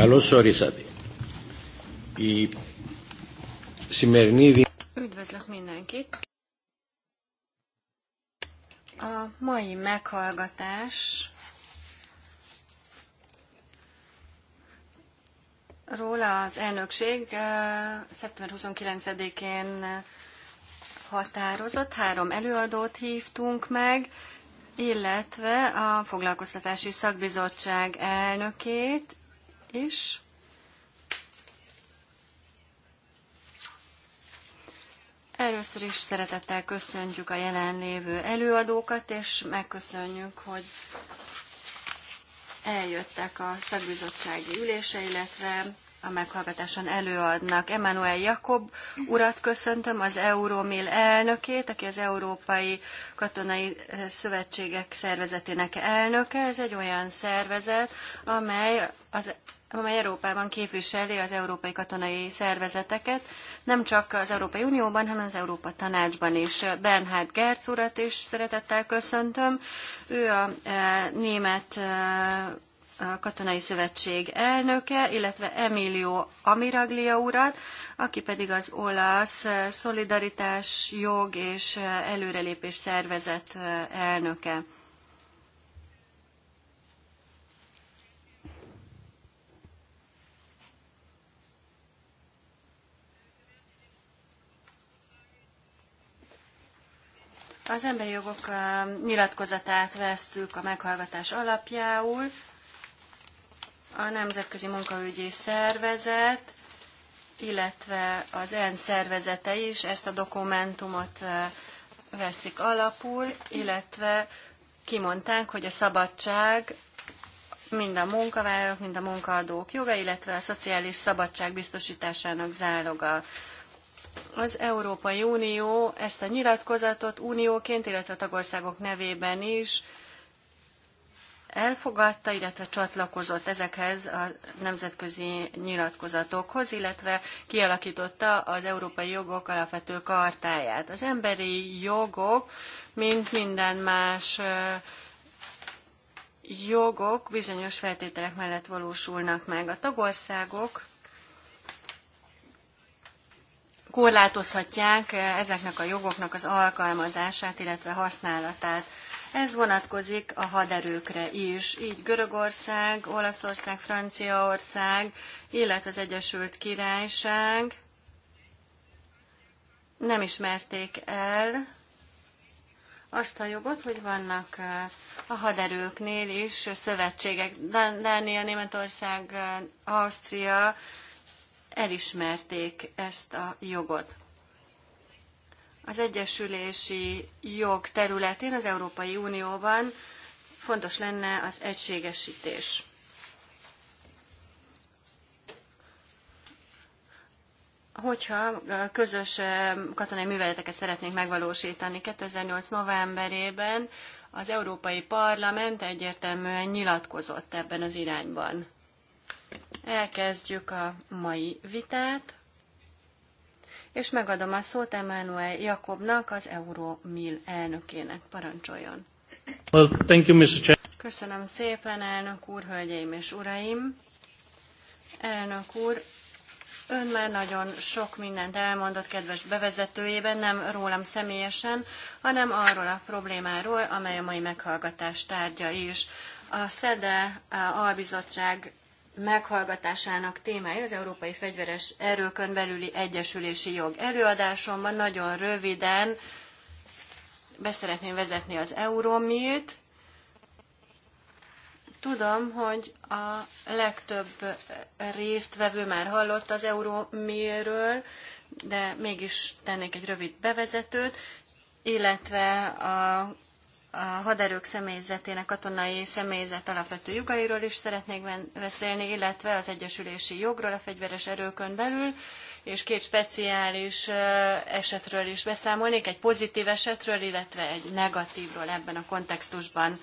Καλώς ορίσατε. Η σημερινή... Üdvözlök mindenkit! A mai meghallgatás róla az elnökség eh, szeptember 29-én határozott, három előadót hívtunk meg, illetve a foglalkoztatási szakbizottság elnökét, is. Először is szeretettel köszöntjük a jelenlévő előadókat, és megköszönjük, hogy eljöttek a szakbizottsági ülése, illetve a meghallgatáson előadnak. Emmanuel Jakob urat köszöntöm, az Euromil elnökét, aki az Európai Katonai Szövetségek Szervezetének elnöke. Ez egy olyan szervezet, amely az amely Európában képviseli az európai katonai szervezeteket, nem csak az Európai Unióban, hanem az Európa Tanácsban is. Bernhard Gerz urat is szeretettel köszöntöm. Ő a e, német e, Katonai Szövetség elnöke, illetve Emilio Amiraglia urat, aki pedig az olasz e, Szolidaritás, Jog és Előrelépés Szervezet elnöke. Az emberi jogok nyilatkozatát vesztük a meghallgatás alapjául. A Nemzetközi Munkaügyi Szervezet, illetve az EN szervezete is ezt a dokumentumot veszik alapul, illetve kimondták, hogy a szabadság mind a munkavállalók, mind a munkaadók joga, illetve a szociális szabadság biztosításának záloga. Az Európai Unió ezt a nyilatkozatot unióként, illetve a tagországok nevében is elfogadta, illetve csatlakozott ezekhez a nemzetközi nyilatkozatokhoz, illetve kialakította az európai jogok alapvető kartáját. Az emberi jogok, mint minden más jogok bizonyos feltételek mellett valósulnak meg. A tagországok korlátozhatják eh, ezeknek a jogoknak az alkalmazását, illetve használatát. Ez vonatkozik a haderőkre is, így Görögország, Olaszország, Franciaország, illetve az Egyesült Királyság nem ismerték el azt a jogot, hogy vannak eh, a haderőknél is szövetségek. Dánia, Németország, eh, Ausztria, elismerték ezt a jogot. Az egyesülési jog területén az Európai Unióban fontos lenne az egységesítés. Hogyha közös eh, katonai műveleteket szeretnénk megvalósítani 2008. novemberében, az Európai Parlament egyértelműen nyilatkozott ebben az irányban. Elkezdjük a mai vitát, és megadom a szót Emmanuel Jakobnak, az Euromil elnökének. Parancsoljon! Well, thank you, Mr. Chair. Köszönöm szépen, elnök úr, hölgyeim és uraim! Elnök úr, Ön már nagyon sok mindent elmondott kedves bevezetőjében, nem rólam személyesen, hanem arról a problémáról, amely a mai meghallgatás tárgya is. A SZEDE albizottság meghallgatásának témája az Európai Fegyveres Erőkön belüli egyesülési jog. Előadásomban nagyon röviden beszeretném vezetni az Euromilt. Tudom, hogy a legtöbb résztvevő már hallott az Euromilről, de mégis tennék egy rövid bevezetőt, illetve a a haderők személyzetének, katonai személyzet alapvető jogairól is szeretnék beszélni, illetve az egyesülési jogról a fegyveres erőkön belül, és két speciális esetről is beszámolnék, egy pozitív esetről, illetve egy negatívról ebben a kontextusban.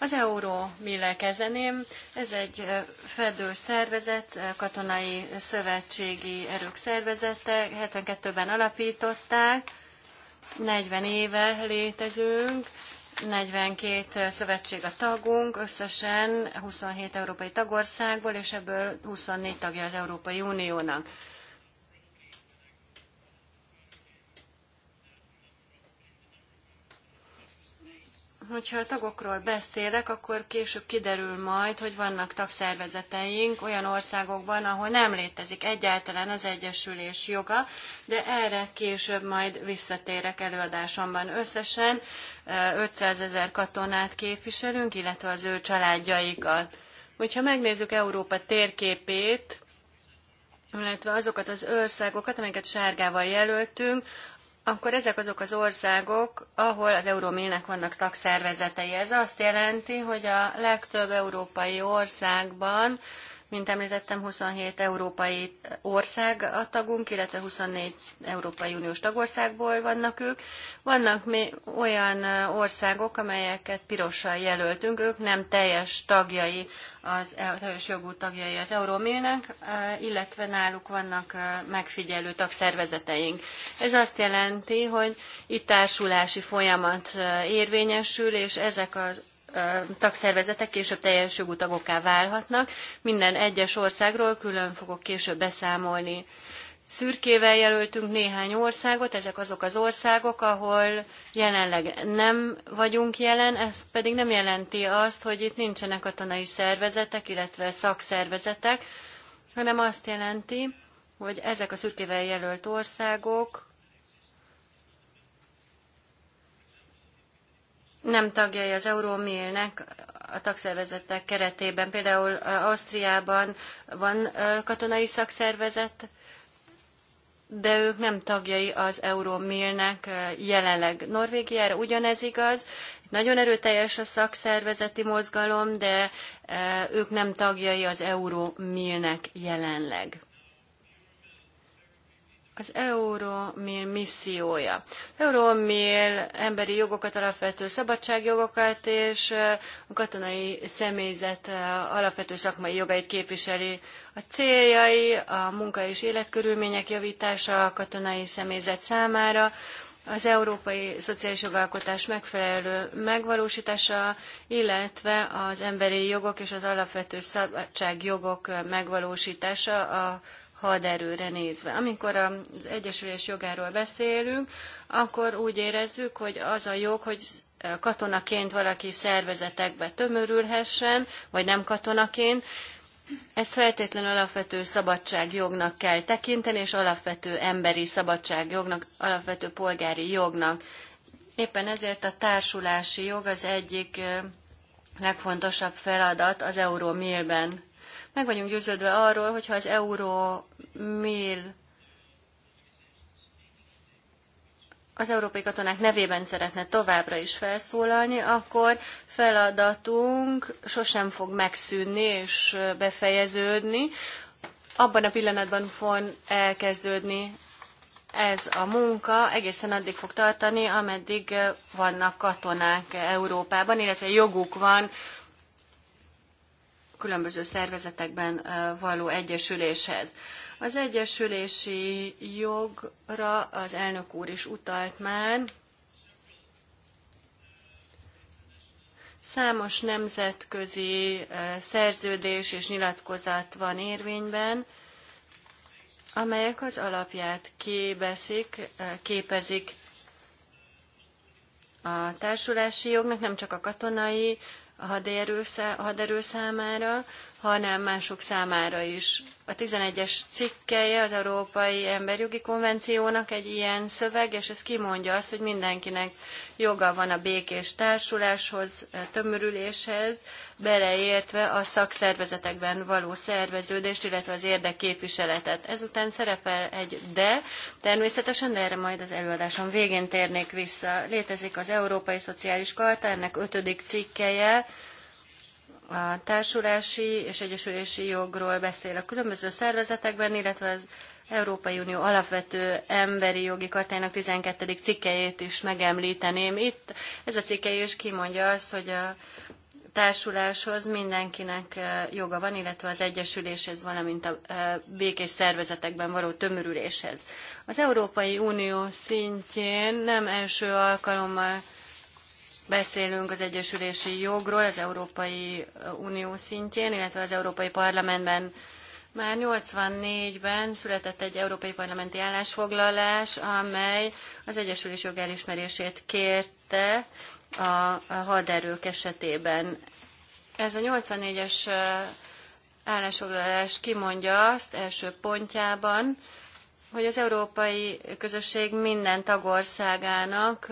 Az euró, mille kezdeném, ez egy fedő szervezet, katonai szövetségi erők szervezete, 72-ben alapították, 40 éve létezünk, 42 szövetség a tagunk, összesen 27 európai tagországból, és ebből 24 tagja az Európai Uniónak. hogyha a tagokról beszélek, akkor később kiderül majd, hogy vannak tagszervezeteink olyan országokban, ahol nem létezik egyáltalán az egyesülés joga, de erre később majd visszatérek előadásomban. Összesen 500 ezer katonát képviselünk, illetve az ő családjaikat. Hogyha megnézzük Európa térképét, illetve azokat az országokat, amelyeket sárgával jelöltünk, akkor ezek azok az országok, ahol az Euromilnek vannak tagszervezetei. Ez azt jelenti, hogy a legtöbb európai országban mint említettem, 27 európai ország a tagunk, illetve 24 Európai Uniós tagországból vannak ők. Vannak mi olyan országok, amelyeket pirossal jelöltünk, ők nem teljes tagjai, az e, teljes jogú tagjai az Euromilnek, e, illetve náluk vannak e, megfigyelő tagszervezeteink. Ez azt jelenti, hogy itt társulási folyamat érvényesül, és ezek az tagszervezetek később teljes jogú tagokká válhatnak. Minden egyes országról külön fogok később beszámolni. Szürkével jelöltünk néhány országot, ezek azok az országok, ahol jelenleg nem vagyunk jelen, ez pedig nem jelenti azt, hogy itt nincsenek katonai szervezetek, illetve szakszervezetek, hanem azt jelenti, hogy ezek a szürkével jelölt országok nem tagjai az Euromilnek, a tagszervezetek keretében. Például Ausztriában van katonai szakszervezet, de ők nem tagjai az Euromilnek jelenleg. Norvégiára ugyanez igaz, nagyon erőteljes a szakszervezeti mozgalom, de ők nem tagjai az Euromilnek jelenleg az Euromil missziója. Euromil emberi jogokat, alapvető szabadságjogokat és a katonai személyzet alapvető szakmai jogait képviseli. A céljai a munka és életkörülmények javítása a katonai személyzet számára, az európai szociális jogalkotás megfelelő megvalósítása, illetve az emberi jogok és az alapvető szabadságjogok megvalósítása a haderőre nézve. Amikor az egyesülés jogáról beszélünk, akkor úgy érezzük, hogy az a jog, hogy katonaként valaki szervezetekbe tömörülhessen, vagy nem katonaként, ezt feltétlen alapvető szabadságjognak kell tekinteni, és alapvető emberi szabadságjognak, alapvető polgári jognak. Éppen ezért a társulási jog az egyik eh, legfontosabb feladat az Euromilben. Meg vagyunk győződve arról, hogyha az euró mail az európai katonák nevében szeretne továbbra is felszólalni, akkor feladatunk sosem fog megszűnni és befejeződni. Abban a pillanatban fog elkezdődni ez a munka egészen addig fog tartani, ameddig vannak katonák Európában, illetve joguk van különböző szervezetekben való egyesüléshez. Az egyesülési jogra az elnök úr is utalt már. Számos nemzetközi szerződés és nyilatkozat van érvényben, amelyek az alapját kébeszik, képezik a társulási jognak, nem csak a katonai a haderő számára, hanem mások számára is. A 11-es cikkelje az Európai Emberjogi Konvenciónak egy ilyen szöveg, és ez kimondja azt, hogy mindenkinek joga van a békés társuláshoz, eh, tömörüléshez, beleértve a szakszervezetekben való szerveződést, illetve az érdekképviseletet. Ezután szerepel egy de, természetesen, de erre majd az előadásom végén térnék vissza. Létezik az Európai Szociális Karta, ennek ötödik cikkelje, a társulási és egyesülési jogról beszél a különböző szervezetekben, illetve az Európai Unió alapvető emberi jogi kartájának 12. cikkejét is megemlíteném itt. Ez a cikke is kimondja azt, hogy a társuláshoz mindenkinek eh, joga van, illetve az egyesüléshez, valamint a eh, békés szervezetekben való tömörüléshez. Az Európai Unió szintjén nem első alkalommal beszélünk az egyesülési jogról az Európai Unió szintjén, illetve az Európai Parlamentben. Már 84-ben született egy Európai Parlamenti állásfoglalás, amely az egyesülés jog elismerését kérte a haderők esetében. Ez a 84-es állásfoglalás kimondja azt első pontjában, hogy az európai közösség minden tagországának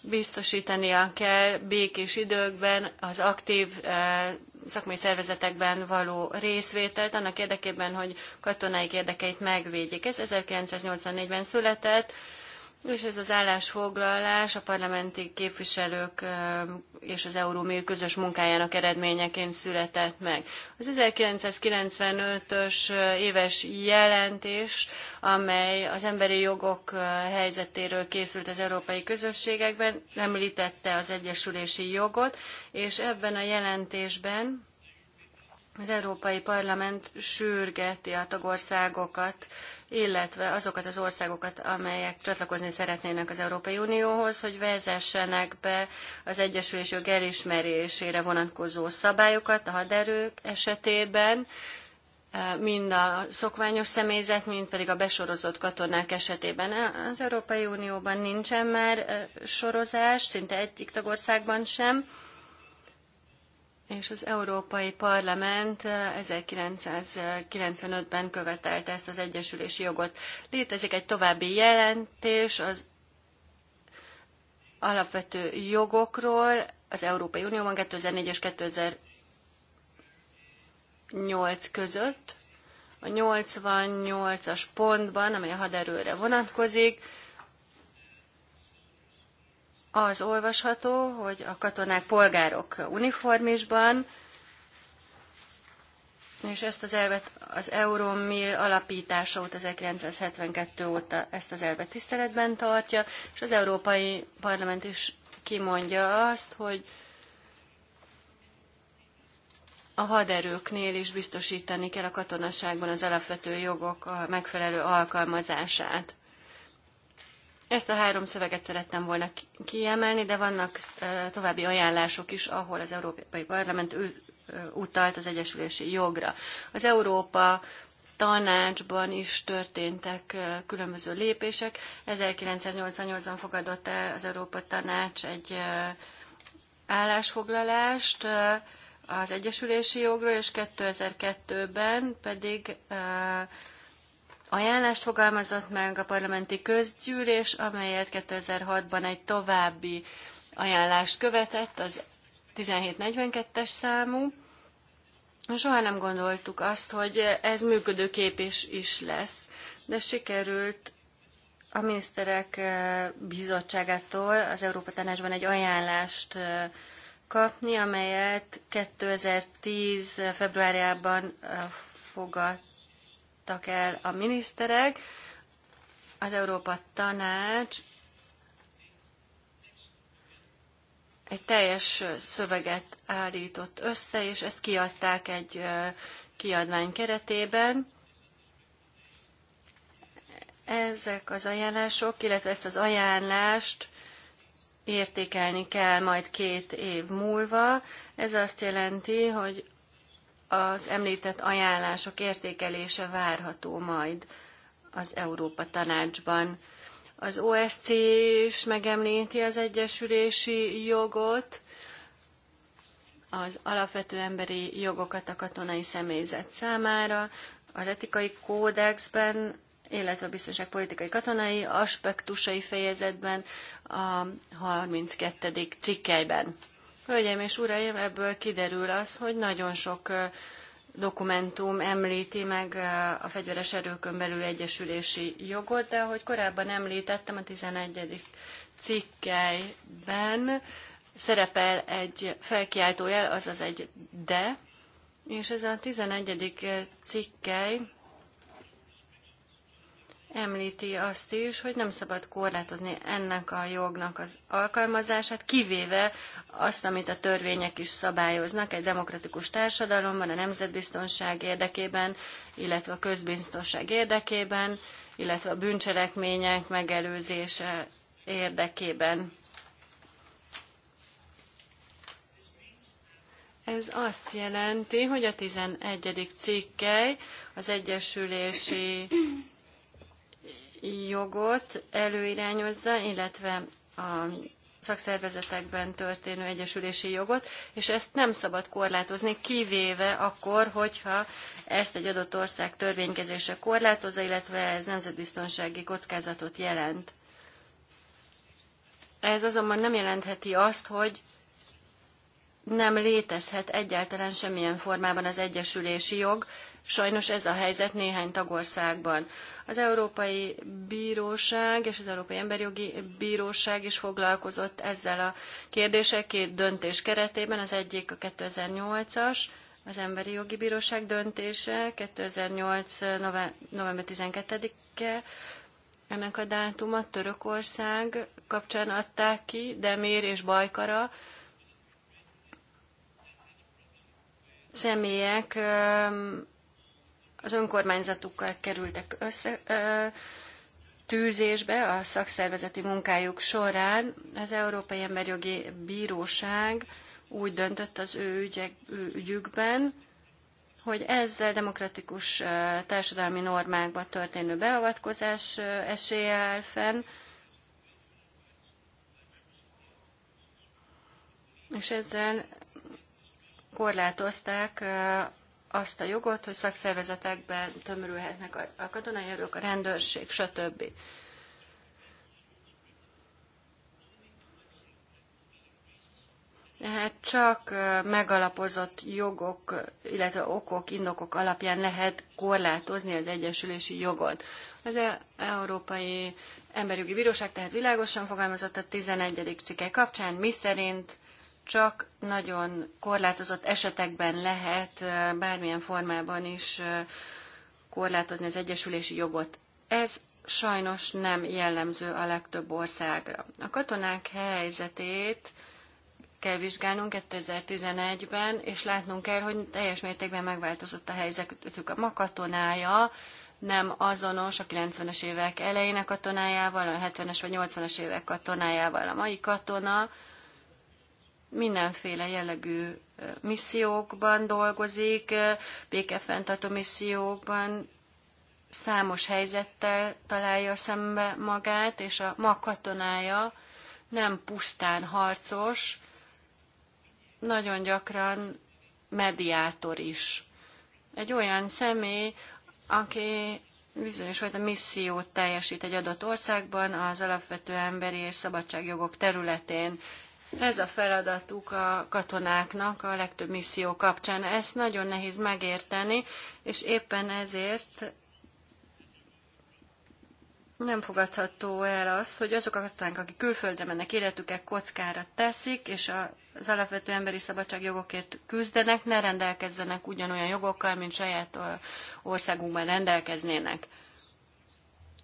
biztosítania kell békés időkben az aktív eh, szakmai szervezetekben való részvételt, annak érdekében, hogy katonáik érdekeit megvédjék. Ez 1984-ben született, és ez az állásfoglalás a parlamenti képviselők és az Eurómér közös munkájának eredményeként született meg. Az 1995-ös éves jelentés, amely az emberi jogok helyzetéről készült az európai közösségekben, említette az egyesülési jogot, és ebben a jelentésben az Európai Parlament sürgeti a tagországokat, illetve azokat az országokat, amelyek csatlakozni szeretnének az Európai Unióhoz, hogy vezessenek be az egyesülés jog elismerésére vonatkozó szabályokat a haderők esetében, e, mind a szokványos személyzet, mind pedig a besorozott katonák esetében. E, az Európai Unióban nincsen már e, sorozás, szinte egyik tagországban sem és az Európai Parlament 1995-ben eh, követelte ezt az egyesülési jogot. Létezik egy további jelentés az alapvető jogokról az Európai Unióban 2004 és 2008 között. A 88-as pontban, amely a haderőre vonatkozik, az olvasható, hogy a katonák polgárok uniformisban, és ezt az elvet az Euromil alapítása óta 1972 óta ezt az elvet tiszteletben tartja, és az Európai Parlament is kimondja azt, hogy a haderőknél is biztosítani kell a katonaságban az alapvető jogok a megfelelő alkalmazását. Ezt a három szöveget szerettem volna kiemelni, de vannak további ajánlások is, ahol az Európai Parlament utalt az egyesülési jogra. Az Európa tanácsban is történtek különböző lépések. 1988-ban fogadott el az Európa Tanács egy állásfoglalást az egyesülési jogról, és 2002-ben pedig ajánlást fogalmazott meg a parlamenti közgyűlés, amelyet 2006-ban egy további ajánlást követett, az 1742-es számú. Soha nem gondoltuk azt, hogy ez működőképes is lesz, de sikerült a miniszterek eh, bizottságától az Európa Tanácsban egy ajánlást eh, kapni, amelyet 2010. februárjában eh, fogadt fogadtak el a miniszterek. Az Európa Tanács egy teljes szöveget állított össze, és ezt kiadták egy kiadvány keretében. Ezek az ajánlások, illetve ezt az ajánlást értékelni kell majd két év múlva. Ez azt jelenti, hogy az említett ajánlások értékelése várható majd az Európa Tanácsban. Az OSC is megemlíti az egyesülési jogot, az alapvető emberi jogokat a katonai személyzet számára, az etikai kódexben, illetve a biztonságpolitikai katonai aspektusai fejezetben, a 32. cikkelyben. Hölgyeim és uraim, ebből kiderül az, hogy nagyon sok dokumentum említi meg a fegyveres erőkön belül egyesülési jogot, de ahogy korábban említettem, a 11. cikkelyben szerepel egy felkiáltójel, azaz egy de, és ez a 11. cikkely említi azt is, hogy nem szabad korlátozni ennek a jognak az alkalmazását, kivéve azt, amit a törvények is szabályoznak egy demokratikus társadalomban, a nemzetbiztonság érdekében, illetve a közbiztonság érdekében, illetve a bűncselekmények megelőzése érdekében. Ez azt jelenti, hogy a 11. cikkely az Egyesülési jogot előirányozza, illetve a szakszervezetekben történő egyesülési jogot, és ezt nem szabad korlátozni, kivéve akkor, hogyha ezt egy adott ország törvénykezése korlátozza, illetve ez nemzetbiztonsági kockázatot jelent. Ez azonban nem jelentheti azt, hogy nem létezhet egyáltalán semmilyen formában az egyesülési jog, Sajnos ez a helyzet néhány tagországban. Az Európai Bíróság és az Európai Emberi Jogi Bíróság is foglalkozott ezzel a kérdéssel két döntés keretében. Az egyik a 2008-as, az Emberi Jogi Bíróság döntése 2008. november 12-e, ennek a dátumot Törökország kapcsán adták ki, Demér és Bajkara személyek az önkormányzatukkal kerültek össze, ö, tűzésbe a szakszervezeti munkájuk során. Az Európai Emberjogi Bíróság úgy döntött az ő ügyek, ügyükben, hogy ezzel demokratikus társadalmi normákba történő beavatkozás esélye áll fenn, és ezzel korlátozták azt a jogot, hogy szakszervezetekben tömörülhetnek a katonai erők, a rendőrség, stb. Tehát csak megalapozott jogok, illetve okok, indokok alapján lehet korlátozni az egyesülési jogot. Az e- Európai Emberjogi Bíróság tehát világosan fogalmazott a 11. cikke kapcsán, miszerint csak nagyon korlátozott esetekben lehet bármilyen formában is korlátozni az egyesülési jogot. Ez sajnos nem jellemző a legtöbb országra. A katonák helyzetét kell vizsgálnunk 2011-ben, és látnunk kell, hogy teljes mértékben megváltozott a helyzetük. A ma katonája nem azonos a 90-es évek elején a katonájával, a 70-es vagy 80-es évek katonájával. A mai katona mindenféle jellegű missziókban dolgozik, békefenntartó missziókban, számos helyzettel találja szembe magát, és a ma katonája nem pusztán harcos, nagyon gyakran mediátor is. Egy olyan személy, aki bizonyos a missziót teljesít egy adott országban az alapvető emberi és szabadságjogok területén. Ez a feladatuk a katonáknak a legtöbb misszió kapcsán. Ezt nagyon nehéz megérteni, és éppen ezért nem fogadható el az, hogy azok a katonák, akik külföldre mennek, életüket kockára teszik, és az alapvető emberi szabadságjogokért küzdenek, ne rendelkezzenek ugyanolyan jogokkal, mint saját országunkban rendelkeznének.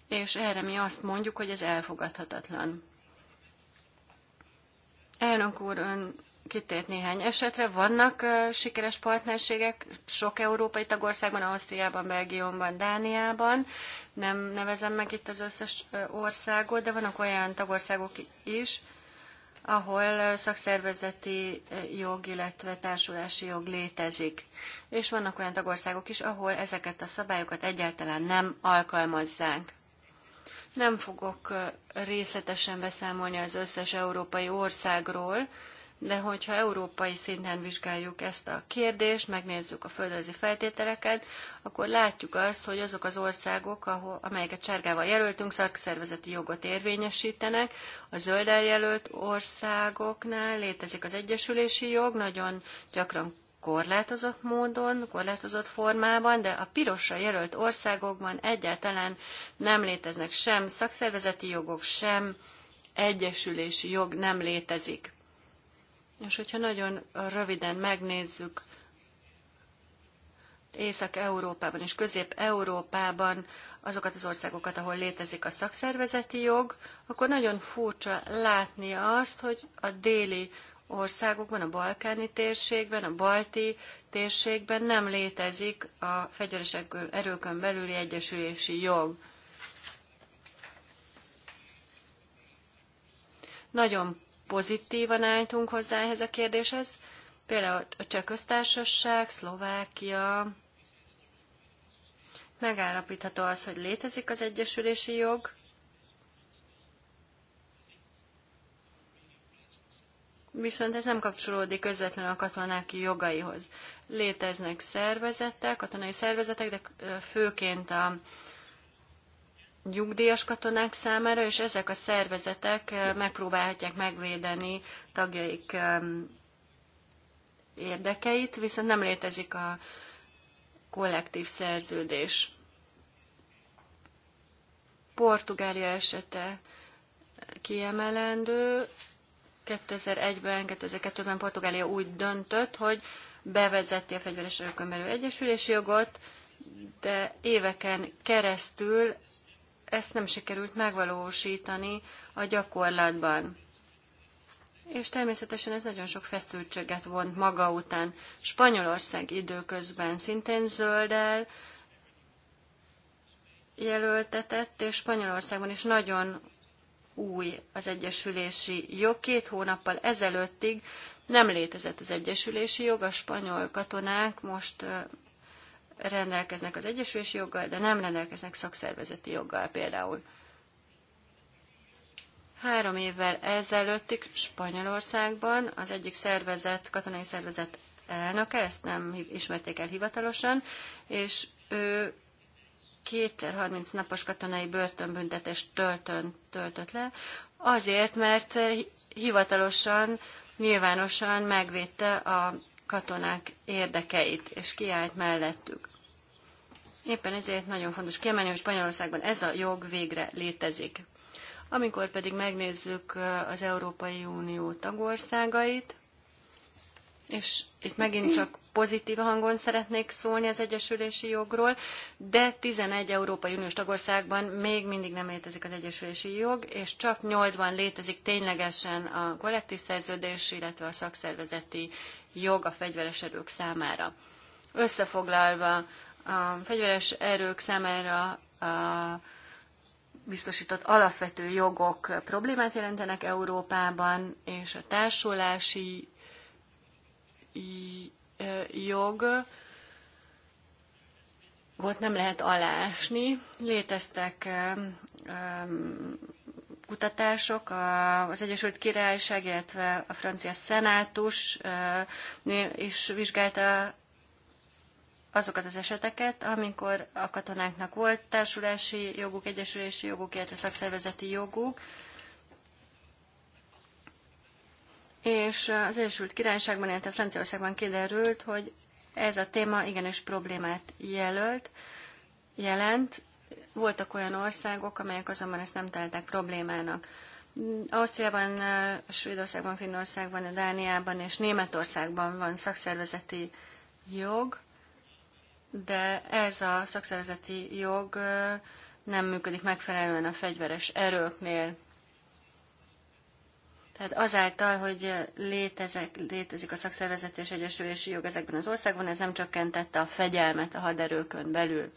És erre mi azt mondjuk, hogy ez elfogadhatatlan. Elnök úr, ön kitért néhány esetre. Vannak sikeres partnerségek sok európai tagországban, Ausztriában, Belgiumban, Dániában. Nem nevezem meg itt az összes országot, de vannak olyan tagországok is, ahol szakszervezeti jog, illetve társulási jog létezik. És vannak olyan tagországok is, ahol ezeket a szabályokat egyáltalán nem alkalmazzák. Nem fogok részletesen beszámolni az összes európai országról, de hogyha európai szinten vizsgáljuk ezt a kérdést, megnézzük a földrajzi feltételeket, akkor látjuk azt, hogy azok az országok, ahol, amelyeket sárgával jelöltünk, szakszervezeti jogot érvényesítenek. A zöld eljelölt országoknál létezik az egyesülési jog, nagyon gyakran korlátozott módon, korlátozott formában, de a pirosra jelölt országokban egyáltalán nem léteznek sem szakszervezeti jogok, sem egyesülési jog nem létezik. És hogyha nagyon röviden megnézzük Észak-Európában és Közép-Európában azokat az országokat, ahol létezik a szakszervezeti jog, akkor nagyon furcsa látni azt, hogy a déli országokban, a balkáni térségben, a balti térségben nem létezik a fegyveres erőkön belüli egyesülési jog. Nagyon pozitívan álltunk hozzá ehhez a kérdéshez. Például a Csehköztársaság, Szlovákia, megállapítható az, hogy létezik az egyesülési jog, viszont ez nem kapcsolódik közvetlenül a katonák jogaihoz. Léteznek szervezetek, katonai szervezetek, de főként a nyugdíjas katonák számára, és ezek a szervezetek megpróbálhatják megvédeni tagjaik érdekeit, viszont nem létezik a kollektív szerződés. Portugália esete kiemelendő, 2001-ben, 2002-ben Portugália úgy döntött, hogy bevezeti a fegyveres erőkön belül egyesülési jogot, de éveken keresztül ezt nem sikerült megvalósítani a gyakorlatban. És természetesen ez nagyon sok feszültséget vont maga után. Spanyolország időközben szintén zöldel jelöltetett, és Spanyolországban is nagyon új az egyesülési jog. Két hónappal ezelőttig nem létezett az egyesülési jog, a spanyol katonák most rendelkeznek az egyesülési joggal, de nem rendelkeznek szakszervezeti joggal például. Három évvel ezelőttig Spanyolországban az egyik szervezet, katonai szervezet elnöke, ezt nem ismerték el hivatalosan, és ő kétszer 30 napos katonai börtönbüntetést töltön, töltött le, azért, mert eh, hivatalosan, nyilvánosan megvédte a katonák érdekeit, és kiállt mellettük. Éppen ezért nagyon fontos kiemelni, hogy Spanyolországban ez a jog végre létezik. Amikor pedig megnézzük eh, az Európai Unió tagországait, és itt megint csak pozitív hangon szeretnék szólni az egyesülési jogról, de 11 Európai Uniós tagországban még mindig nem létezik az egyesülési jog, és csak 8-ban létezik ténylegesen a kollektív szerződés, illetve a szakszervezeti jog a fegyveres erők számára. Összefoglalva, a fegyveres erők számára a biztosított alapvető jogok problémát jelentenek Európában, és a társulási jog volt nem lehet alásni. Léteztek kutatások, az Egyesült Királyság, illetve a francia szenátus is vizsgálta azokat az eseteket, amikor a katonáknak volt társulási joguk, egyesülési joguk, illetve szakszervezeti joguk, és az Egyesült Királyságban, illetve Franciaországban kiderült, hogy ez a téma igenis problémát jelölt, jelent. Voltak olyan országok, amelyek azonban ezt nem teltek problémának. Ausztriában, Svédországban, Finnországban, Dániában és Németországban van szakszervezeti jog, de ez a szakszervezeti jog nem működik megfelelően a fegyveres erőknél. Tehát azáltal, hogy létezek, létezik a szakszervezet és egyesülési jog ezekben az országban, ez nem csökkentette a fegyelmet a haderőkön belül.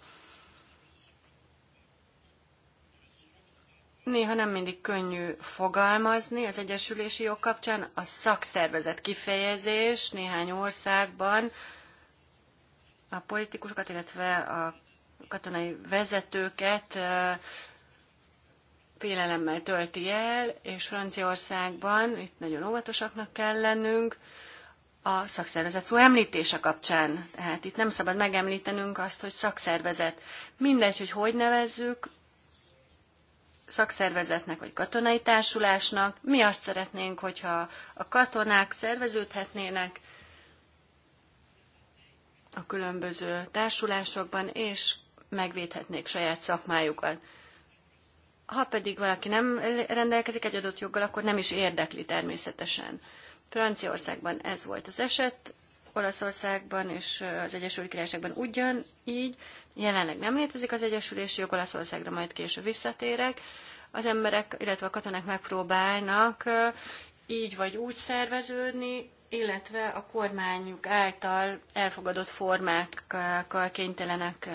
Néha nem mindig könnyű fogalmazni az egyesülési jog kapcsán. A szakszervezet kifejezés néhány országban a politikusokat, illetve a katonai vezetőket félelemmel tölti el, és Franciaországban itt nagyon óvatosaknak kell lennünk a szakszervezet szó említése kapcsán. Tehát itt nem szabad megemlítenünk azt, hogy szakszervezet. Mindegy, hogy hogy nevezzük, szakszervezetnek vagy katonai társulásnak. Mi azt szeretnénk, hogyha a katonák szerveződhetnének a különböző társulásokban, és megvédhetnék saját szakmájukat. Ha pedig valaki nem rendelkezik egy adott joggal, akkor nem is érdekli természetesen. Franciaországban ez volt az eset, Olaszországban és az Egyesült Királyságban ugyan így. Jelenleg nem létezik az egyesülési jog, Olaszországra majd később visszatérek. Az emberek, illetve a katonák megpróbálnak így vagy úgy szerveződni, illetve a kormányuk által elfogadott formákkal kénytelenek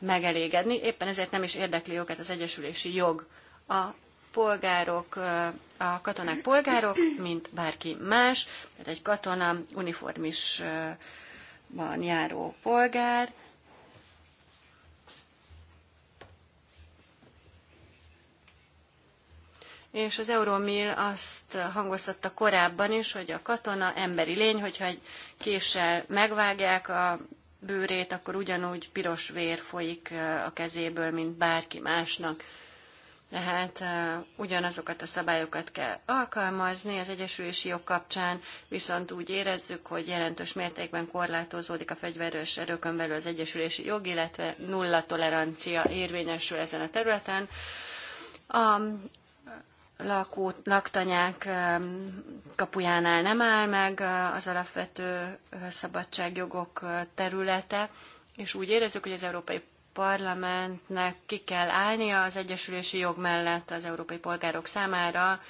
megelégedni, éppen ezért nem is érdekli őket az egyesülési jog. A polgárok, a katonák polgárok, mint bárki más, tehát egy katona uniformisban járó polgár, és az Euromil azt hangoztatta korábban is, hogy a katona emberi lény, hogyha egy késsel megvágják a bőrét, akkor ugyanúgy piros vér folyik a kezéből, mint bárki másnak. Tehát ugyanazokat a szabályokat kell alkalmazni az egyesülési jog kapcsán, viszont úgy érezzük, hogy jelentős mértékben korlátozódik a fegyveres erőkön belül az egyesülési jog, illetve nulla tolerancia érvényesül ezen a területen. A lakó laktanyák kapujánál nem áll meg az alapvető szabadságjogok területe, és úgy érezzük, hogy az Európai Parlamentnek ki kell állnia az egyesülési jog mellett az európai polgárok számára,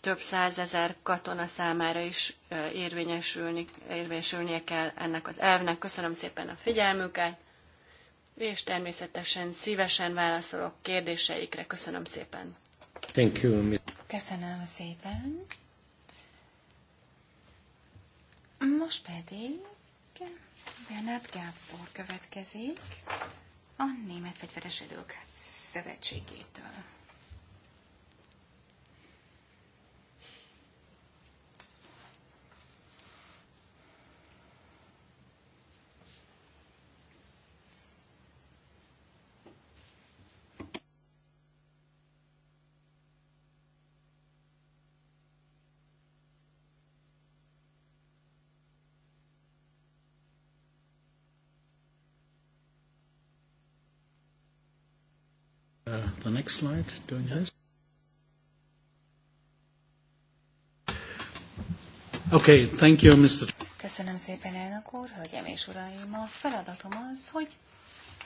több százezer katona számára is érvényesülni, érvényesülnie kell ennek az elvnek. Köszönöm szépen a figyelmüket! és természetesen szívesen válaszolok kérdéseikre. Köszönöm szépen. Thank you. Köszönöm szépen. Most pedig Bernard Gátszór következik a Német Fegyveres Erők Szövetségétől. the next slide, doing this. Okay, thank you, Mr. Köszönöm szépen, elnök úr, hölgyem és uraim. A feladatom az, hogy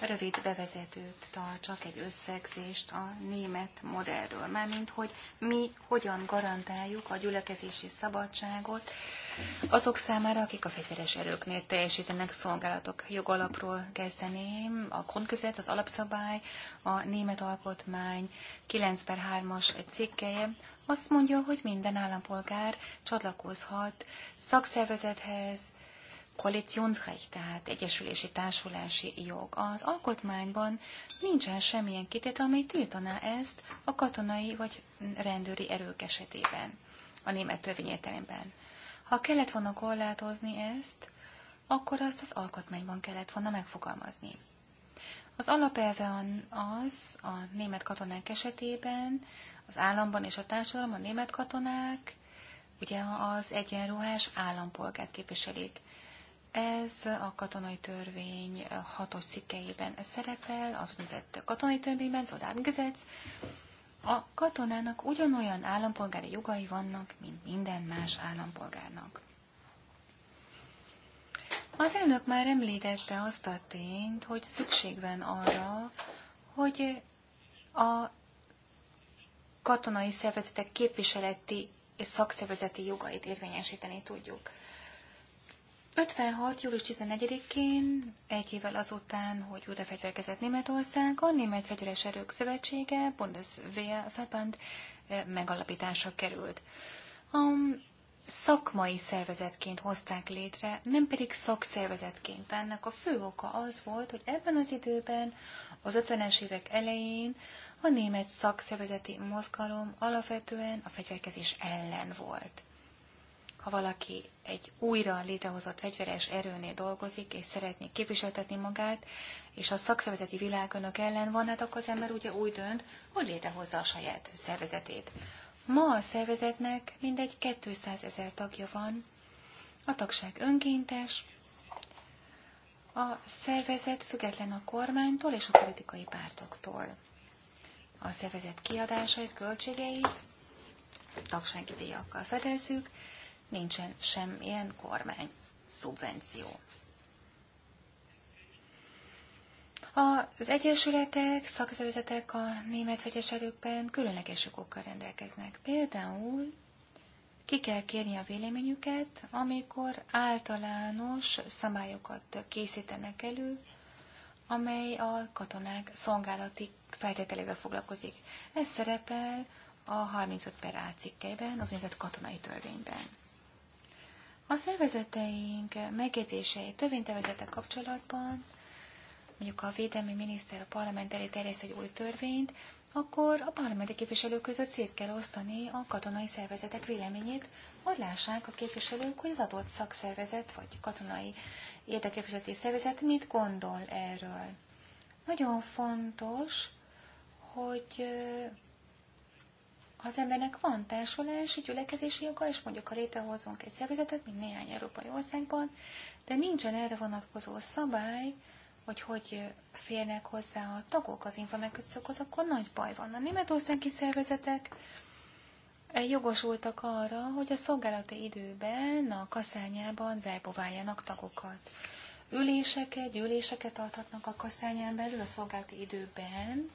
rövid bevezetőt tartsak, egy összegzést a német modellről, mármint hogy mi hogyan garantáljuk a gyülekezési szabadságot, azok számára, akik a fegyveres erőknél teljesítenek szolgálatok jogalapról kezdeném, a konkrét az alapszabály, a német alkotmány 9 per 3-as cikkeje azt mondja, hogy minden állampolgár csatlakozhat szakszervezethez, koalíciónsrecht, tehát egyesülési társulási jog. Az alkotmányban nincsen semmilyen kitétel, amely tiltaná ezt a katonai vagy rendőri erők esetében, a német törvényértelemben. Ha kellett volna korlátozni ezt, akkor azt az alkotmányban kellett volna megfogalmazni. Az alapelve az a német katonák esetében, az államban és a társadalomban a német katonák, ugye az egyenruhás állampolgárt képviselik. Ez a katonai törvény hatos cikkeiben szerepel, az úgynevezett katonai törvényben, Soldatengesetz, a katonának ugyanolyan állampolgári jogai vannak, mint minden más állampolgárnak. Az elnök már említette azt a tényt, hogy szükség van arra, hogy a katonai szervezetek képviseleti és szakszervezeti jogait érvényesíteni tudjuk. 56. július 14-én, egy évvel azután, hogy újra fegyverkezett Németország, a Német Fegyveres Erők Szövetsége, Verband eh, megalapítása került. A szakmai szervezetként hozták létre, nem pedig szakszervezetként. Ennek a fő oka az volt, hogy ebben az időben, az 50-es évek elején a német szakszervezeti mozgalom alapvetően a fegyverkezés ellen volt ha valaki egy újra létrehozott fegyveres erőnél dolgozik, és szeretné képviseltetni magát, és a szakszervezeti világ önök ellen van, hát akkor az ember ugye úgy dönt, hogy létrehozza a saját szervezetét. Ma a szervezetnek mindegy 200 ezer tagja van, a tagság önkéntes, a szervezet független a kormánytól és a politikai pártoktól. A szervezet kiadásait, költségeit tagsági díjakkal fedezzük, nincsen semmilyen kormány szubvenció. Az egyesületek, szakszervezetek a német vegyeselőkben különleges okokkal rendelkeznek. Például ki kell kérni a véleményüket, amikor általános szabályokat készítenek elő, amely a katonák szolgálati feltételével foglalkozik. Ez szerepel a 35 per A cikkeiben, az úgynevezett katonai törvényben. A szervezeteink megjegyzései törvénytervezetek kapcsolatban, mondjuk a védelmi miniszter a parlament elé terjeszt egy új törvényt, akkor a parlamenti képviselők között szét kell osztani a katonai szervezetek véleményét, hogy lássák a képviselők, hogy az adott szakszervezet vagy katonai érdekképviseleti szervezet mit gondol erről. Nagyon fontos, hogy ha az embernek van társulási, gyülekezési joga, és mondjuk a létrehozunk egy szervezetet, mint néhány európai országban, de nincsen erre vonatkozó szabály, hogy hogy férnek hozzá a tagok az információkhoz, akkor nagy baj van. A németországi szervezetek jogosultak arra, hogy a szolgálati időben a kaszányában verbováljanak tagokat. Üléseket, gyűléseket adhatnak a kaszányán belül a szolgálati időben,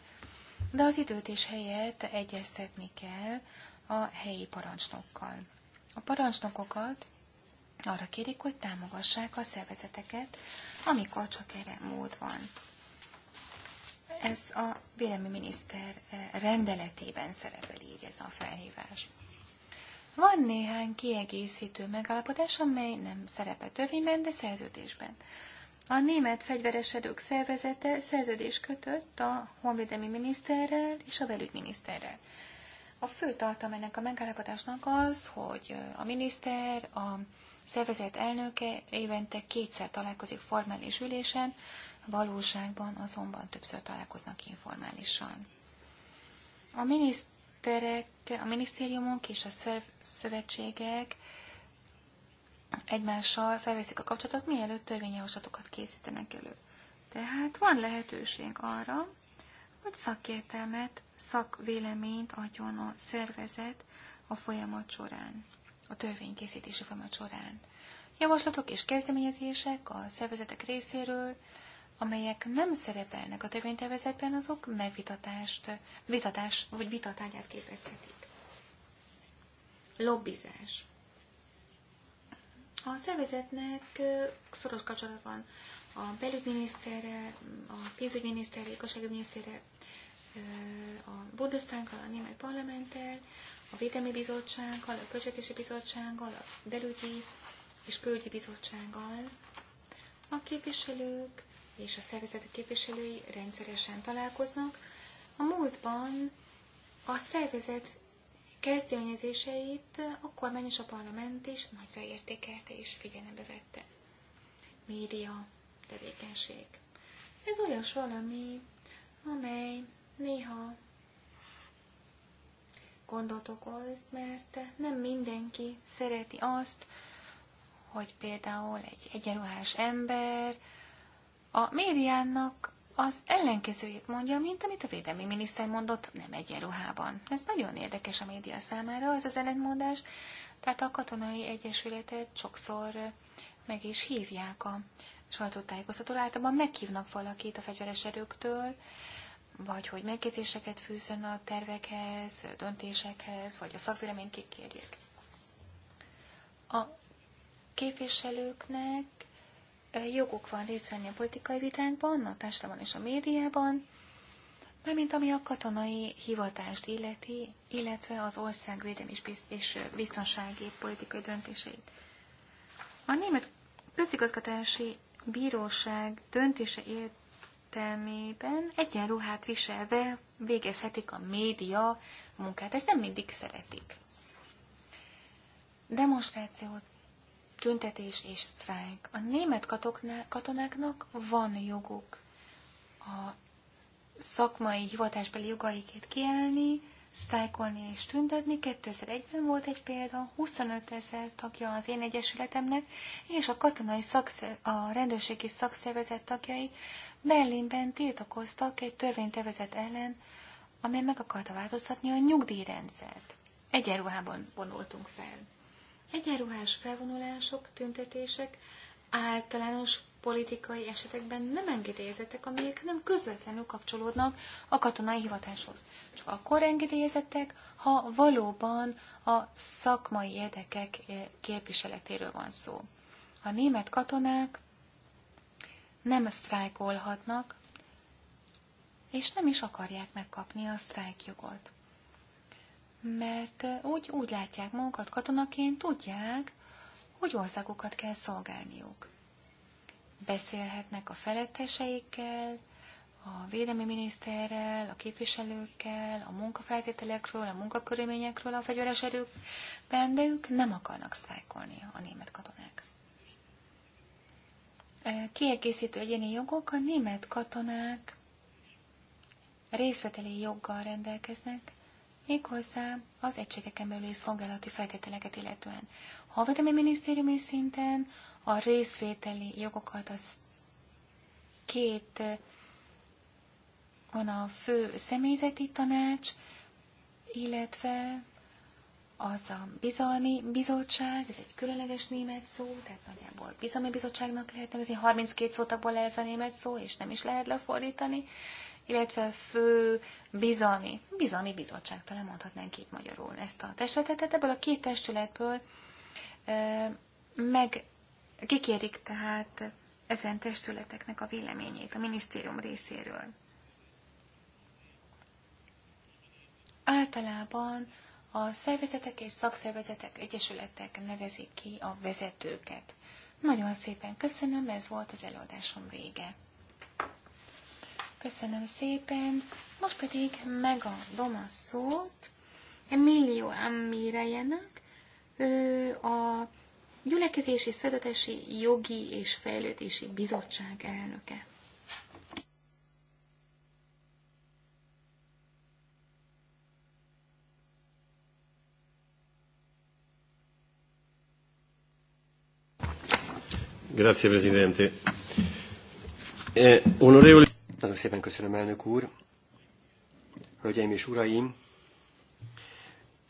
de az időt és helyet egyeztetni kell a helyi parancsnokkal. A parancsnokokat arra kérik, hogy támogassák a szervezeteket, amikor csak erre mód van. Ez a vélemi miniszter eh, rendeletében szerepel így ez a felhívás. Van néhány kiegészítő megállapodás, amely nem szerepel törvényben, de szerződésben. A német fegyveresedők szervezete szerződés kötött a honvédelmi miniszterrel és a belügyminiszterrel. A fő tartalma ennek a megállapodásnak az, hogy a miniszter, a szervezet elnöke évente kétszer találkozik formális ülésen, valóságban azonban többször találkoznak informálisan. A miniszterek, a minisztériumok és a szövetségek egymással felveszik a kapcsolatot, mielőtt törvényjavaslatokat készítenek elő. Tehát van lehetőség arra, hogy szakértelmet, szakvéleményt adjon a szervezet a folyamat során, a törvénykészítési folyamat során. Javaslatok és kezdeményezések a szervezetek részéről, amelyek nem szerepelnek a törvénytervezetben, azok megvitatást, vitatás vagy vitatágyát képezhetik. Lobbizás. A szervezetnek szoros kapcsolat van a belügyminiszterre, a a igazságügyminiszterrel, a Bundestaggal, a német parlamenttel, a Védelmi Bizottsággal, a Költségvetési Bizottsággal, a Belügyi és Külügyi Bizottsággal. A képviselők és a szervezetek képviselői rendszeresen találkoznak. A múltban a szervezet kezdeményezéseit a kormány és a parlament is nagyra értékelte és figyelembe vette. Média tevékenység. Ez olyas valami, amely néha gondot okoz, mert nem mindenki szereti azt, hogy például egy egyenruhás ember a médiának az ellenkezőjét mondja, mint amit a védelmi miniszter mondott, nem egyenruhában. Ez nagyon érdekes a média számára, az az ellentmondás. Tehát a katonai egyesületet sokszor meg is hívják a sajtótájékoztató. általában meghívnak valakit a fegyveres erőktől, vagy hogy megjegyzéseket fűzön a tervekhez, döntésekhez, vagy a szakvéleményt kikérjék. A képviselőknek joguk van részt venni a politikai vitánkban, a társadalomban és a médiában, mármint ami a katonai hivatást illeti, illetve az ország védelmi és biztonsági politikai döntéseit. A német közigazgatási bíróság döntése értelmében egyenruhát viselve végezhetik a média munkát. Ezt nem mindig szeretik. Demonstrációt tüntetés és sztrájk. A német katonáknak van joguk a szakmai, hivatásbeli jogaikét kiállni, sztrájkolni és tüntetni. 2001-ben volt egy példa, 25 ezer tagja az én egyesületemnek, és a katonai szakszer, a rendőrségi szakszervezet tagjai Berlinben tiltakoztak egy törvénytevezet ellen, amely meg akarta változtatni a nyugdíjrendszert. Egyenruhában vonultunk fel. Egyenruhás felvonulások, tüntetések általános politikai esetekben nem engedélyezettek, amelyek nem közvetlenül kapcsolódnak a katonai hivatáshoz. Csak akkor engedélyezettek, ha valóban a szakmai érdekek eh, képviseletéről van szó. A német katonák nem sztrájkolhatnak, és nem is akarják megkapni a sztrájkjogot mert úgy, úgy látják magukat katonaként, tudják, hogy országokat kell szolgálniuk. Beszélhetnek a feletteseikkel, a védelmi miniszterrel, a képviselőkkel, a munkafeltételekről, a munkakörülményekről a fegyveres erőkben, de ők nem akarnak szájkolni a német katonák. Kiegészítő egyéni jogok a német katonák részveteli joggal rendelkeznek, méghozzá az egységeken belüli szolgálati feltételeket illetően. a Havadami minisztériumi szinten a részvételi jogokat az két van a fő személyzeti tanács, illetve az a bizalmi bizottság, ez egy különleges német szó, tehát nagyjából bizalmi bizottságnak lehet nevezni, 32 szótakból lehet ez a német szó, és nem is lehet lefordítani illetve fő bizalmi, bizalmi bizottság, talán mondhatnánk így magyarul ezt a testületet. Tehát ebből a két testületből meg kikérik tehát ezen testületeknek a véleményét a minisztérium részéről. Általában a szervezetek és szakszervezetek, egyesületek nevezik ki a vezetőket. Nagyon szépen köszönöm, ez volt az előadásom vége. Köszönöm szépen. Most pedig megadom a szót Emilio Amirejenek. Ő a Gyülekezési szedetesi Jogi és Fejlődési Bizottság elnöke. Grazie Presidente. Eh, onorevoli... Nagyon szépen köszönöm, elnök úr. Hölgyeim és uraim,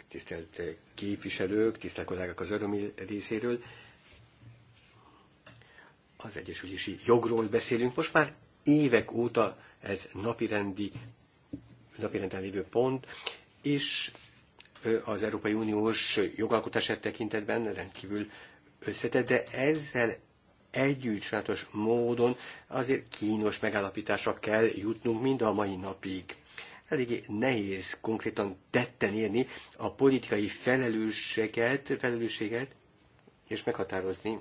tisztelt képviselők, tisztelt kollégák az örömi részéről, az egyesülési jogról beszélünk. Most már évek óta ez napirendi, napirenden lévő pont, és az Európai Uniós jogalkotását tekintetben rendkívül összetett, de ezzel együtt sajátos módon azért kínos megállapításra kell jutnunk mind a mai napig eléggé nehéz konkrétan tetten érni a politikai felelősséget, felelősséget és meghatározni,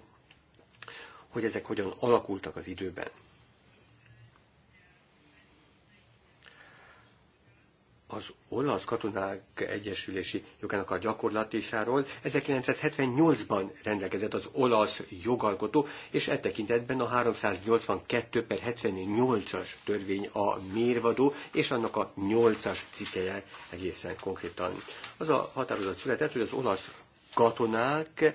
hogy ezek hogyan alakultak az időben. az olasz katonák egyesülési jogának a gyakorlatásáról 1978-ban rendelkezett az olasz jogalkotó, és e tekintetben a 382 per 78-as törvény a mérvadó, és annak a 8-as cikkeje egészen konkrétan. Az a határozat született, hogy az olasz katonák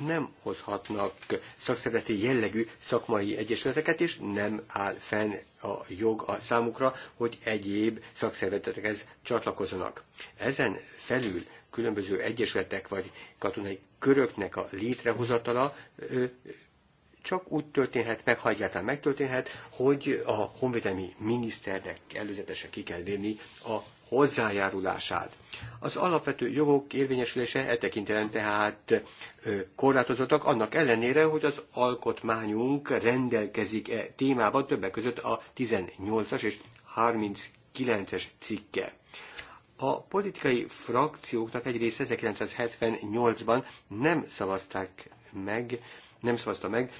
nem hozhatnak szakszereti jellegű szakmai egyesületeket, és nem áll fenn a jog a számukra, hogy egyéb szakszervezetekhez csatlakozzanak. Ezen felül különböző egyesületek vagy katonai köröknek a létrehozatala csak úgy történhet, meg ha egyáltalán megtörténhet, hogy a honvédelmi miniszternek előzetesen ki kell vérni a hozzájárulását. Az alapvető jogok érvényesülése e tekintelen tehát korlátozottak, annak ellenére, hogy az alkotmányunk rendelkezik e témában többek között a 18-as és 39-es cikke. A politikai frakcióknak egy része 1978-ban nem szavazták meg nem szavazta meg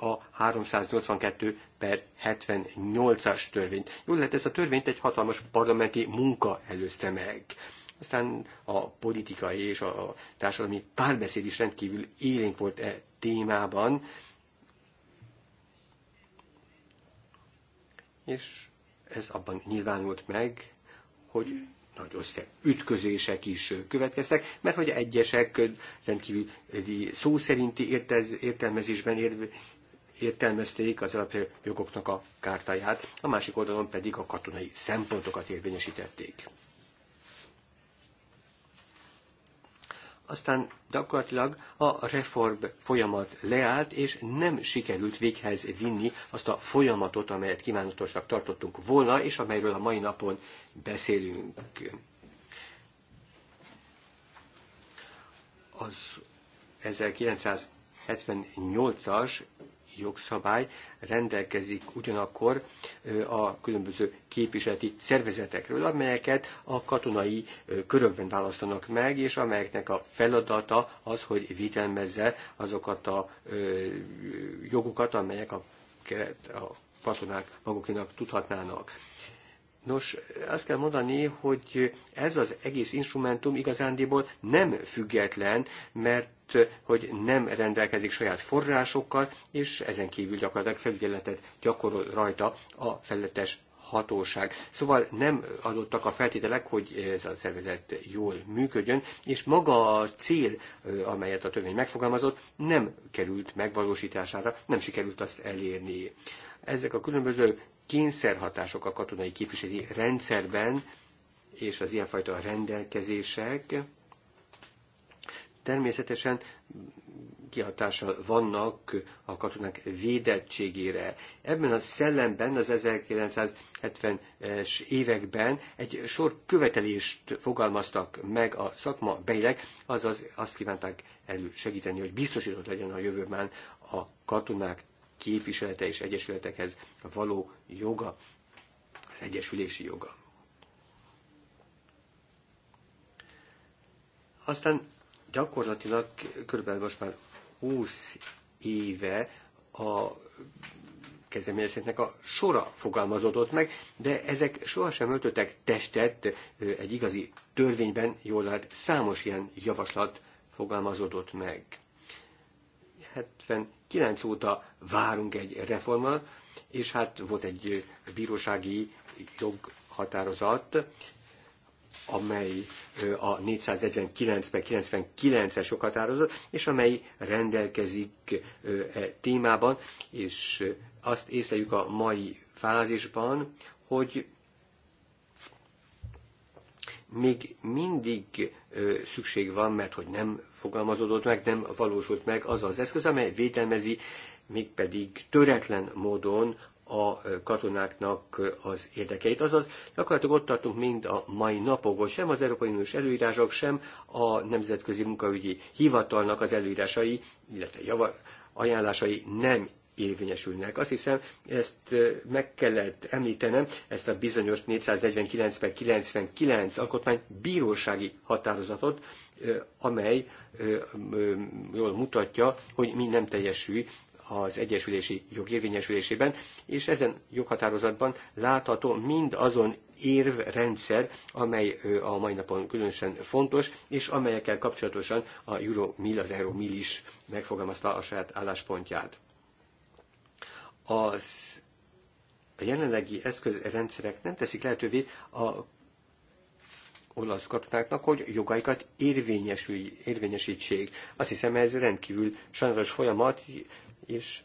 a 382 per 78-as törvényt. Jól lehet, ez a törvényt egy hatalmas parlamenti munka előzte meg. Aztán a politikai és a társadalmi párbeszéd is rendkívül élénk volt e témában. És ez abban nyilvánult meg, hogy nagy összeütközések is következtek, mert hogy egyesek rendkívül szó szerinti értelmezésben ér, értelmezték az alapjogoknak jogoknak a kártáját, a másik oldalon pedig a katonai szempontokat érvényesítették. aztán gyakorlatilag a reform folyamat leállt, és nem sikerült véghez vinni azt a folyamatot, amelyet kívánatosnak tartottunk volna, és amelyről a mai napon beszélünk. Az 1978-as jogszabály rendelkezik ugyanakkor a különböző képviseleti szervezetekről, amelyeket a katonai körökben választanak meg, és amelyeknek a feladata az, hogy védelmezze azokat a jogokat, amelyek a, a katonák magukénak tudhatnának. Nos, azt kell mondani, hogy ez az egész instrumentum igazándiból nem független, mert hogy nem rendelkezik saját forrásokkal, és ezen kívül gyakorlatilag felügyeletet gyakorol rajta a felletes hatóság. Szóval nem adottak a feltételek, hogy ez a szervezet jól működjön, és maga a cél, amelyet a törvény megfogalmazott, nem került megvalósítására, nem sikerült azt elérni. Ezek a különböző kényszerhatások a katonai képviseli rendszerben, és az ilyenfajta rendelkezések természetesen kihatással vannak a katonák védettségére. Ebben a szellemben az 1970-es években egy sor követelést fogalmaztak meg a szakma beileg, azaz azt kívánták elő segíteni, hogy biztosított legyen a jövőben a katonák képviselete és egyesületekhez való joga, az egyesülési joga. Aztán gyakorlatilag körülbelül most már 20 éve a kezdeményezésnek a sora fogalmazódott meg, de ezek sohasem öltöttek testet egy igazi törvényben, jól lehet számos ilyen javaslat fogalmazódott meg. 79 óta várunk egy reformra, és hát volt egy bírósági joghatározat, amely a 449 99-es joghatározat, és amely rendelkezik e témában, és azt észleljük a mai fázisban, hogy még mindig szükség van, mert hogy nem fogalmazódott meg, nem valósult meg az az eszköz, amely védelmezi mégpedig töretlen módon a katonáknak az érdekeit. Azaz, gyakorlatilag ott tartunk mind a mai napokon, sem az Európai Uniós előírások, sem a Nemzetközi Munkaügyi Hivatalnak az előírásai, illetve java, ajánlásai nem érvényesülnek. Azt hiszem, ezt meg kellett említenem, ezt a bizonyos 449 99 alkotmány bírósági határozatot, amely jól mutatja, hogy mi nem teljesül az egyesülési jog érvényesülésében, és ezen joghatározatban látható mind azon érvrendszer, amely a mai napon különösen fontos, és amelyekkel kapcsolatosan a Euro Mill, az Euro Mill is megfogalmazta a saját álláspontját az a jelenlegi eszközrendszerek nem teszik lehetővé a olasz katonáknak, hogy jogaikat érvényesítsék. Azt hiszem, ez rendkívül sajnálatos folyamat, és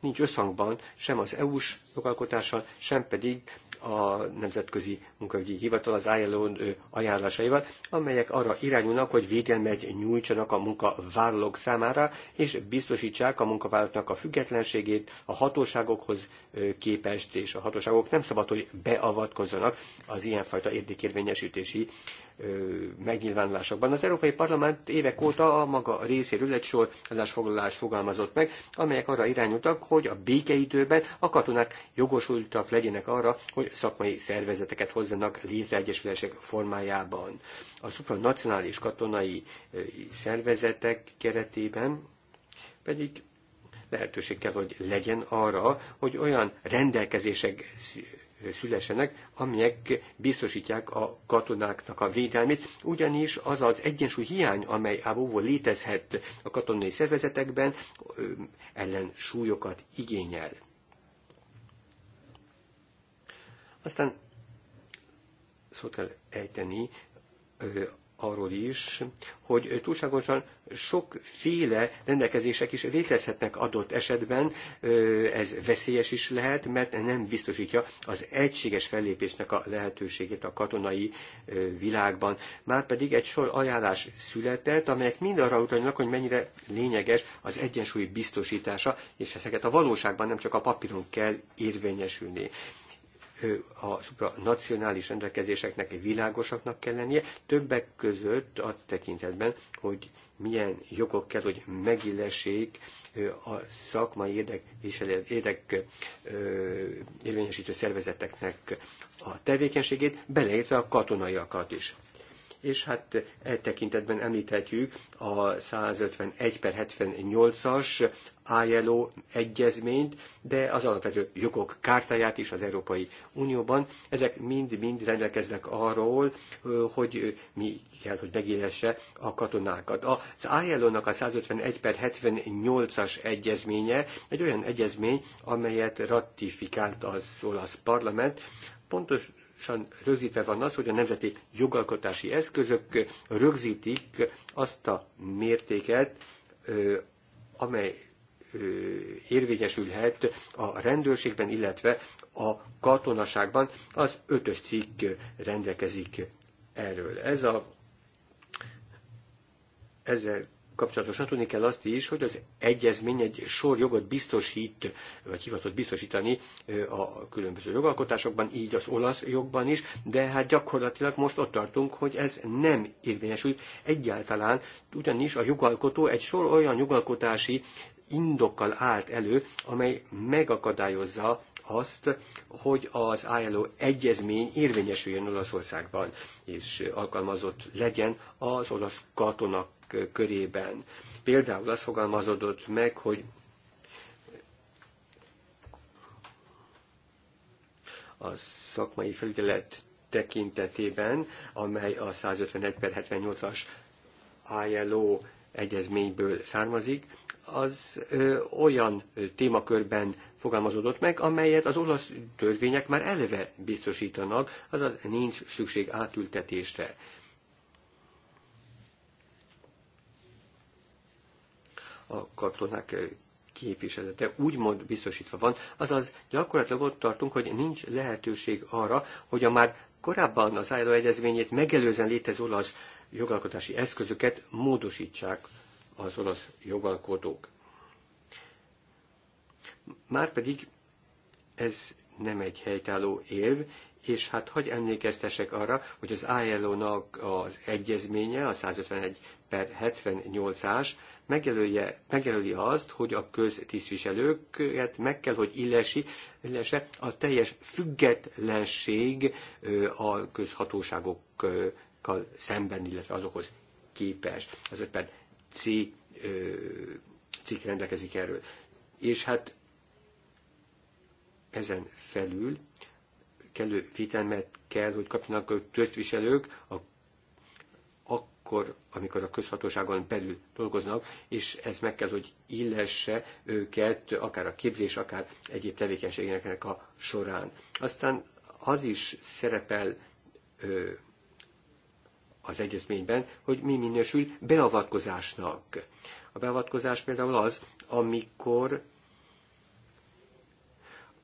nincs összhangban sem az EU-s jogalkotással, sem pedig a Nemzetközi Munkaügyi Hivatal az ILO ajánlásaival, amelyek arra irányulnak, hogy védelmet nyújtsanak a munkavállalók számára, és biztosítsák a munkavállalóknak a függetlenségét a hatóságokhoz képest, és a hatóságok nem szabad, hogy beavatkozzanak az ilyenfajta érdekérvényesítési megnyilvánulásokban. Az Európai Parlament évek óta a maga részéről egy sor állásfoglalást fogalmazott meg, amelyek arra irányultak, hogy a békeidőben a katonák jogosultak legyenek arra, hogy szakmai szervezeteket hozzanak létreegyesülések formájában. A szupranacionális katonai szervezetek keretében pedig lehetőség kell, hogy legyen arra, hogy olyan rendelkezések szülesenek, amelyek biztosítják a katonáknak a védelmét, ugyanis az az egyensúly hiány, amely ávóval létezhet a katonai szervezetekben, ellensúlyokat igényel. Aztán szót kell ejteni arról is, hogy túlságosan sokféle rendelkezések is létezhetnek adott esetben, ez veszélyes is lehet, mert nem biztosítja az egységes fellépésnek a lehetőségét a katonai világban. Márpedig egy sor ajánlás született, amelyek mind arra utalnak, hogy mennyire lényeges az egyensúly biztosítása, és ezeket a valóságban nem csak a papíron kell érvényesülni a supranacionális rendelkezéseknek világosaknak kell lennie, többek között a tekintetben, hogy milyen jogok kell, hogy megillessék a szakmai érdek, érdek érvényesítő szervezeteknek a tevékenységét, beleértve a katonaiakat is és hát e tekintetben említhetjük a 151 per 78-as ILO egyezményt, de az alapvető jogok kártáját is az Európai Unióban. Ezek mind-mind rendelkeznek arról, hogy mi kell, hogy megélesse a katonákat. Az ILO-nak a 151 per 78-as egyezménye egy olyan egyezmény, amelyet ratifikált az olasz parlament, pontos pontosan rögzítve van az, hogy a nemzeti jogalkotási eszközök rögzítik azt a mértéket, amely érvényesülhet a rendőrségben, illetve a katonaságban. Az ötös cikk rendelkezik erről. Ez a ezzel kapcsolatosan tudni kell azt is, hogy az egyezmény egy sor jogot biztosít, vagy hivatott biztosítani a különböző jogalkotásokban, így az olasz jogban is, de hát gyakorlatilag most ott tartunk, hogy ez nem érvényesül egyáltalán, ugyanis a jogalkotó egy sor olyan jogalkotási indokkal állt elő, amely megakadályozza azt, hogy az ILO egyezmény érvényesüljön Olaszországban, és alkalmazott legyen az olasz katonak körében. Például az fogalmazódott meg, hogy a szakmai felügyelet tekintetében, amely a 151 per 78-as ILO egyezményből származik, az ö, olyan témakörben fogalmazódott meg, amelyet az olasz törvények már eleve biztosítanak, azaz nincs szükség átültetésre. a katonák eh, képviselete úgymond biztosítva van, azaz gyakorlatilag ott tartunk, hogy nincs lehetőség arra, hogy a már korábban az álló egyezményét megelőzen létező olasz jogalkotási eszközöket módosítsák az olasz jogalkotók. Márpedig ez nem egy helytálló év, és hát hagy emlékeztesek arra, hogy az ILO-nak az egyezménye, a 151 per 78 as megjelölje, megjelöli azt, hogy a köztisztviselőket meg kell, hogy illesi, illese a teljes függetlenség a közhatóságokkal szemben, illetve azokhoz képes. Ez 5 per C cikk rendelkezik erről. És hát ezen felül kellő vitelmet kell, hogy kapjanak a közviselők a akkor, amikor a közhatóságon belül dolgoznak, és ez meg kell, hogy illesse őket, akár a képzés, akár egyéb tevékenységének a során. Aztán az is szerepel az egyezményben, hogy mi minősül beavatkozásnak. A beavatkozás például az, amikor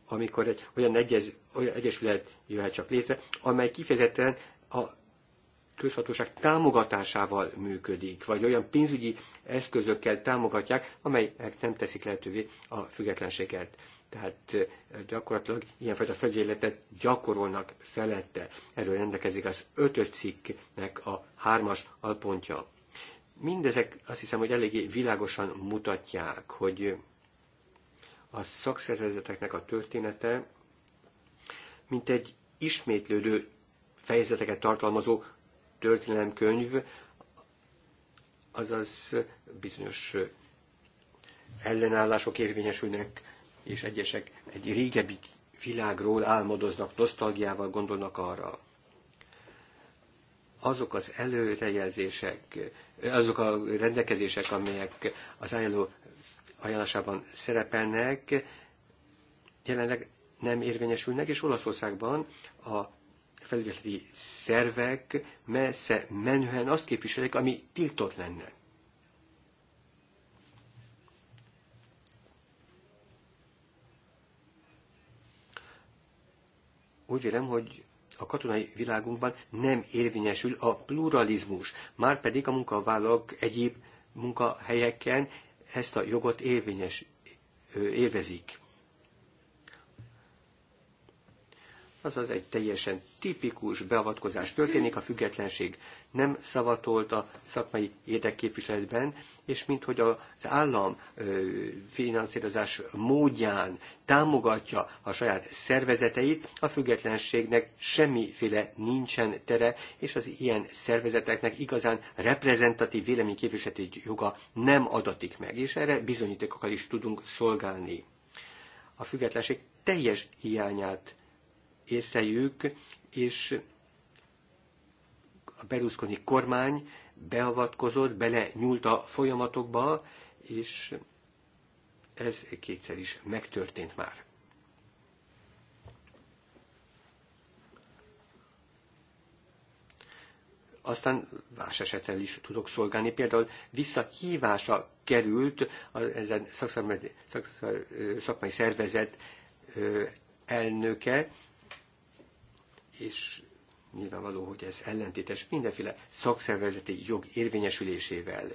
amikor egy olyan, egyez, olyan egyesület jöhet csak létre, amely kifejezetten a közhatóság támogatásával működik, vagy olyan pénzügyi eszközökkel támogatják, amelyek nem teszik lehetővé a függetlenséget. Tehát gyakorlatilag ilyenfajta felügyeletet gyakorolnak felette. Erről rendelkezik az ötös cikknek a hármas alpontja. Mindezek azt hiszem, hogy eléggé világosan mutatják, hogy a szakszervezeteknek a története mint egy ismétlődő fejezeteket tartalmazó történelemkönyv, azaz bizonyos ellenállások érvényesülnek, és egyesek egy régebbi világról álmodoznak, nosztalgiával gondolnak arra. Azok az előrejelzések, azok a rendelkezések, amelyek az ILO ajánlásában szerepelnek, jelenleg nem érvényesülnek, és Olaszországban a felügyeleti szervek messze menően azt képviselik, ami tiltott lenne. Úgy vélem, hogy a katonai világunkban nem érvényesül a pluralizmus, már pedig a munkavállalók egyéb munkahelyeken ezt a jogot érvényes élvezik. az egy teljesen tipikus beavatkozás történik, a függetlenség nem szavatolt a szakmai érdekképviseletben, és minthogy az állam finanszírozás módján támogatja a saját szervezeteit, a függetlenségnek semmiféle nincsen tere, és az ilyen szervezeteknek igazán reprezentatív véleményképviseleti joga nem adatik meg, és erre bizonyítékokkal is tudunk szolgálni. A függetlenség teljes hiányát észleljük, és a Berlusconi kormány beavatkozott, bele nyúlt a folyamatokba, és ez kétszer is megtörtént már. Aztán más esettel is tudok szolgálni. Például visszahívása került ezen szakmai szervezet elnöke, és nyilvánvaló, hogy ez ellentétes mindenféle szakszervezeti jog érvényesülésével.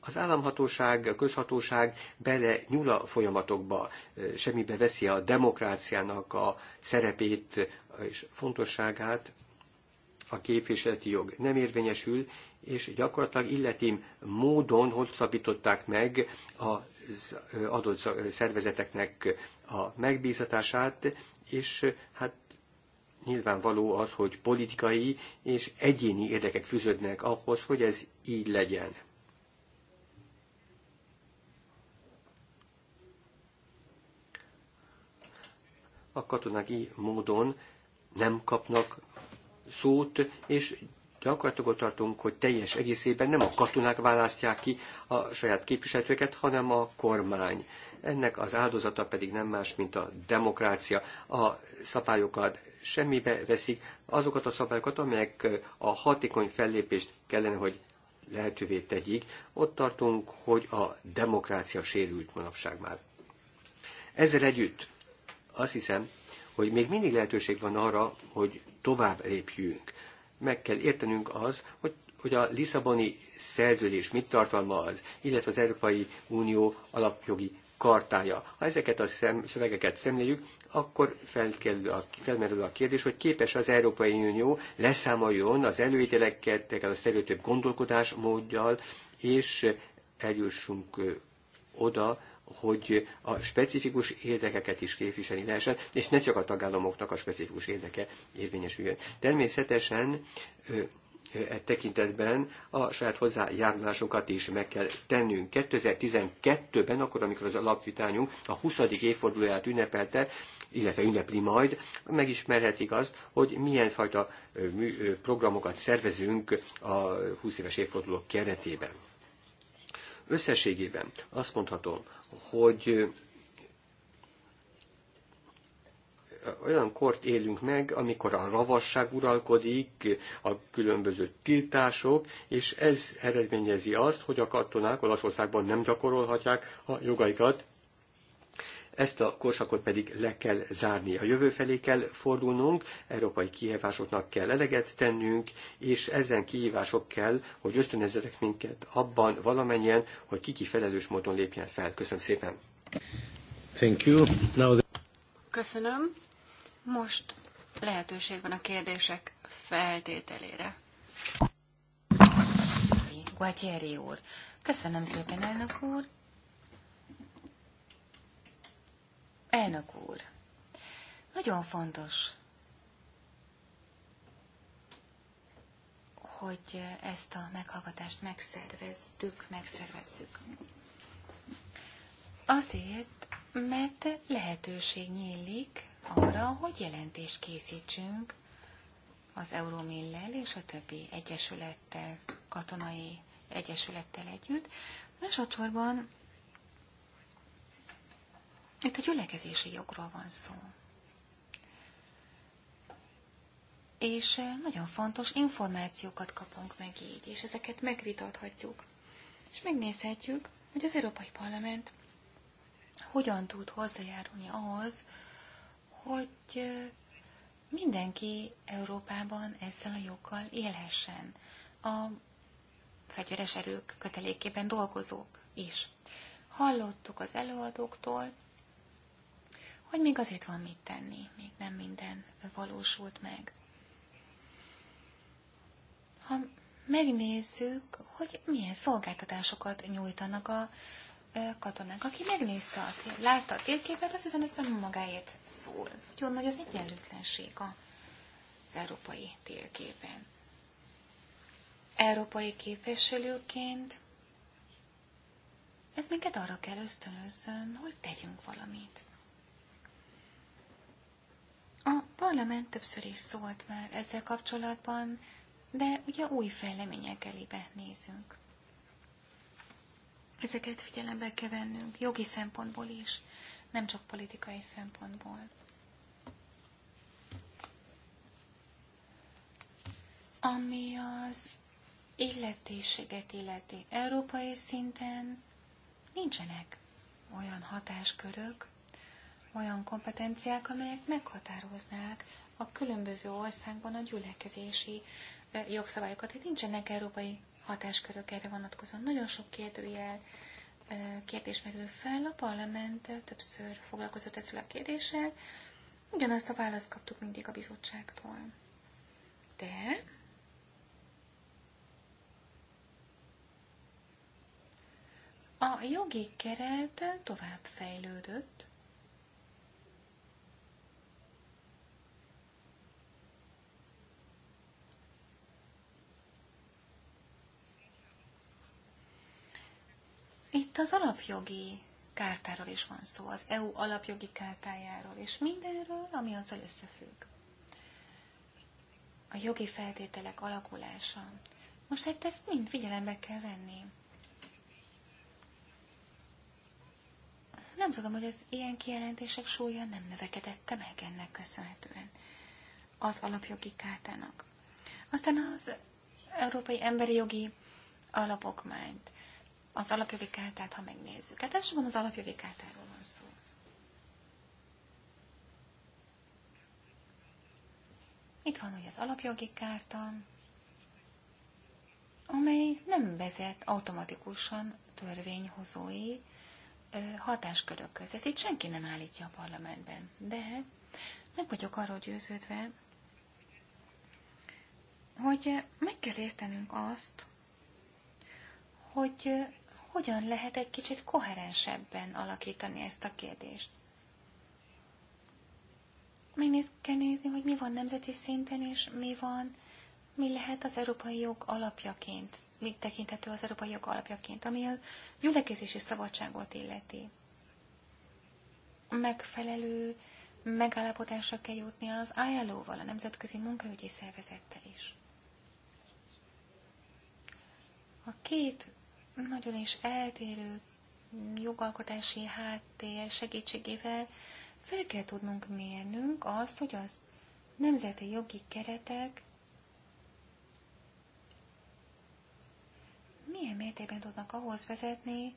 Az államhatóság, a közhatóság bele nyúl a folyamatokba, semmibe veszi a demokráciának a szerepét és fontosságát, a képviseleti jog nem érvényesül, és gyakorlatilag illetim módon hosszabbították meg az adott szervezeteknek a megbízatását, és hát nyilvánvaló az, hogy politikai és egyéni érdekek fűződnek ahhoz, hogy ez így legyen. A katonák így módon nem kapnak szót, és gyakorlatilag ott tartunk, hogy teljes egészében nem a katonák választják ki a saját képviselőket, hanem a kormány. Ennek az áldozata pedig nem más, mint a demokrácia. A szabályokat semmibe veszi azokat a szabályokat, amelyek a hatékony fellépést kellene, hogy lehetővé tegyék. Ott tartunk, hogy a demokrácia sérült manapság már. Ezzel együtt azt hiszem, hogy még mindig lehetőség van arra, hogy tovább lépjünk. Meg kell értenünk az, hogy, hogy a Lisszaboni szerződés mit tartalmaz, illetve az Európai Unió alapjogi kartája. Ha ezeket a szem, szövegeket szemléljük, akkor felkerül a, felmerül a kérdés, hogy képes az Európai Unió leszámoljon az előítéleket, a szerőtőbb gondolkodás módjal, és eljussunk oda, hogy a specifikus érdekeket is képviselni lehessen, és ne csak a tagállamoknak a specifikus érdeke érvényesüljön. Természetesen e tekintetben a saját hozzájárulásokat is meg kell tennünk. 2012-ben, akkor, amikor az alapvitányunk a 20. évfordulóját ünnepelte, illetve ünnepli majd, megismerhetik azt, hogy milyen fajta programokat szervezünk a 20 éves évforduló keretében. Összességében azt mondhatom, hogy olyan kort élünk meg, amikor a ravasság uralkodik, a különböző tiltások, és ez eredményezi azt, hogy a katonák Olaszországban nem gyakorolhatják a jogaikat, ezt a korszakot pedig le kell zárni. A jövő felé kell fordulnunk, európai kihívásoknak kell eleget tennünk, és ezen kihívások kell, hogy ösztönözzenek minket abban valamennyien, hogy kiki felelős módon lépjen fel. Köszönöm szépen! Thank you. Now the... Köszönöm. Most lehetőség van a kérdések feltételére. Guatieri úr. Köszönöm szépen, elnök úr. Elnök úr, nagyon fontos, hogy ezt a meghallgatást megszerveztük, megszervezzük. Azért, mert lehetőség nyílik arra, hogy jelentést készítsünk az Euromillel és a többi egyesülettel, katonai egyesülettel együtt. Másodszorban itt a gyülekezési jogról van szó. És eh, nagyon fontos információkat kapunk meg így, és ezeket megvitathatjuk. És megnézhetjük, hogy az Európai Parlament hogyan tud hozzájárulni ahhoz, hogy eh, mindenki Európában ezzel a joggal élhessen. A fegyveres erők kötelékében dolgozók is. Hallottuk az előadóktól, hogy még azért van mit tenni, még nem minden valósult meg. Ha megnézzük, hogy milyen szolgáltatásokat nyújtanak a katonák. Aki megnézte, a tél, látta a térképet, az hiszem, ez nem magáért szól. Nagyon nagy az egyenlőtlenség az európai térképen. Európai képviselőként ez minket arra kell ösztönözzön, hogy tegyünk valamit. A parlament többször is szólt már ezzel kapcsolatban, de ugye új fejlemények elébe nézünk. Ezeket figyelembe kell vennünk, jogi szempontból is, nem csak politikai szempontból. Ami az illetéséget illeti európai szinten, nincsenek olyan hatáskörök, olyan kompetenciák, amelyek meghatároznák a különböző országban a gyülekezési jogszabályokat. Itt hát nincsenek európai hatáskörök erre vonatkozóan. Nagyon sok kérdőjel kérdés merül fel, a parlament többször foglalkozott ezzel a kérdéssel, ugyanazt a választ kaptuk mindig a bizottságtól. De a jogi keret tovább fejlődött, Itt az alapjogi kártáról is van szó, az EU alapjogi kártájáról, és mindenről, ami azzal összefügg. A jogi feltételek alakulása. Most hát ezt mind figyelembe kell venni. Nem tudom, hogy az ilyen kijelentések súlya nem növekedette meg ennek köszönhetően. Az alapjogi kártának. Aztán az Európai Emberi Jogi Alapokmányt az alapjogi kártát, ha megnézzük. Hát elsősorban az alapjogi kártáról van szó. Itt van ugye az alapjogi kárta, amely nem vezet automatikusan törvényhozói hatáskörök köz. Ezt itt senki nem állítja a parlamentben. De meg vagyok arról győződve, hogy meg kell értenünk azt, hogy hogyan lehet egy kicsit koherensebben alakítani ezt a kérdést. Megnéz kell nézni, hogy mi van nemzeti szinten, és mi van, mi lehet az európai jog alapjaként, mit tekinthető az európai jog alapjaként, ami a gyülekezési szabadságot illeti. Megfelelő megállapotásra kell jutni az ILO-val, a Nemzetközi Munkaügyi Szervezettel is. A két nagyon is eltérő jogalkotási háttér segítségével fel kell tudnunk mérnünk azt, hogy az nemzeti jogi keretek milyen mértékben tudnak ahhoz vezetni,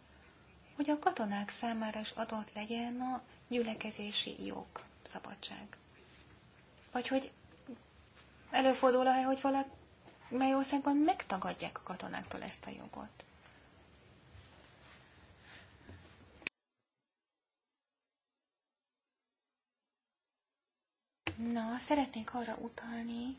hogy a katonák számára is adott legyen a gyülekezési jog, szabadság. Vagy hogy előfordul a hogy valaki mely országban megtagadják a katonáktól ezt a jogot. Na, szeretnék arra utalni,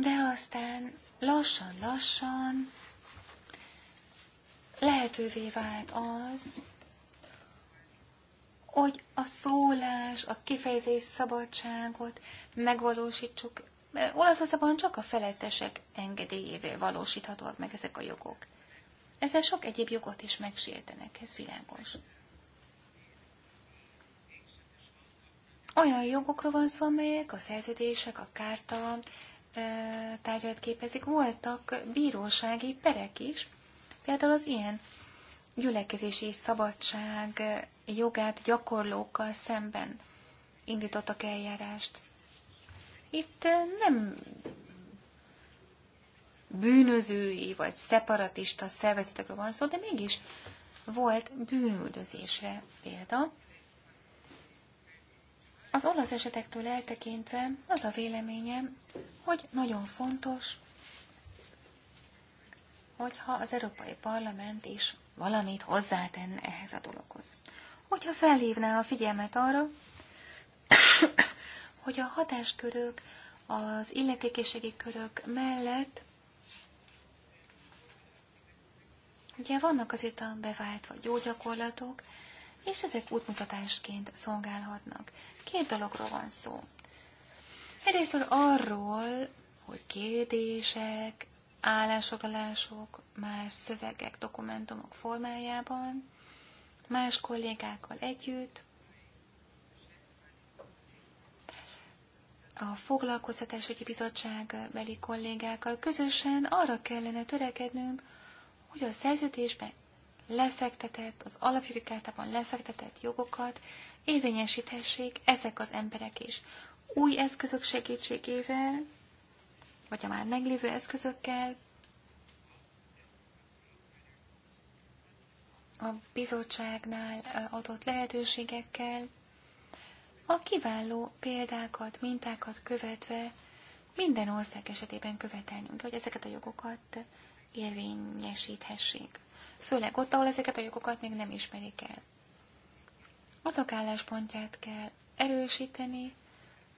de aztán lassan-lassan lehetővé vált az, hogy a szólás, a kifejezés szabadságot megvalósítsuk. Olaszországban csak a felettesek engedélyével valósíthatóak meg ezek a jogok. Ezzel sok egyéb jogot is megsértenek, ez világos. Olyan jogokról van szó, amelyek a szerződések, a kárta tárgyalat képezik. Voltak bírósági perek is, például az ilyen gyülekezési szabadság jogát gyakorlókkal szemben indítottak eljárást. Itt nem bűnözői vagy szeparatista szervezetekről van szó, de mégis volt bűnüldözésre példa. Az olasz esetektől eltekintve az a véleményem, hogy nagyon fontos, hogyha az Európai Parlament is valamit hozzátenne ehhez a dologhoz. Hogyha felhívná a figyelmet arra, hogy a hatáskörök, az illetékészségi körök mellett Ugye vannak azért a bevált vagy jó gyakorlatok, és ezek útmutatásként szolgálhatnak. Két dologról van szó. Egyrészt arról, hogy kérdések, állásoglalások, más szövegek, dokumentumok formájában, más kollégákkal együtt, a foglalkoztatásügyi bizottság beli kollégákkal közösen arra kellene törekednünk, hogy a szerződésben lefektetett, az alapjogikártában lefektetett jogokat érvényesíthessék ezek az emberek is. Új eszközök segítségével, vagy a már meglévő eszközökkel, a bizottságnál adott lehetőségekkel, a kiváló példákat, mintákat követve minden ország esetében követelnünk, hogy ezeket a jogokat érvényesíthessék. Főleg ott, ahol ezeket a jogokat még nem ismerik el. Azok álláspontját kell erősíteni,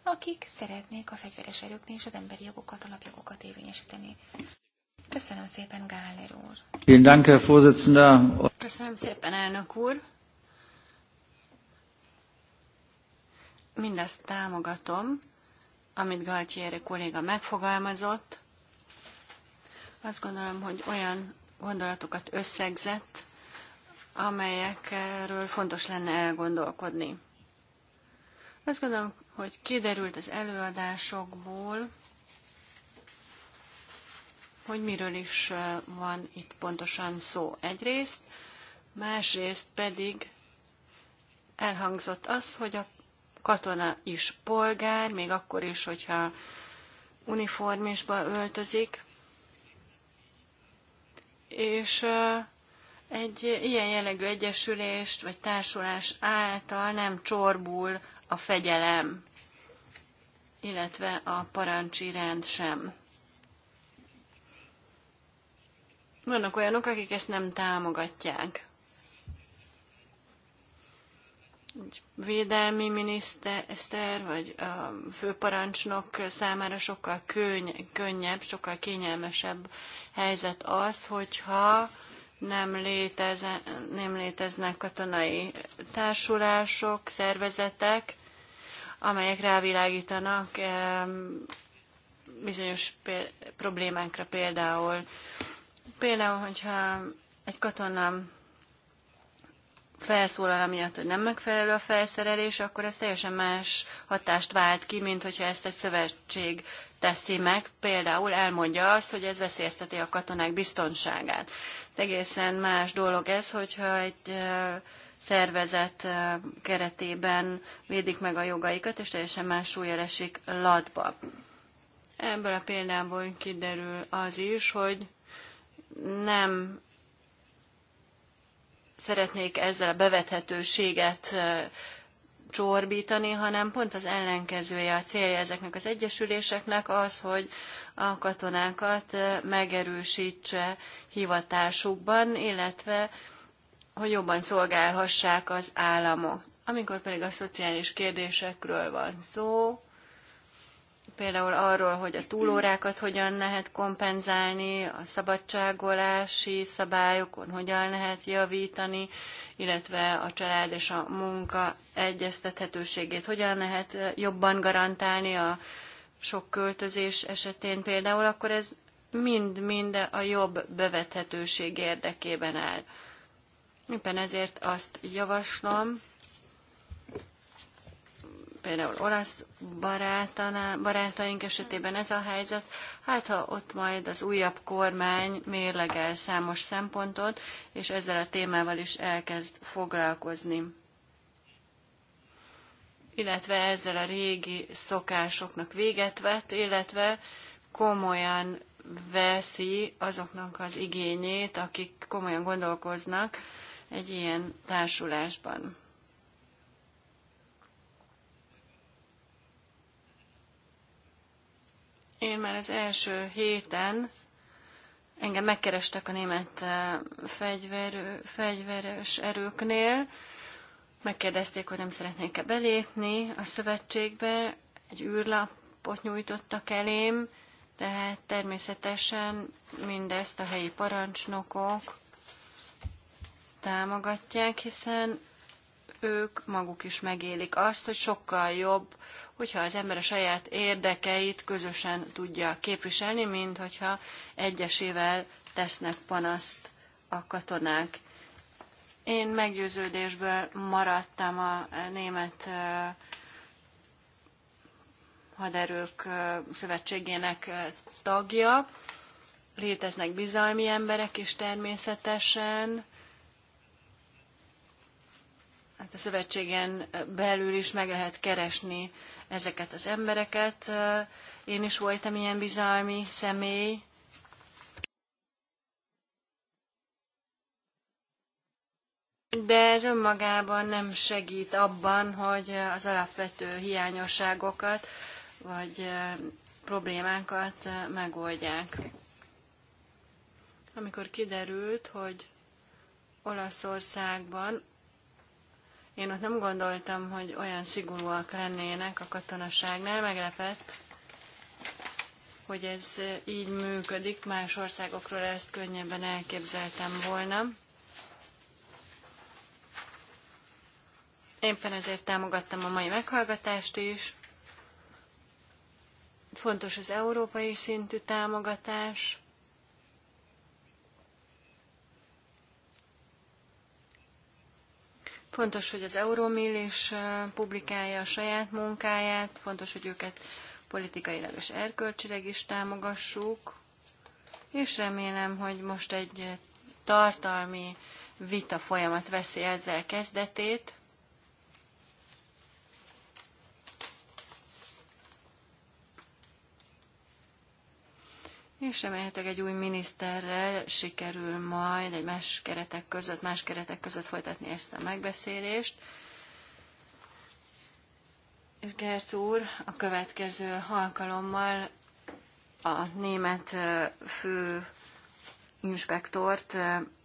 akik szeretnék a fegyveres erőknél és az emberi jogokat, alapjogokat érvényesíteni. Köszönöm szépen, Gáler úr. Köszönöm szépen, elnök úr. Mindezt támogatom, amit Galtieri kolléga megfogalmazott, azt gondolom, hogy olyan gondolatokat összegzett, amelyekről fontos lenne elgondolkodni. Azt gondolom, hogy kiderült az előadásokból, hogy miről is van itt pontosan szó egyrészt, másrészt pedig elhangzott az, hogy a katona is polgár, még akkor is, hogyha uniformisba öltözik, és egy ilyen jellegű egyesülést vagy társulás által nem csorbul a fegyelem, illetve a parancsi rend sem. Vannak olyanok, akik ezt nem támogatják védelmi miniszter vagy a főparancsnok számára sokkal könny- könnyebb, sokkal kényelmesebb helyzet az, hogyha nem, léteze, nem léteznek katonai társulások, szervezetek, amelyek rávilágítanak bizonyos péld- problémákra például. Például, hogyha egy katona felszólal amiatt, hogy nem megfelelő a felszerelés, akkor ez teljesen más hatást vált ki, mint hogyha ezt egy szövetség teszi meg. Például elmondja azt, hogy ez veszélyezteti a katonák biztonságát. Egészen más dolog ez, hogyha egy szervezet keretében védik meg a jogaikat, és teljesen más súlyra esik latba. Ebből a példából kiderül az is, hogy nem szeretnék ezzel a bevethetőséget csorbítani, hanem pont az ellenkezője a célja ezeknek az egyesüléseknek az, hogy a katonákat megerősítse hivatásukban, illetve hogy jobban szolgálhassák az államot. Amikor pedig a szociális kérdésekről van szó, például arról, hogy a túlórákat hogyan lehet kompenzálni, a szabadságolási szabályokon hogyan lehet javítani, illetve a család és a munka egyeztethetőségét hogyan lehet eh, jobban garantálni a sok költözés esetén például, akkor ez mind-mind a jobb bevethetőség érdekében áll. Éppen ezért azt javaslom, például olasz barátaink esetében ez a helyzet, hát ha ott majd az újabb kormány mérlegel számos szempontot, és ezzel a témával is elkezd foglalkozni illetve ezzel a régi szokásoknak véget vett, illetve komolyan veszi azoknak az igényét, akik komolyan gondolkoznak egy ilyen társulásban. Én már az első héten engem megkerestek a német eh, fegyver, fegyveres erőknél, megkérdezték, hogy nem szeretnék-e belépni a szövetségbe, egy űrlapot nyújtottak elém, de hát természetesen mindezt a helyi parancsnokok támogatják, hiszen ők maguk is megélik azt, hogy sokkal jobb, hogyha az ember a saját érdekeit közösen tudja képviselni, mint hogyha egyesével tesznek panaszt a katonák. Én meggyőződésből maradtam a német haderők szövetségének tagja. Léteznek bizalmi emberek is természetesen, hát a szövetségen belül is meg lehet keresni ezeket az embereket. Én is voltam ilyen bizalmi személy. De ez önmagában nem segít abban, hogy az alapvető hiányosságokat vagy problémákat megoldják. Amikor kiderült, hogy Olaszországban én ott nem gondoltam, hogy olyan szigorúak lennének a katonaságnál. Meglepett, hogy ez így működik. Más országokról ezt könnyebben elképzeltem volna. Éppen ezért támogattam a mai meghallgatást is. Fontos az európai szintű támogatás. Fontos, hogy az Euromill is publikálja a saját munkáját, fontos, hogy őket politikailag és erkölcsileg is támogassuk, és remélem, hogy most egy tartalmi vita folyamat veszi ezzel kezdetét, és remélhetőleg egy új miniszterrel sikerül majd egy más keretek között, más keretek között folytatni ezt a megbeszélést. Gerc úr, a következő alkalommal a német fő inspektort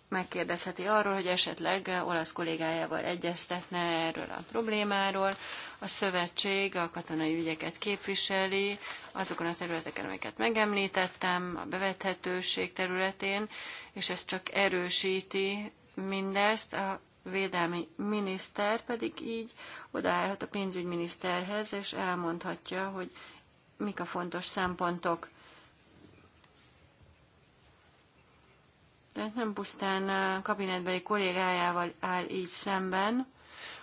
megkérdezheti arról, hogy esetleg olasz kollégájával egyeztetne erről a problémáról, a szövetség a katonai ügyeket képviseli azokon a területeken, amiket megemlítettem, a bevethetőség területén, és ez csak erősíti mindezt. A védelmi miniszter pedig így odaállhat a pénzügyminiszterhez, és elmondhatja, hogy mik a fontos szempontok. Tehát nem pusztán eh, kabinetbeli kollégájával áll így szemben,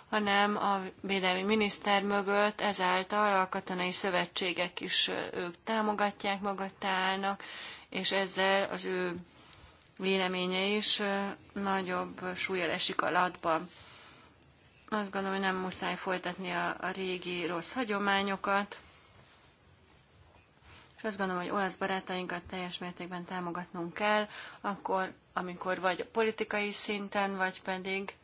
hanem a védelmi miniszter mögött ezáltal a katonai szövetségek is ők támogatják, magat állnak, és ezzel az ő véleménye is nagyobb súlya esik latba. Azt gondolom, hogy nem muszáj folytatni a, a régi rossz hagyományokat, és azt gondolom, hogy olasz barátainkat teljes mértékben támogatnunk kell, akkor, amikor vagy a politikai szinten, vagy pedig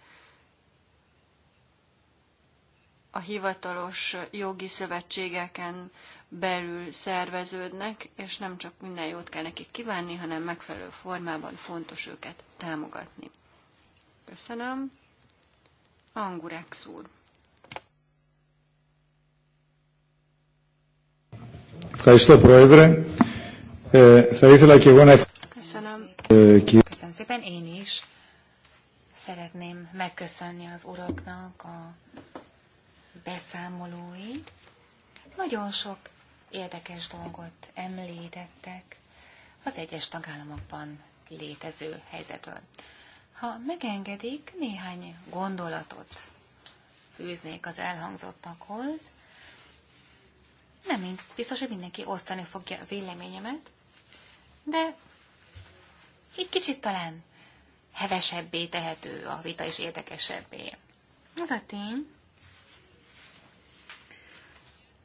a hivatalos jogi szövetségeken belül szerveződnek, és nem csak minden jót kell nekik kívánni, hanem megfelelő formában fontos őket támogatni. Köszönöm. Angurex úr. Köszönöm. Köszönöm szépen, én is szeretném megköszönni az uraknak a beszámolói nagyon sok érdekes dolgot említettek az egyes tagállamokban létező helyzetről. Ha megengedik, néhány gondolatot fűznék az elhangzottakhoz. Nem biztos, hogy mindenki osztani fogja a véleményemet, de egy kicsit talán hevesebbé tehető a vita és érdekesebbé. Az a tény,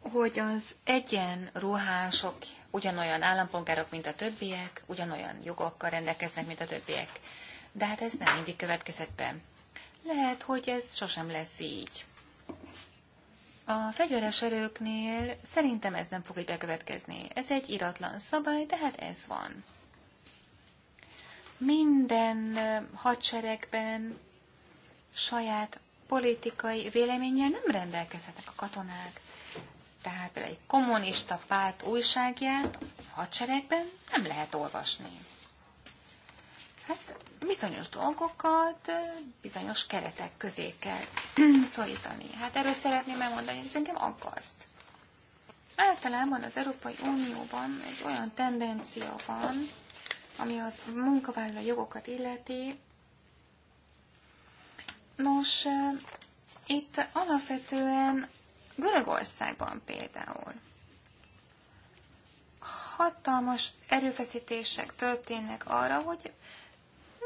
hogy az egyen ruhások ugyanolyan állampolgárok, mint a többiek, ugyanolyan jogokkal rendelkeznek, mint a többiek. De hát ez nem mindig következett be. Lehet, hogy ez sosem lesz így. A fegyveres erőknél szerintem ez nem fog így bekövetkezni. Ez egy iratlan szabály, tehát ez van. Minden hadseregben saját politikai véleménnyel nem rendelkezhetnek a katonák tehát például egy kommunista párt újságját a hadseregben nem lehet olvasni. Hát bizonyos dolgokat bizonyos keretek közé kell szorítani. Hát erről szeretném elmondani, hogy szerintem aggaszt. Általában az Európai Unióban egy olyan tendencia van, ami az munkavállaló jogokat illeti. Nos, itt alapvetően Görögországban például hatalmas erőfeszítések történnek arra, hogy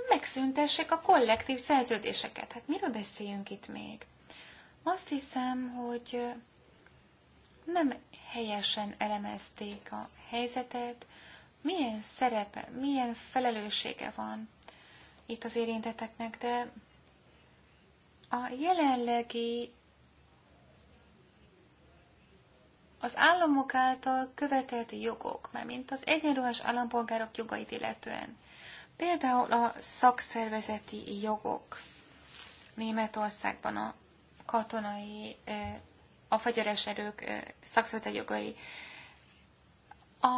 megszüntessék a kollektív szerződéseket. Hát miről beszéljünk itt még? Azt hiszem, hogy nem helyesen elemezték a helyzetet, milyen szerepe, milyen felelőssége van itt az érinteteknek, de a jelenlegi Az államok által követelt jogok, mert mint az egyenruhás állampolgárok jogait illetően, például a szakszervezeti jogok Németországban a katonai, a fegyveres erők szakszervezeti jogai, a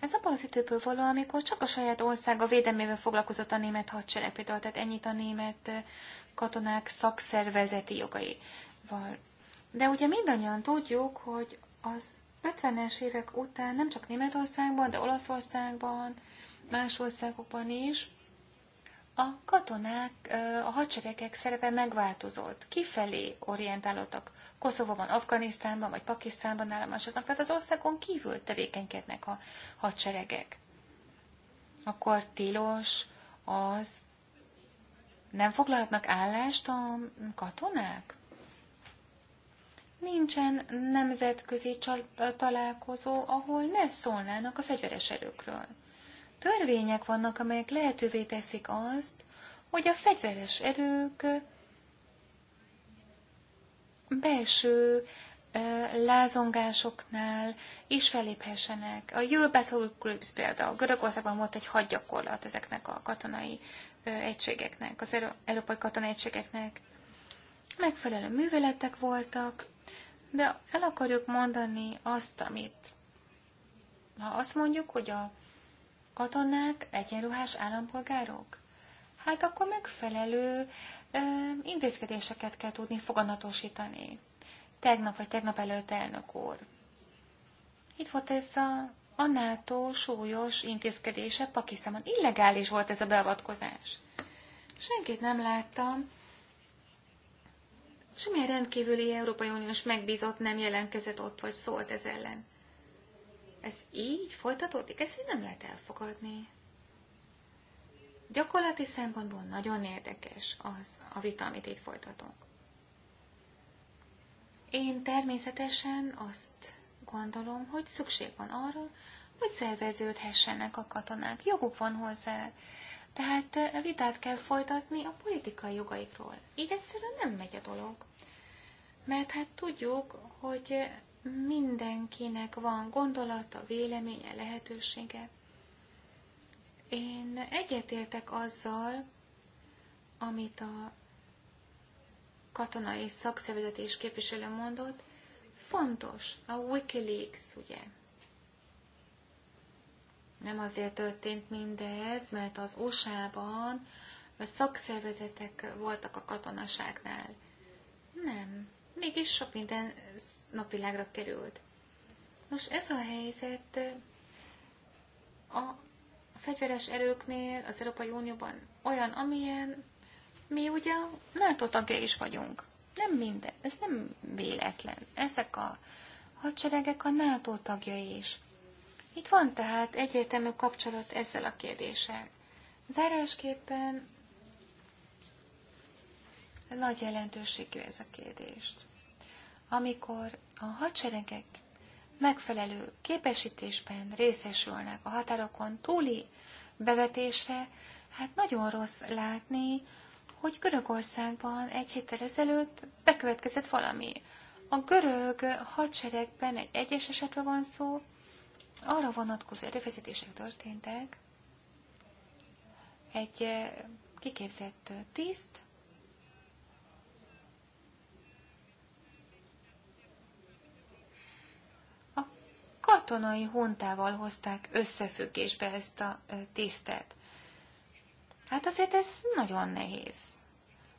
ez abban az időből való, amikor csak a saját országa védelmével foglalkozott a német hadsereg, például, tehát ennyit a német katonák szakszervezeti jogai. De ugye mindannyian tudjuk, hogy az 50-es évek után nem csak Németországban, de Olaszországban, más országokban is a katonák, a hadseregek szerepe megváltozott, kifelé orientálódtak. Koszovóban, Afganisztánban vagy Pakisztánban nálam másoznak, tehát az országon kívül tevékenykednek a hadseregek. Akkor tilos az, nem foglalhatnak állást a katonák? nincsen nemzetközi találkozó, ahol ne szólnának a fegyveres erőkről. Törvények vannak, amelyek lehetővé teszik azt, hogy a fegyveres erők belső lázongásoknál is feléphessenek. A Eurobattle Groups például, Görögországban volt egy hadgyakorlat ezeknek a katonai egységeknek, az európai katonai egységeknek. Megfelelő műveletek voltak, de el akarjuk mondani azt, amit ha azt mondjuk, hogy a katonák egyenruhás állampolgárok, hát akkor megfelelő ö, intézkedéseket kell tudni foganatosítani. Tegnap vagy tegnap előtt elnök úr. Itt volt ez a, a NATO súlyos intézkedése Pakisztánban. Illegális volt ez a beavatkozás. Senkit nem láttam, semmilyen rendkívüli Európai Uniós megbízott nem jelentkezett ott, vagy szólt ez ellen. Ez így folytatódik? Ezt így nem lehet elfogadni. Gyakorlati szempontból nagyon érdekes az a vita, amit itt folytatunk. Én természetesen azt gondolom, hogy szükség van arra, hogy szerveződhessenek a katonák. Joguk van hozzá. Tehát vitát kell folytatni a politikai jogaikról. Így egyszerűen nem megy a dolog. Mert hát tudjuk, hogy mindenkinek van gondolata, véleménye, lehetősége. Én egyetértek azzal, amit a katonai szakszervezet és képviselő mondott, fontos a Wikileaks, ugye? Nem azért történt mindez, mert az USA-ban szakszervezetek voltak a katonaságnál. Nem mégis sok minden napvilágra került. Nos, ez a helyzet a fegyveres erőknél az Európai Unióban olyan, amilyen mi ugye NATO tagja is vagyunk. Nem minden, ez nem véletlen. Ezek a hadseregek a NATO tagjai is. Itt van tehát egyértelmű kapcsolat ezzel a kérdéssel. Zárásképpen nagy jelentőségű ez a kérdést amikor a hadseregek megfelelő képesítésben részesülnek a határokon túli bevetésre, hát nagyon rossz látni, hogy Görögországban egy héttel ezelőtt bekövetkezett valami. A görög hadseregben egy egyes esetre van szó, arra vonatkozó erőfeszítések történtek. Egy eh, kiképzett eh, tiszt katonai huntával hozták összefüggésbe ezt a tisztet. Hát azért ez nagyon nehéz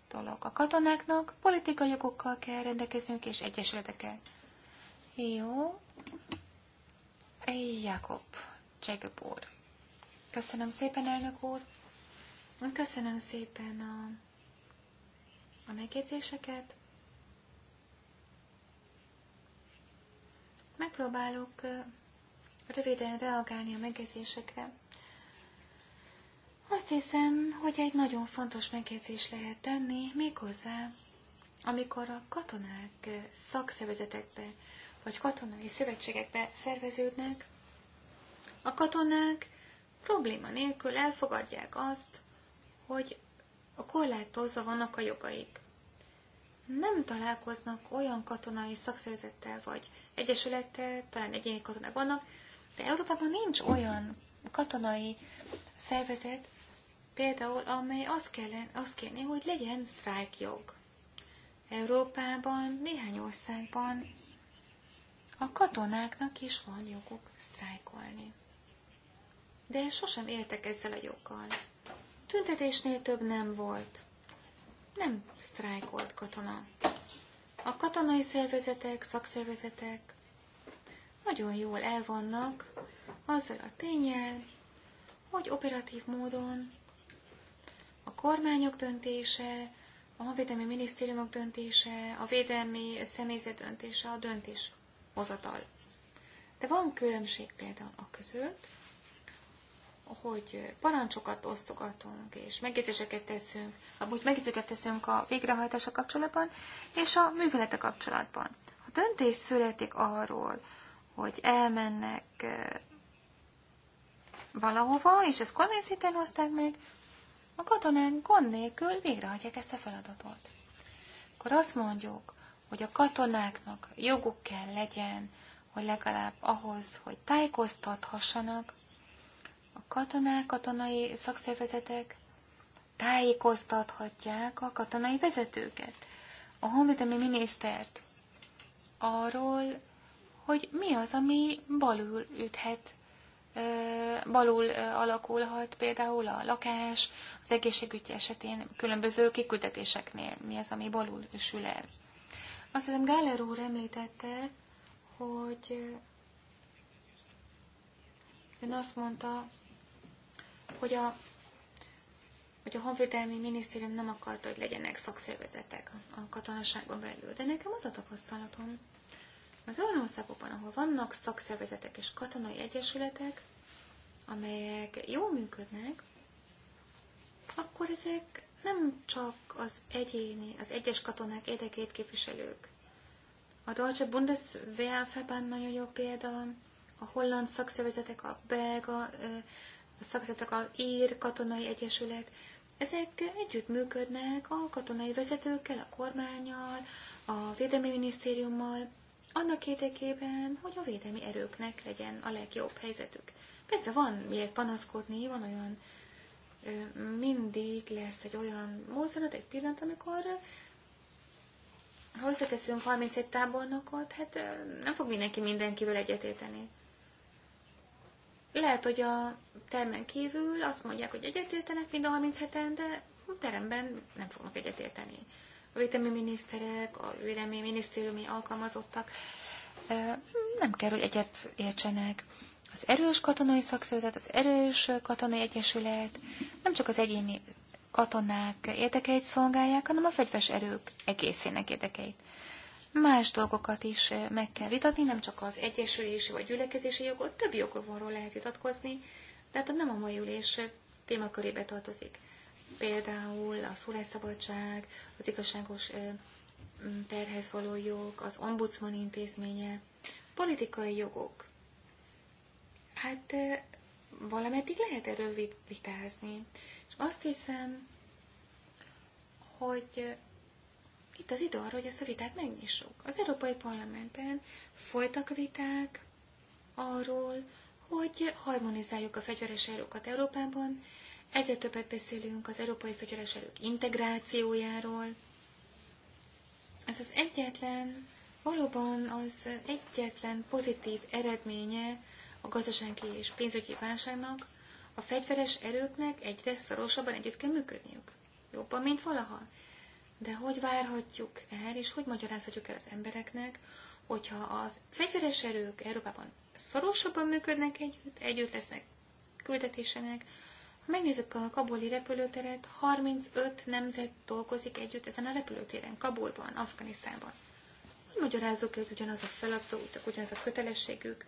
dolog. A katonáknak politikai jogokkal kell rendelkeznünk, és egyesületekkel. Jó. Jakob, Csegöp úr. Köszönöm szépen, elnök úr. Köszönöm szépen a, a megjegyzéseket. Megpróbálok röviden reagálni a megjegyzésekre. Azt hiszem, hogy egy nagyon fontos megjegyzés lehet tenni, méghozzá, amikor a katonák szakszervezetekbe vagy katonai szövetségekbe szerveződnek, a katonák probléma nélkül elfogadják azt, hogy a korlátozva vannak a jogaik nem találkoznak olyan katonai szakszervezettel vagy egyesülettel, talán egyéni katonák vannak, de Európában nincs olyan katonai szervezet, például amely azt, kellene, azt kérné, hogy legyen sztrájkjog. Európában, néhány országban a katonáknak is van joguk sztrájkolni. De sosem éltek ezzel a joggal. Tüntetésnél több nem volt nem sztrájkolt katona. A katonai szervezetek, szakszervezetek nagyon jól elvannak azzal a tényel, hogy operatív módon a kormányok döntése, a honvédelmi minisztériumok döntése, a védelmi személyzet döntése, a döntés hozatal. De van különbség például a között, hogy parancsokat osztogatunk, és megjegyzéseket teszünk, amúgy megjegyzéseket teszünk a végrehajtása kapcsolatban, és a művelete kapcsolatban. Ha döntés születik arról, hogy elmennek valahova, és ezt kormányszinten hozták meg, a katonák gond nélkül végrehajtják ezt a feladatot. Akkor azt mondjuk, hogy a katonáknak joguk kell legyen, hogy legalább ahhoz, hogy tájékoztathassanak, katonák, katonai szakszervezetek tájékoztathatják a katonai vezetőket, a honvédelmi minisztert arról, hogy mi az, ami balul üthet, balul alakulhat például a lakás, az egészségügy esetén különböző kiküldetéseknél, mi az, ami balul sül el. Azt hiszem Gáler úr említette, hogy ön azt mondta, hogy a, hogy a honvédelmi minisztérium nem akarta, hogy legyenek szakszervezetek a katonaságon belül. De nekem az a tapasztalatom, az olyan országokban, ahol vannak szakszervezetek és katonai egyesületek, amelyek jól működnek, akkor ezek nem csak az egyéni, az egyes katonák érdekét képviselők. A Deutsche Bundeswehr Verband nagyon jó példa, a holland szakszervezetek, a belga a szakszervezetek, a Ír Katonai Egyesület, ezek együttműködnek a katonai vezetőkkel, a kormányal, a Védelmi Minisztériummal, annak érdekében, hogy a védelmi erőknek legyen a legjobb helyzetük. Persze van miért panaszkodni, van olyan, mindig lesz egy olyan mozzanat, egy pillanat, amikor ha összeteszünk 31 tábornokot, hát nem fog mindenki mindenkivel egyetérteni. Lehet, hogy a termen kívül azt mondják, hogy egyetértenek mind a 37-en, de a teremben nem fognak egyetérteni. A védelmi miniszterek, a védelmi minisztériumi alkalmazottak nem kell, hogy egyet értsenek. Az erős katonai szakszervezet, az erős katonai egyesület nem csak az egyéni katonák érdekeit szolgálják, hanem a fegyves erők egészének érdekeit. Más dolgokat is eh, meg kell vitatni, nem csak az egyesülési vagy gyülekezési jogot, több jogról lehet vitatkozni, tehát nem a mai ülés eh, témakörébe tartozik. Például a szólásszabadság, az igazságos perhez eh, való jog, az ombudsman intézménye, politikai jogok. Hát valameddig lehet erről vitázni. És azt hiszem, hogy itt az idő arra, hogy ezt a vitát megnyissuk. Az Európai Parlamentben folytak viták arról, hogy harmonizáljuk a fegyveres erőket Európában, egyre többet beszélünk az európai fegyveres erők integrációjáról. Ez az egyetlen, valóban az egyetlen pozitív eredménye a gazdasági és pénzügyi válságnak, a fegyveres erőknek egyre szorosabban együtt kell működniük. Jobban, mint valaha. De hogy várhatjuk el, és hogy magyarázhatjuk el az embereknek, hogyha az fegyveres erők Európában szorosabban működnek együtt, együtt lesznek küldetésenek, ha megnézzük a kabuli repülőteret, 35 nemzet dolgozik együtt ezen a repülőtéren, Kabulban, Afganisztánban. Hogy magyarázzuk el, hogy ugyanaz a feladat, ugyanaz a kötelességük,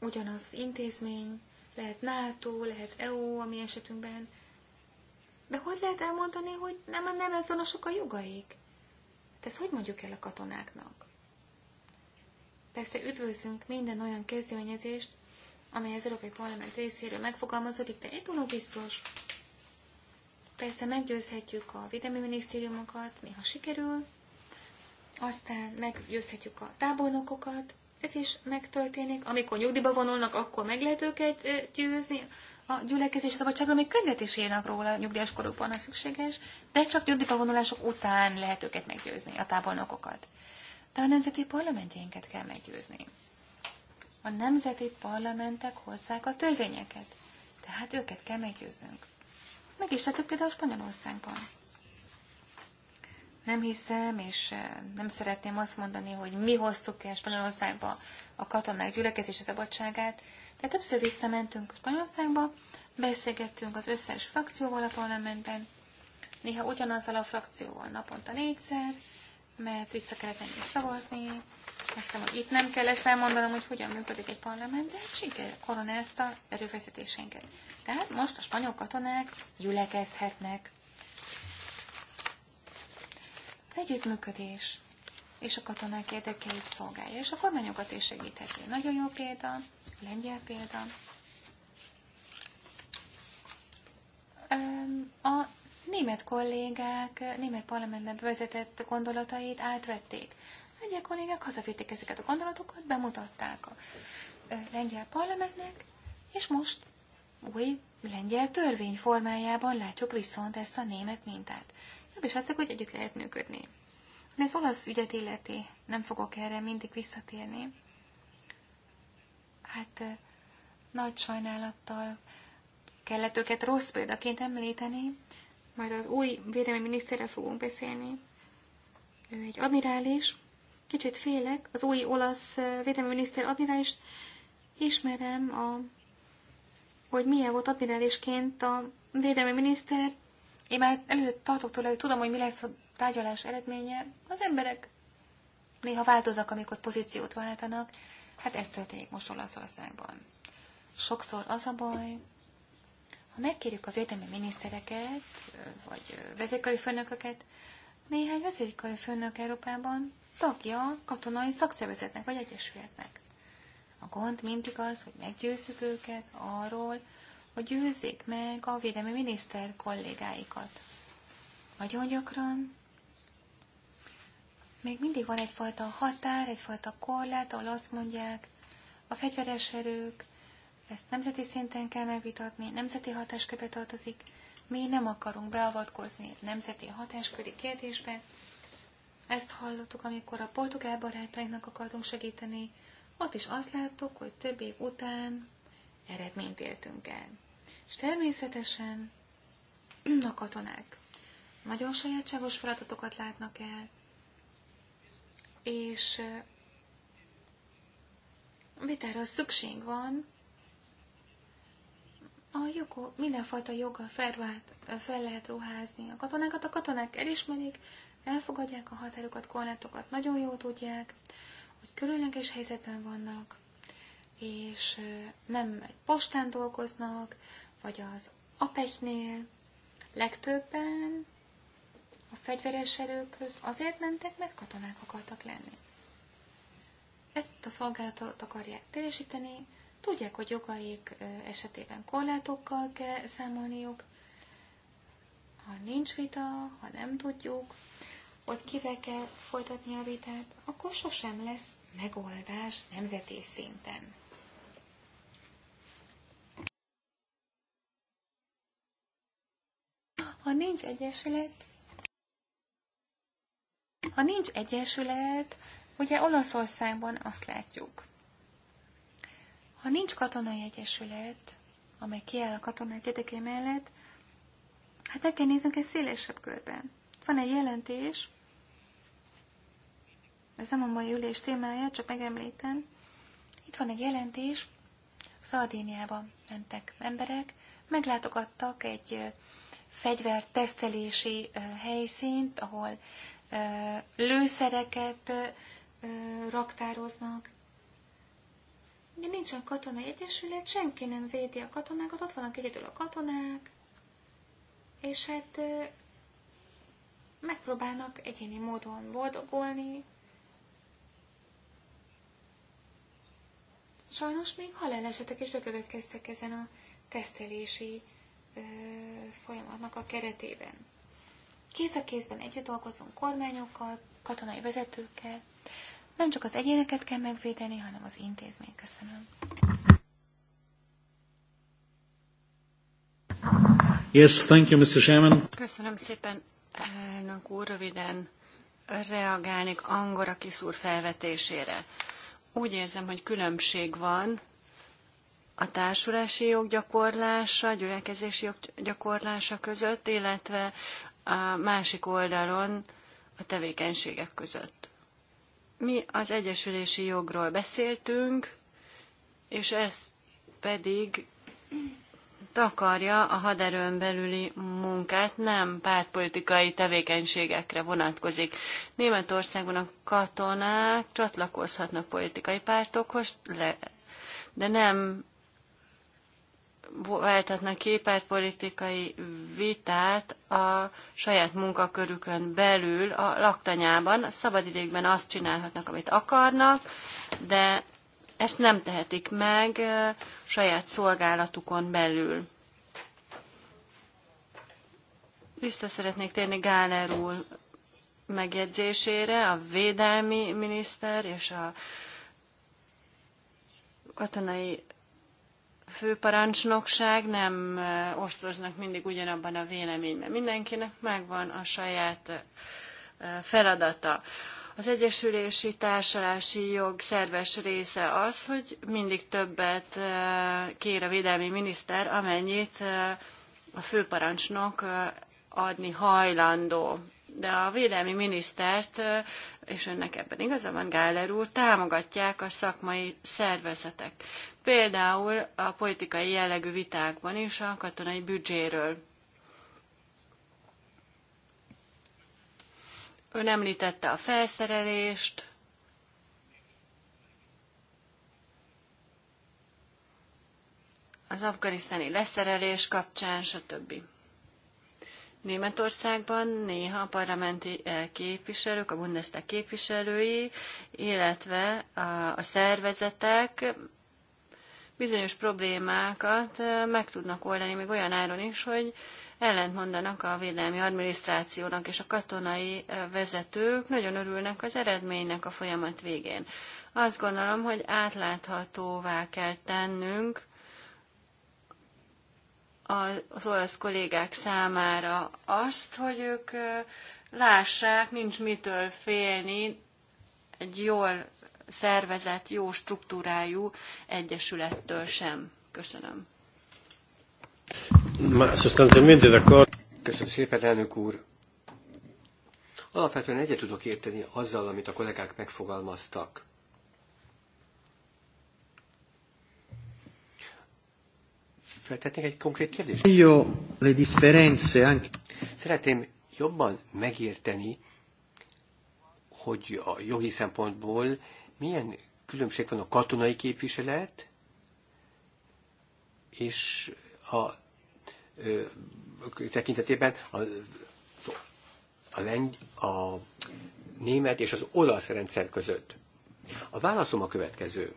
ugyanaz az intézmény, lehet NATO, lehet EU a mi esetünkben, de hogy lehet elmondani, hogy nem, nem azonosok a jogaik? Hát ezt hogy mondjuk el a katonáknak? Persze üdvözlünk minden olyan kezdeményezést, amely az Európai Parlament részéről megfogalmazódik, de egy dolog biztos. Persze meggyőzhetjük a védelmi minisztériumokat, néha sikerül, aztán meggyőzhetjük a tábornokokat, ez is megtörténik. Amikor nyugdíjba vonulnak, akkor meg lehet őket győzni a gyülekezési szabadságról még könyvet is írnak róla nyugdíjas korukban, ha szükséges, de csak nyugdíjba vonulások után lehet őket meggyőzni, a tábornokokat. De a nemzeti parlamentjeinket kell meggyőzni. A nemzeti parlamentek hozzák a törvényeket, tehát őket kell meggyőznünk. Meg is tettük például Spanyolországban. Nem hiszem, és eh, nem szeretném azt mondani, hogy mi hoztuk el Spanyolországba a katonák gyülekezési szabadságát, de többször visszamentünk Spanyolországba, beszélgettünk az összes frakcióval a parlamentben, néha ugyanazzal a frakcióval naponta négyszer, mert vissza kellett menni szavazni. Azt hiszem, hogy itt nem kell ezt elmondanom, hogy hogyan működik egy parlament, de hát siker koronázta erőfeszítésénket. Tehát most a spanyol katonák gyülekezhetnek. Az együttműködés és a katonák érdekeit szolgálja, és a kormányokat is segítheti. Nagyon jó példa, lengyel példa. A német kollégák német parlamentben vezetett gondolatait átvették. Lengyel kollégák hazavitték ezeket a gondolatokat, bemutatták a lengyel parlamentnek, és most új lengyel törvény formájában látjuk viszont ezt a német mintát. Jobb is látszik, hogy együtt lehet működni. Ami az olasz ügyet illeti, nem fogok erre mindig visszatérni. Hát nagy sajnálattal kellett őket rossz példaként említeni, majd az új védelmi miniszterrel fogunk beszélni. Ő egy admirális, kicsit félek, az új olasz védelmi miniszter admirális, ismerem, a, hogy milyen volt admirálisként a védelmi miniszter, én már előre tartok tőle, hogy tudom, hogy mi lesz a tárgyalás eredménye, az emberek néha változnak, amikor pozíciót váltanak, hát ez történik most Olaszországban. Sokszor az a baj, ha megkérjük a védelmi minisztereket, vagy vezérkari főnököket, néhány vezérkari főnök Európában tagja katonai szakszervezetnek vagy egyesületnek. A gond mindig az, hogy meggyőzzük őket arról, hogy győzzék meg a védelmi miniszter kollégáikat. Nagyon gyakran még mindig van egyfajta határ, egyfajta korlát, ahol azt mondják, a fegyveres erők, ezt nemzeti szinten kell megvitatni, nemzeti hatáskörbe tartozik, mi nem akarunk beavatkozni nemzeti hatásköri kérdésbe. Ezt hallottuk, amikor a portugál barátainknak akartunk segíteni, ott is azt láttuk, hogy több év után eredményt éltünk el. És természetesen a katonák nagyon sajátságos feladatokat látnak el, és vitára szükség van a jogó, mindenfajta joga felvált, fel lehet ruházni a katonákat. A katonák elismerik, elfogadják a határokat, korlátokat, nagyon jól tudják, hogy különleges helyzetben vannak, és nem egy postán dolgoznak, vagy az apeknél. Legtöbben a fegyveres erőkhöz azért mentek, mert katonák akartak lenni. Ezt a szolgálatot akarják teljesíteni, tudják, hogy jogaik esetében korlátokkal kell számolniuk, ha nincs vita, ha nem tudjuk, hogy kivel kell folytatni a vitát, akkor sosem lesz megoldás nemzeti szinten. Ha nincs egyesület, ha nincs egyesület, ugye Olaszországban azt látjuk. Ha nincs katonai egyesület, amely kiáll a katonák érdeké mellett, hát meg kell néznünk egy szélesebb körben. Van egy jelentés, ez nem a mai ülés témája, csak megemlítem. Itt van egy jelentés, Szardéniába mentek emberek, meglátogattak egy fegyvertesztelési helyszínt, ahol lőszereket raktároznak. Ugye nincsen katonai egyesület, senki nem védi a katonákat, ott vannak egyedül a katonák, és hát megpróbálnak egyéni módon boldogolni. Sajnos még halálesetek is bekövetkeztek ezen a tesztelési folyamatnak a keretében. Kéz a kézben együtt dolgozunk kormányokkal, katonai vezetőkkel. Nem csak az egyéneket kell megvédeni, hanem az intézmény. Köszönöm. Yes, thank you, Mr. Chairman. Köszönöm szépen, elnök úr, röviden reagálnék Angora kiszúr felvetésére. Úgy érzem, hogy különbség van a társulási joggyakorlása, gyülekezési joggyakorlása között, illetve a másik oldalon a tevékenységek között. Mi az egyesülési jogról beszéltünk, és ez pedig takarja a haderőn belüli munkát, nem pártpolitikai tevékenységekre vonatkozik. Németországban a katonák csatlakozhatnak politikai pártokhoz, de nem váltatnak ki politikai vitát a saját munkakörükön belül, a laktanyában, a szabadidékben azt csinálhatnak, amit akarnak, de ezt nem tehetik meg saját szolgálatukon belül. Vissza szeretnék térni Gáler úr megjegyzésére, a védelmi miniszter és a katonai főparancsnokság nem osztoznak mindig ugyanabban a véleményben. Mindenkinek megvan a saját feladata. Az egyesülési társalási jog szerves része az, hogy mindig többet kér a védelmi miniszter, amennyit a főparancsnok adni hajlandó de a védelmi minisztert, és önnek ebben igaza van, Gáler úr, támogatják a szakmai szervezetek. Például a politikai jellegű vitákban is a katonai büdzséről. Ön említette a felszerelést, az afganisztáni leszerelés kapcsán, stb. Németországban néha a parlamenti eh, képviselők, a Bundestag képviselői, illetve a szervezetek bizonyos problémákat eh, meg tudnak oldani, még olyan áron is, hogy mondanak a védelmi adminisztrációnak, és a katonai eh, vezetők nagyon örülnek az eredménynek a folyamat végén. Azt gondolom, hogy átláthatóvá kell tennünk az olasz kollégák számára azt, hogy ők lássák, nincs mitől félni egy jól szervezett, jó struktúrájú egyesülettől sem. Köszönöm. Köszönöm szépen, elnök úr. Alapvetően egyet tudok érteni azzal, amit a kollégák megfogalmaztak. feltetnék egy konkrét kérdést? Jó, le differenze anche. Szeretném jobban megérteni, hogy a jogi szempontból milyen különbség van a katonai képviselet és a ö, tekintetében a, a, lengy, a német és az olasz rendszer között. A válaszom a következő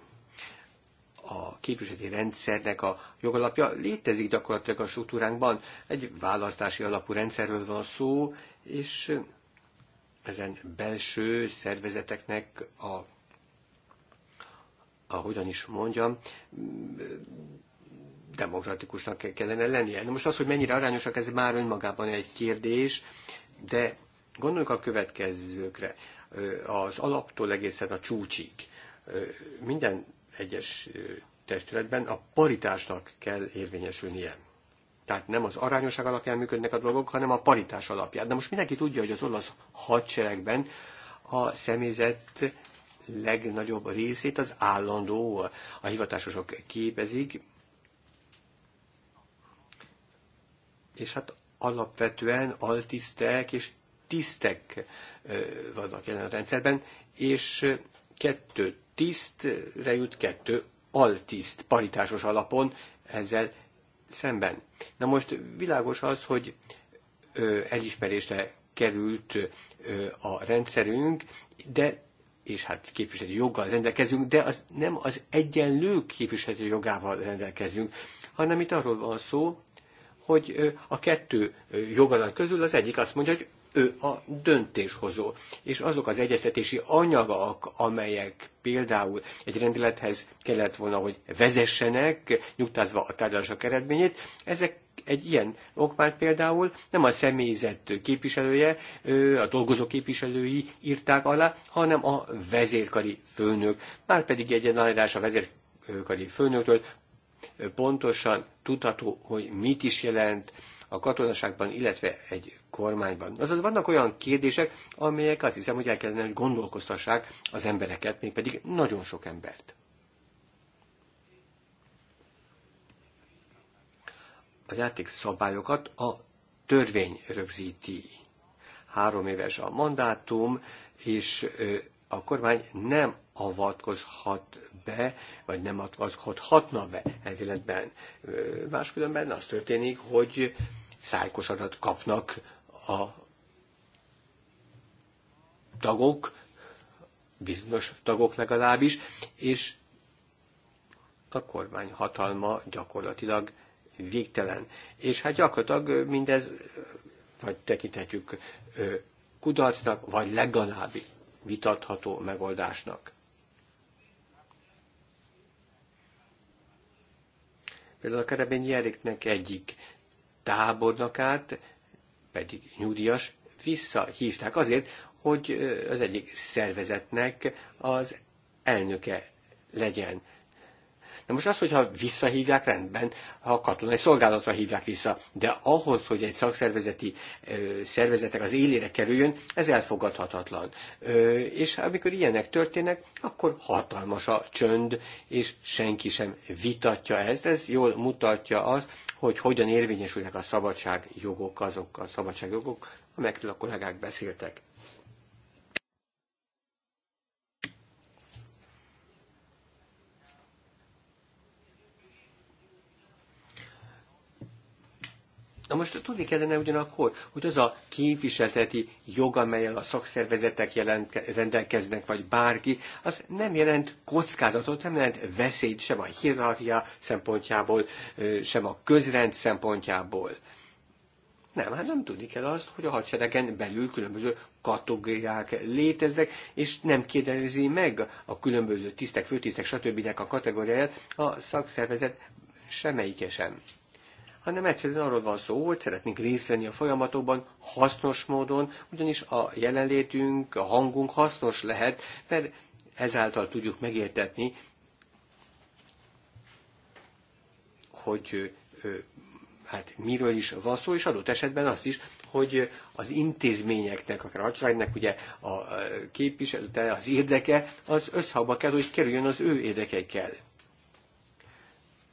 a képviseleti rendszernek a jogalapja létezik gyakorlatilag a struktúránkban. Egy választási alapú rendszerről van szó, és ezen belső szervezeteknek a, hogyan is mondjam, demokratikusnak kellene lennie. De most az, hogy mennyire arányosak, ez már önmagában egy kérdés, de gondoljunk a következőkre, az alaptól egészen a csúcsig. Minden egyes testületben a paritásnak kell érvényesülnie. Tehát nem az arányosság alapján működnek a dolgok, hanem a paritás alapján. De most mindenki tudja, hogy az olasz hadseregben a személyzet legnagyobb részét az állandó a hivatásosok képezik, és hát alapvetően altisztek és tisztek vannak jelen a rendszerben, és kettőt tisztre jut kettő altiszt paritásos alapon ezzel szemben. Na most világos az, hogy elismerésre került a rendszerünk, de és hát képviselő joggal rendelkezünk, de az nem az egyenlő képviselő jogával rendelkezünk, hanem itt arról van szó, hogy a kettő jogalat közül az egyik azt mondja, hogy ő a döntéshozó. És azok az egyeztetési anyagak, amelyek például egy rendelethez kellett volna, hogy vezessenek, nyugtázva a tárgyalások eredményét, ezek egy ilyen okmányt például nem a személyzet képviselője, a dolgozó képviselői írták alá, hanem a vezérkari főnök. pedig egy aláírás a vezérkari főnöktől pontosan tudható, hogy mit is jelent a katonaságban, illetve egy kormányban. Azaz vannak olyan kérdések, amelyek azt hiszem, hogy el kellene, hogy gondolkoztassák az embereket, mégpedig nagyon sok embert. A játék szabályokat a törvény rögzíti. Három éves a mandátum, és a kormány nem avatkozhat be, vagy nem avatkozhatna be elvéletben. Máskülönben az történik, hogy szájkosadat kapnak a tagok, bizonyos tagok legalábbis, és a kormány hatalma gyakorlatilag végtelen. És hát gyakorlatilag mindez vagy tekinthetjük kudarcnak, vagy legalább vitatható megoldásnak. Például a Kerebényi Eriknek egyik tábornokát pedig nyugdíjas, visszahívták azért, hogy az egyik szervezetnek az elnöke legyen. Na most az, hogyha visszahívják, rendben, ha katonai szolgálatra hívják vissza, de ahhoz, hogy egy szakszervezeti ö, szervezetek az élére kerüljön, ez elfogadhatatlan. Ö, és amikor ilyenek történnek, akkor hatalmas a csönd, és senki sem vitatja ezt. Ez jól mutatja azt, hogy hogyan érvényesülnek a szabadságjogok, azok a szabadságjogok, amelyekről a kollégák beszéltek. Na most tudni kellene ugyanakkor, hogy az a képviselteti jog, amelyel a szakszervezetek jelent, rendelkeznek, vagy bárki, az nem jelent kockázatot, nem jelent veszélyt sem a hierarchia szempontjából, sem a közrend szempontjából. Nem, hát nem tudni kell azt, hogy a hadseregen belül különböző kategóriák léteznek, és nem kérdezi meg a különböző tisztek, főtisztek, stb. a kategóriáját a szakszervezet semmelyike sem hanem egyszerűen arról van szó, hogy szeretnénk részt venni a folyamatokban hasznos módon, ugyanis a jelenlétünk, a hangunk hasznos lehet, mert ezáltal tudjuk megértetni, hogy hát miről is van szó, és adott esetben azt is, hogy az intézményeknek, akár a hagyománynak ugye a képviselete, az érdeke, az összhangba kell, hogy kerüljön az ő érdekeikkel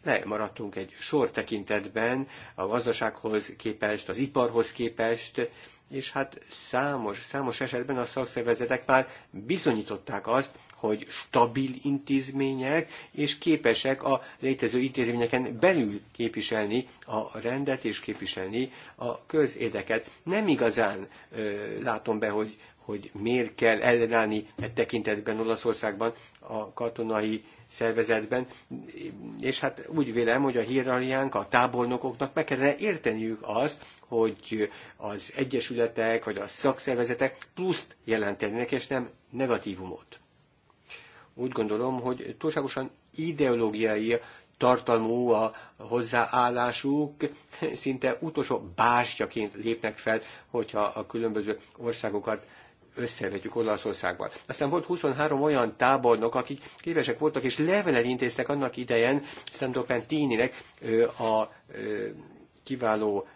lemaradtunk egy sor tekintetben a gazdasághoz képest, az iparhoz képest, és hát számos, számos esetben a szakszervezetek már bizonyították azt, hogy stabil intézmények, és képesek a létező intézményeken belül képviselni a rendet és képviselni a közédeket. Nem igazán ö, látom be, hogy, hogy miért kell ellenállni egy tekintetben Olaszországban a katonai szervezetben, és hát úgy vélem, hogy a hierarchiánk, a tábornokoknak meg kellene érteniük azt, hogy az egyesületek vagy a szakszervezetek pluszt jelentenek, és nem negatívumot. Úgy gondolom, hogy túlságosan ideológiai tartalmú a hozzáállásuk, szinte utolsó bástyaként lépnek fel, hogyha a különböző országokat összevetjük Olaszországban. Aztán volt 23 olyan tábornok, akik képesek voltak, és levelet intéztek annak idején Sandro Pentininek a kiváló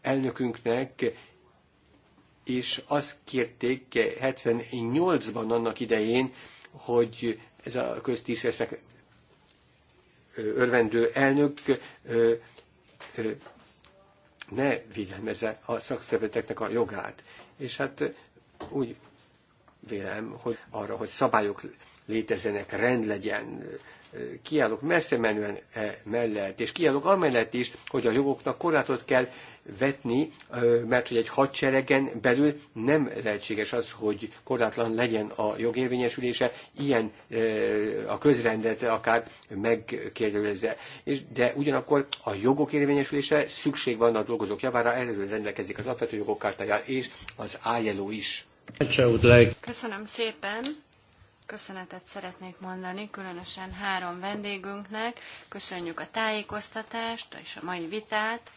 elnökünknek, és azt kérték 78-ban annak idején, hogy ez a köztisztesnek örvendő elnök ne védelmezze a szakszervezeteknek a jogát. És hát úgy vélem, hogy arra, hogy szabályok létezenek, rend legyen, kiállok messze menően e mellett, és kiállok amellett is, hogy a jogoknak korlátot kell vetni, mert hogy egy hadseregen belül nem lehetséges az, hogy korlátlan legyen a jogérvényesülése, ilyen a közrendet akár megkérdőjelezze. De ugyanakkor a jogok érvényesülése szükség van a dolgozók javára, erről rendelkezik az alapvető jogok kártája és az ájeló is. Köszönöm szépen! Köszönetet szeretnék mondani, különösen három vendégünknek. Köszönjük a tájékoztatást és a mai vitát.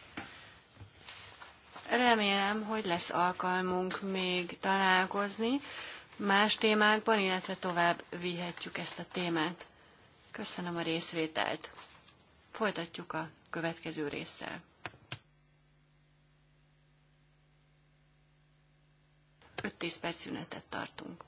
Remélem, hogy lesz alkalmunk még találkozni más témákban, illetve tovább vihetjük ezt a témát. Köszönöm a részvételt. Folytatjuk a következő résszel. Öt-tíz perc szünetet tartunk.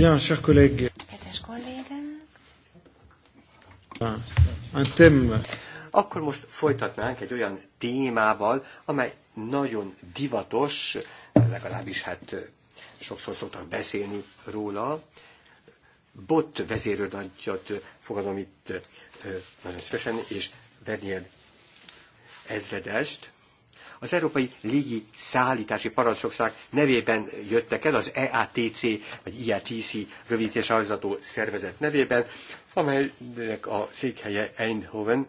Bien, chers collègues. Ah, un thème. Akkor most folytatnánk egy olyan témával, amely nagyon divatos, legalábbis hát sokszor szoktak beszélni róla. Bot vezérőnagyat fogadom itt nagyon szívesen, és Vernier ezredest, az Európai Légi Szállítási Parancsnokság nevében jöttek el az EATC, vagy IATC rövidítés ajzató szervezet nevében, amelynek a székhelye Eindhoven,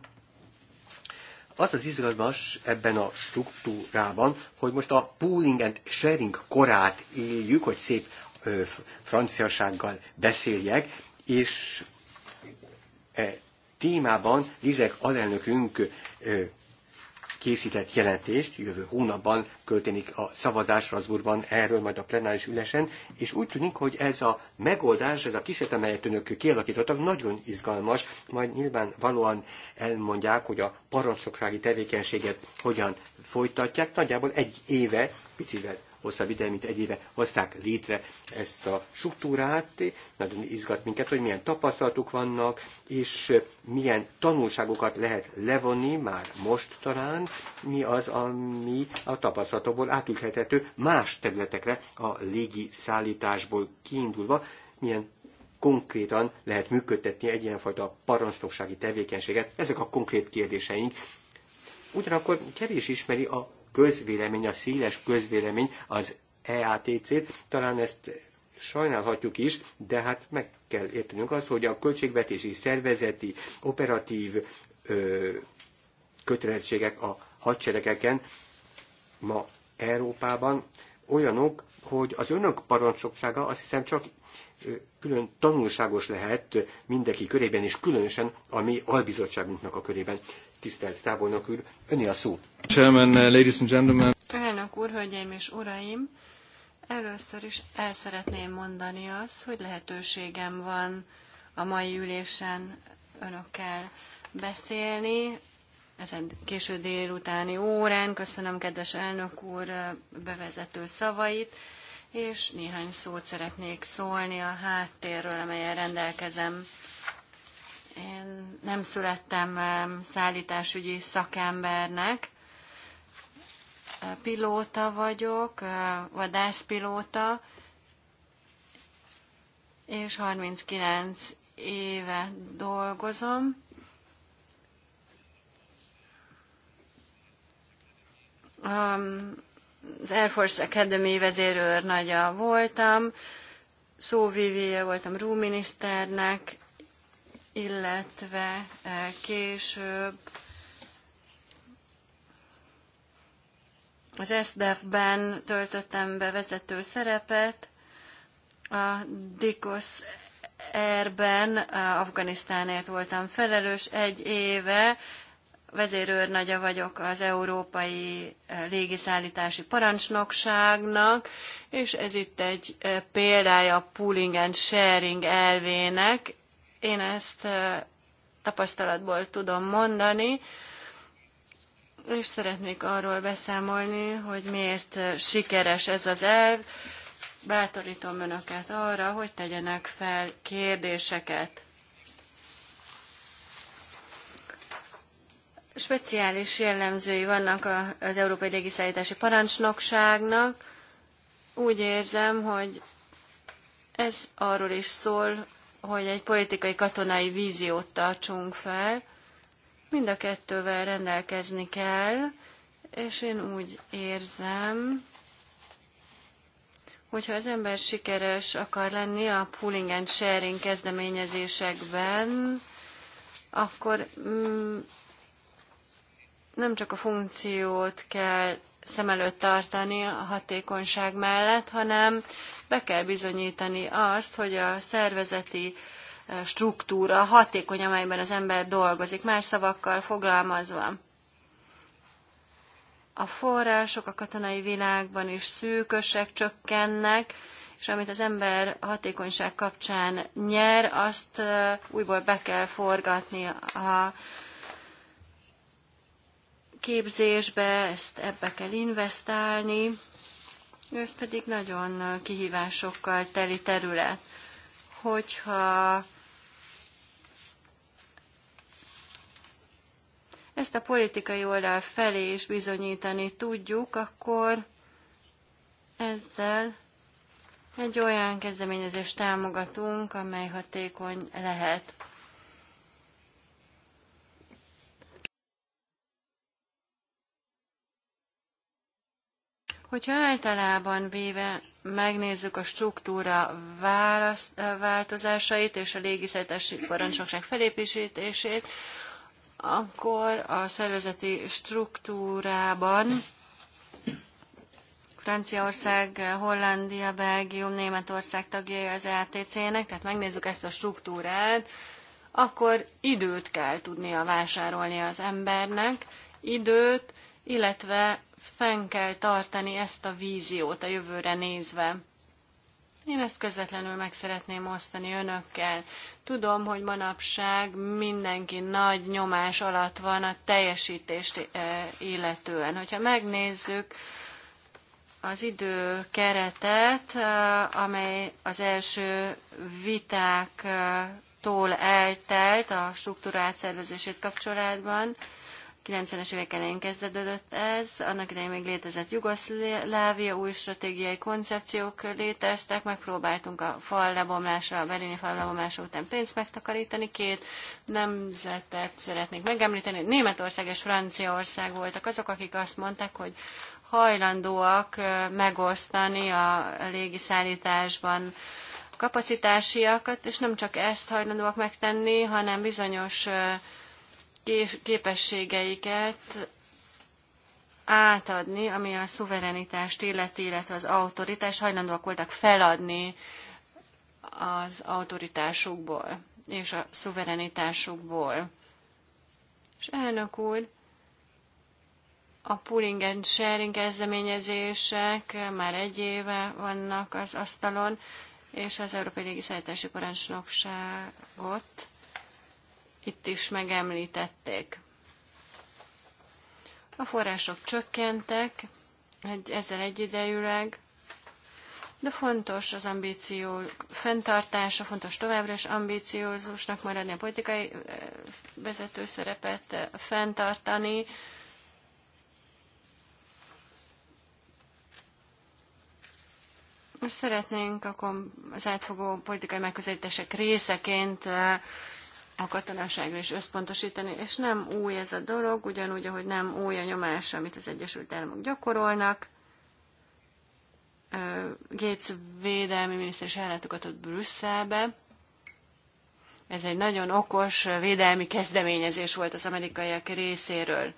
az az izgalmas ebben a struktúrában, hogy most a pooling and sharing korát éljük, hogy szép ö, franciasággal beszéljek, és e témában Lizek alelnökünk ö, készített jelentést, jövő hónapban költenik a szavazás Strasbourgban erről, majd a plenáris ülesen, és úgy tűnik, hogy ez a megoldás, ez a kísérlet, amelyet önök kialakítottak, nagyon izgalmas, majd nyilván valóan elmondják, hogy a parancsnoksági tevékenységet hogyan folytatják, nagyjából egy éve, picivel hosszabb ideje, mint egy éve hozták létre ezt a struktúrát. Nagyon izgat minket, hogy milyen tapasztalatuk vannak, és milyen tanulságokat lehet levonni már most talán, mi az, ami a tapasztalatokból átülhethető más területekre a légi szállításból kiindulva, milyen konkrétan lehet működtetni egy ilyenfajta parancsnoksági tevékenységet. Ezek a konkrét kérdéseink. Ugyanakkor kevés ismeri a közvélemény, a széles közvélemény az EATC-t, talán ezt sajnálhatjuk is, de hát meg kell értenünk az, hogy a költségvetési, szervezeti, operatív ö, kötelezettségek a hadseregeken ma Európában olyanok, hogy az önök parancsoksága azt hiszem csak külön tanulságos lehet mindenki körében, és különösen a mi albizottságunknak a körében. Tisztelt tábornok úr, öné a szó. Chairman, uh, ladies and gentlemen. Elnök úr, hölgyeim és uraim, először is el szeretném mondani azt, hogy lehetőségem van a mai ülésen önökkel beszélni, ezen késő délutáni órán. Köszönöm kedves elnök úr uh, bevezető szavait és néhány szót szeretnék szólni a háttérről, amelyen rendelkezem. Én nem születtem szállításügyi szakembernek, pilóta vagyok, vadászpilóta, és 39 éve dolgozom. Um, az Air Force Academy vezérőrnagya voltam, szóvivője voltam rúminiszternek, illetve eh, később az SDF-ben töltöttem be vezető szerepet, a Dikos Airben eh, Afganisztánért voltam felelős egy éve, vezérőrnagya vagyok az Európai eh, Légiszállítási Parancsnokságnak, és ez itt egy eh, példája a pooling and sharing elvének. Én ezt eh, tapasztalatból tudom mondani, és szeretnék arról beszámolni, hogy miért sikeres ez az elv. Bátorítom önöket arra, hogy tegyenek fel kérdéseket. Speciális jellemzői vannak az Európai Légiszállítási Parancsnokságnak. Úgy érzem, hogy ez arról is szól, hogy egy politikai katonai víziót tartsunk fel. Mind a kettővel rendelkezni kell, és én úgy érzem, hogyha az ember sikeres akar lenni a pooling and sharing kezdeményezésekben, akkor mm, nem csak a funkciót kell szem előtt tartani a hatékonyság mellett, hanem be kell bizonyítani azt, hogy a szervezeti e, struktúra hatékony, amelyben az ember dolgozik, más szavakkal fogalmazva. A források a katonai világban is szűkösek, csökkennek, és amit az ember hatékonyság kapcsán nyer, azt e, újból be kell forgatni a képzésbe, ezt ebbe kell investálni. Ez pedig nagyon kihívásokkal teli terület. Hogyha ezt a politikai oldal felé is bizonyítani tudjuk, akkor ezzel egy olyan kezdeményezést támogatunk, amely hatékony lehet. Hogyha általában véve megnézzük a struktúra választ, változásait és a légiszeretési parancsokság felépítését, akkor a szervezeti struktúrában Franciaország, Hollandia, Belgium, Németország tagjai az e atc nek tehát megnézzük ezt a struktúrát, akkor időt kell tudnia vásárolni az embernek, időt, illetve fenn kell tartani ezt a víziót a jövőre nézve. Én ezt közvetlenül meg szeretném osztani önökkel. Tudom, hogy manapság mindenki nagy nyomás alatt van a teljesítést eh, illetően. Hogyha megnézzük az idő keretet, eh, amely az első vitáktól eltelt a struktúrált szervezését kapcsolatban, 90-es évek elején kezdődött ez, annak idején még létezett Jugoszlávia, új stratégiai koncepciók léteztek, megpróbáltunk a fal lebomlása, a berlini fal lebomlása után pénzt megtakarítani. Két nemzetet szeretnék megemlíteni, Németország és Franciaország voltak azok, akik azt mondták, hogy hajlandóak megosztani a légiszállításban kapacitásiakat, és nem csak ezt hajlandóak megtenni, hanem bizonyos képességeiket átadni, ami a szuverenitást illeti, illetve az autoritás, hajlandóak voltak feladni az autoritásukból és a szuverenitásukból. És elnök úr, a pooling and sharing kezdeményezések már egy éve vannak az asztalon, és az Európai Szállítási Parancsnokságot itt is megemlítették. A források csökkentek, ezzel egyidejűleg, de fontos az ambíció fenntartása, fontos továbbra is ambíciózusnak maradni, a politikai vezető szerepet fenntartani. Most szeretnénk akkor az átfogó politikai megközelítések részeként a katonaságra is összpontosítani, és nem új ez a dolog, ugyanúgy, ahogy nem új a nyomás, amit az Egyesült Államok gyakorolnak. Gates védelmi miniszter is ellátogatott Brüsszelbe. Ez egy nagyon okos védelmi kezdeményezés volt az amerikaiak részéről.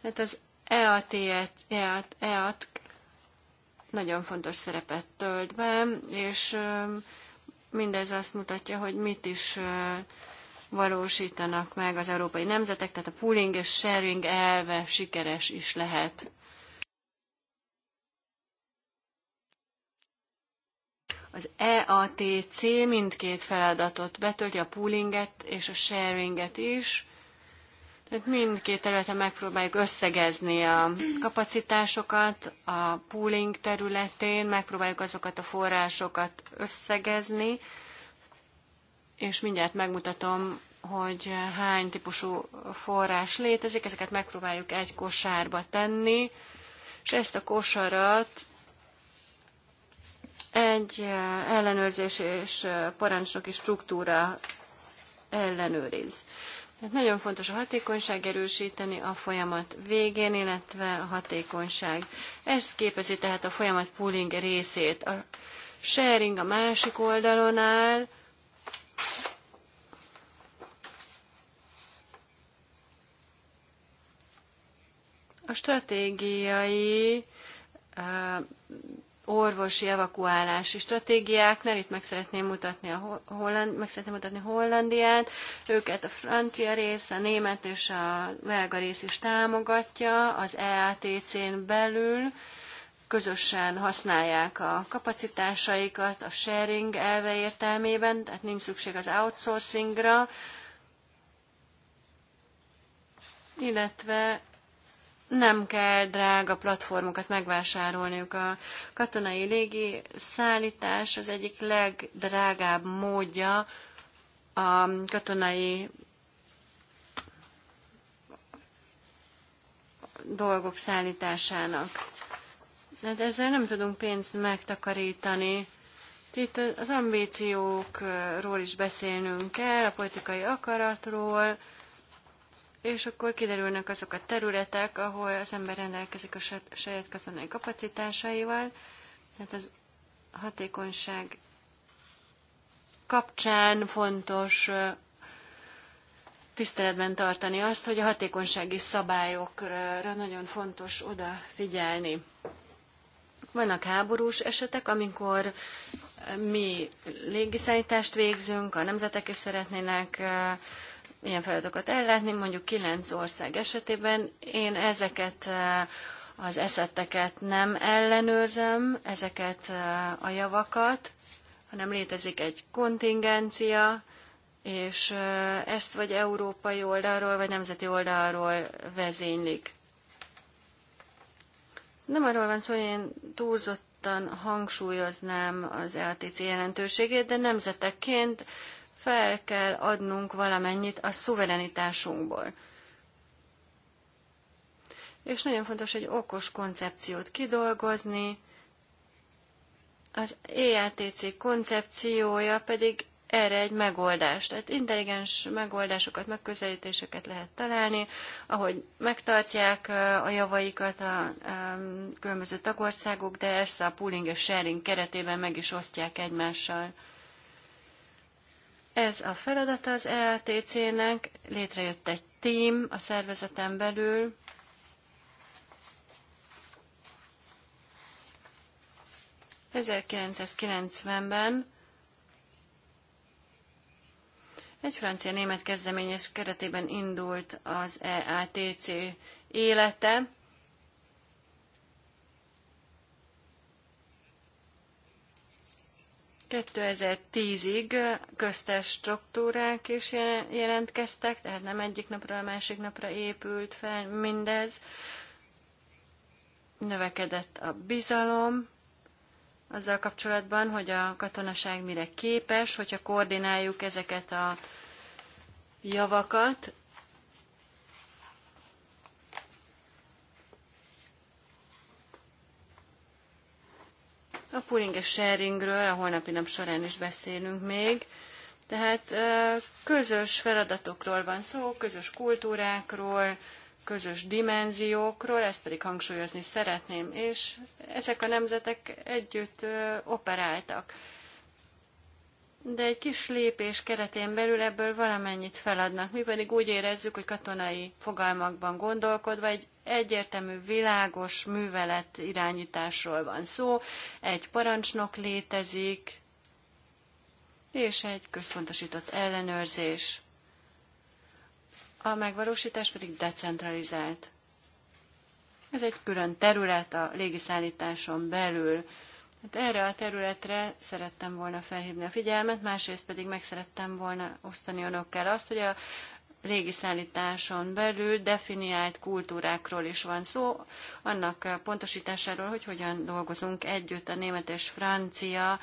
Tehát az EAT, e EAT, EAT nagyon fontos szerepet tölt be, és mindez azt mutatja, hogy mit is valósítanak meg az európai nemzetek, tehát a pooling és sharing elve sikeres is lehet. Az EATC mindkét feladatot betölti, a poolinget és a sharinget is. Tehát mindkét területen megpróbáljuk összegezni a kapacitásokat, a pooling területén megpróbáljuk azokat a forrásokat összegezni, és mindjárt megmutatom, hogy hány típusú forrás létezik, ezeket megpróbáljuk egy kosárba tenni, és ezt a kosarat egy ellenőrzés és parancsnoki struktúra ellenőriz. Tehát nagyon fontos a hatékonyság erősíteni a folyamat végén, illetve a hatékonyság. Ez képezi tehát a folyamat pooling részét. A sharing a másik oldalon áll, A stratégiai orvosi evakuálási stratégiáknál, itt meg szeretném mutatni, a Holland, meg szeretném mutatni Hollandiát, őket a francia rész, a német és a belga rész is támogatja, az EATC-n belül közösen használják a kapacitásaikat, a sharing elve értelmében, tehát nincs szükség az outsourcingra, illetve nem kell drága platformokat megvásárolniuk. A katonai légi szállítás az egyik legdrágább módja a katonai dolgok szállításának. De ezzel nem tudunk pénzt megtakarítani. Itt az ambíciókról is beszélnünk kell, a politikai akaratról, és akkor kiderülnek azok a területek, ahol az ember rendelkezik a saját katonai kapacitásaival, tehát az hatékonyság kapcsán fontos tiszteletben tartani azt, hogy a hatékonysági szabályokra nagyon fontos odafigyelni. Vannak háborús esetek, amikor mi légiszállítást végzünk, a nemzetek is szeretnének milyen feladatokat ellátni, mondjuk kilenc ország esetében. Én ezeket eh, az eszetteket nem ellenőrzöm, ezeket eh, a javakat, hanem létezik egy kontingencia, és eh, ezt vagy európai oldalról, vagy nemzeti oldalról vezénylik. Nem arról van szó, hogy én túlzottan hangsúlyoznám az LTC e jelentőségét, de nemzetekként fel kell adnunk valamennyit a szuverenitásunkból. És nagyon fontos egy okos koncepciót kidolgozni, az EATC koncepciója pedig erre egy megoldást. Tehát intelligens megoldásokat, megközelítéseket lehet találni, ahogy megtartják a javaikat a különböző tagországok, de ezt a pooling és sharing keretében meg is osztják egymással. Ez a feladata az ELTC-nek, létrejött egy team a szervezeten belül, ...1990-ben egy francia-német kezdeményes keretében indult az EATC élete. 2010-ig köztes struktúrák is jelentkeztek, tehát nem egyik napra a másik napra épült fel mindez. Növekedett a bizalom azzal kapcsolatban, hogy a katonaság mire képes, hogyha koordináljuk ezeket a javakat, A pooling és sharingről a holnapi nap során is beszélünk még. Tehát közös feladatokról van szó, közös kultúrákról, közös dimenziókról, ezt pedig hangsúlyozni szeretném, és ezek a nemzetek együtt operáltak de egy kis lépés keretén belül ebből valamennyit feladnak. Mi pedig úgy érezzük, hogy katonai fogalmakban gondolkodva egy egyértelmű, világos művelet irányításról van szó, egy parancsnok létezik, és egy központosított ellenőrzés. A megvalósítás pedig decentralizált. Ez egy külön terület a légiszállításon belül. Hát erre a területre szerettem volna felhívni a figyelmet, másrészt pedig meg szerettem volna osztani önökkel azt, hogy a légiszállításon belül definiált kultúrákról is van szó, annak pontosításáról, hogy hogyan dolgozunk együtt a német és francia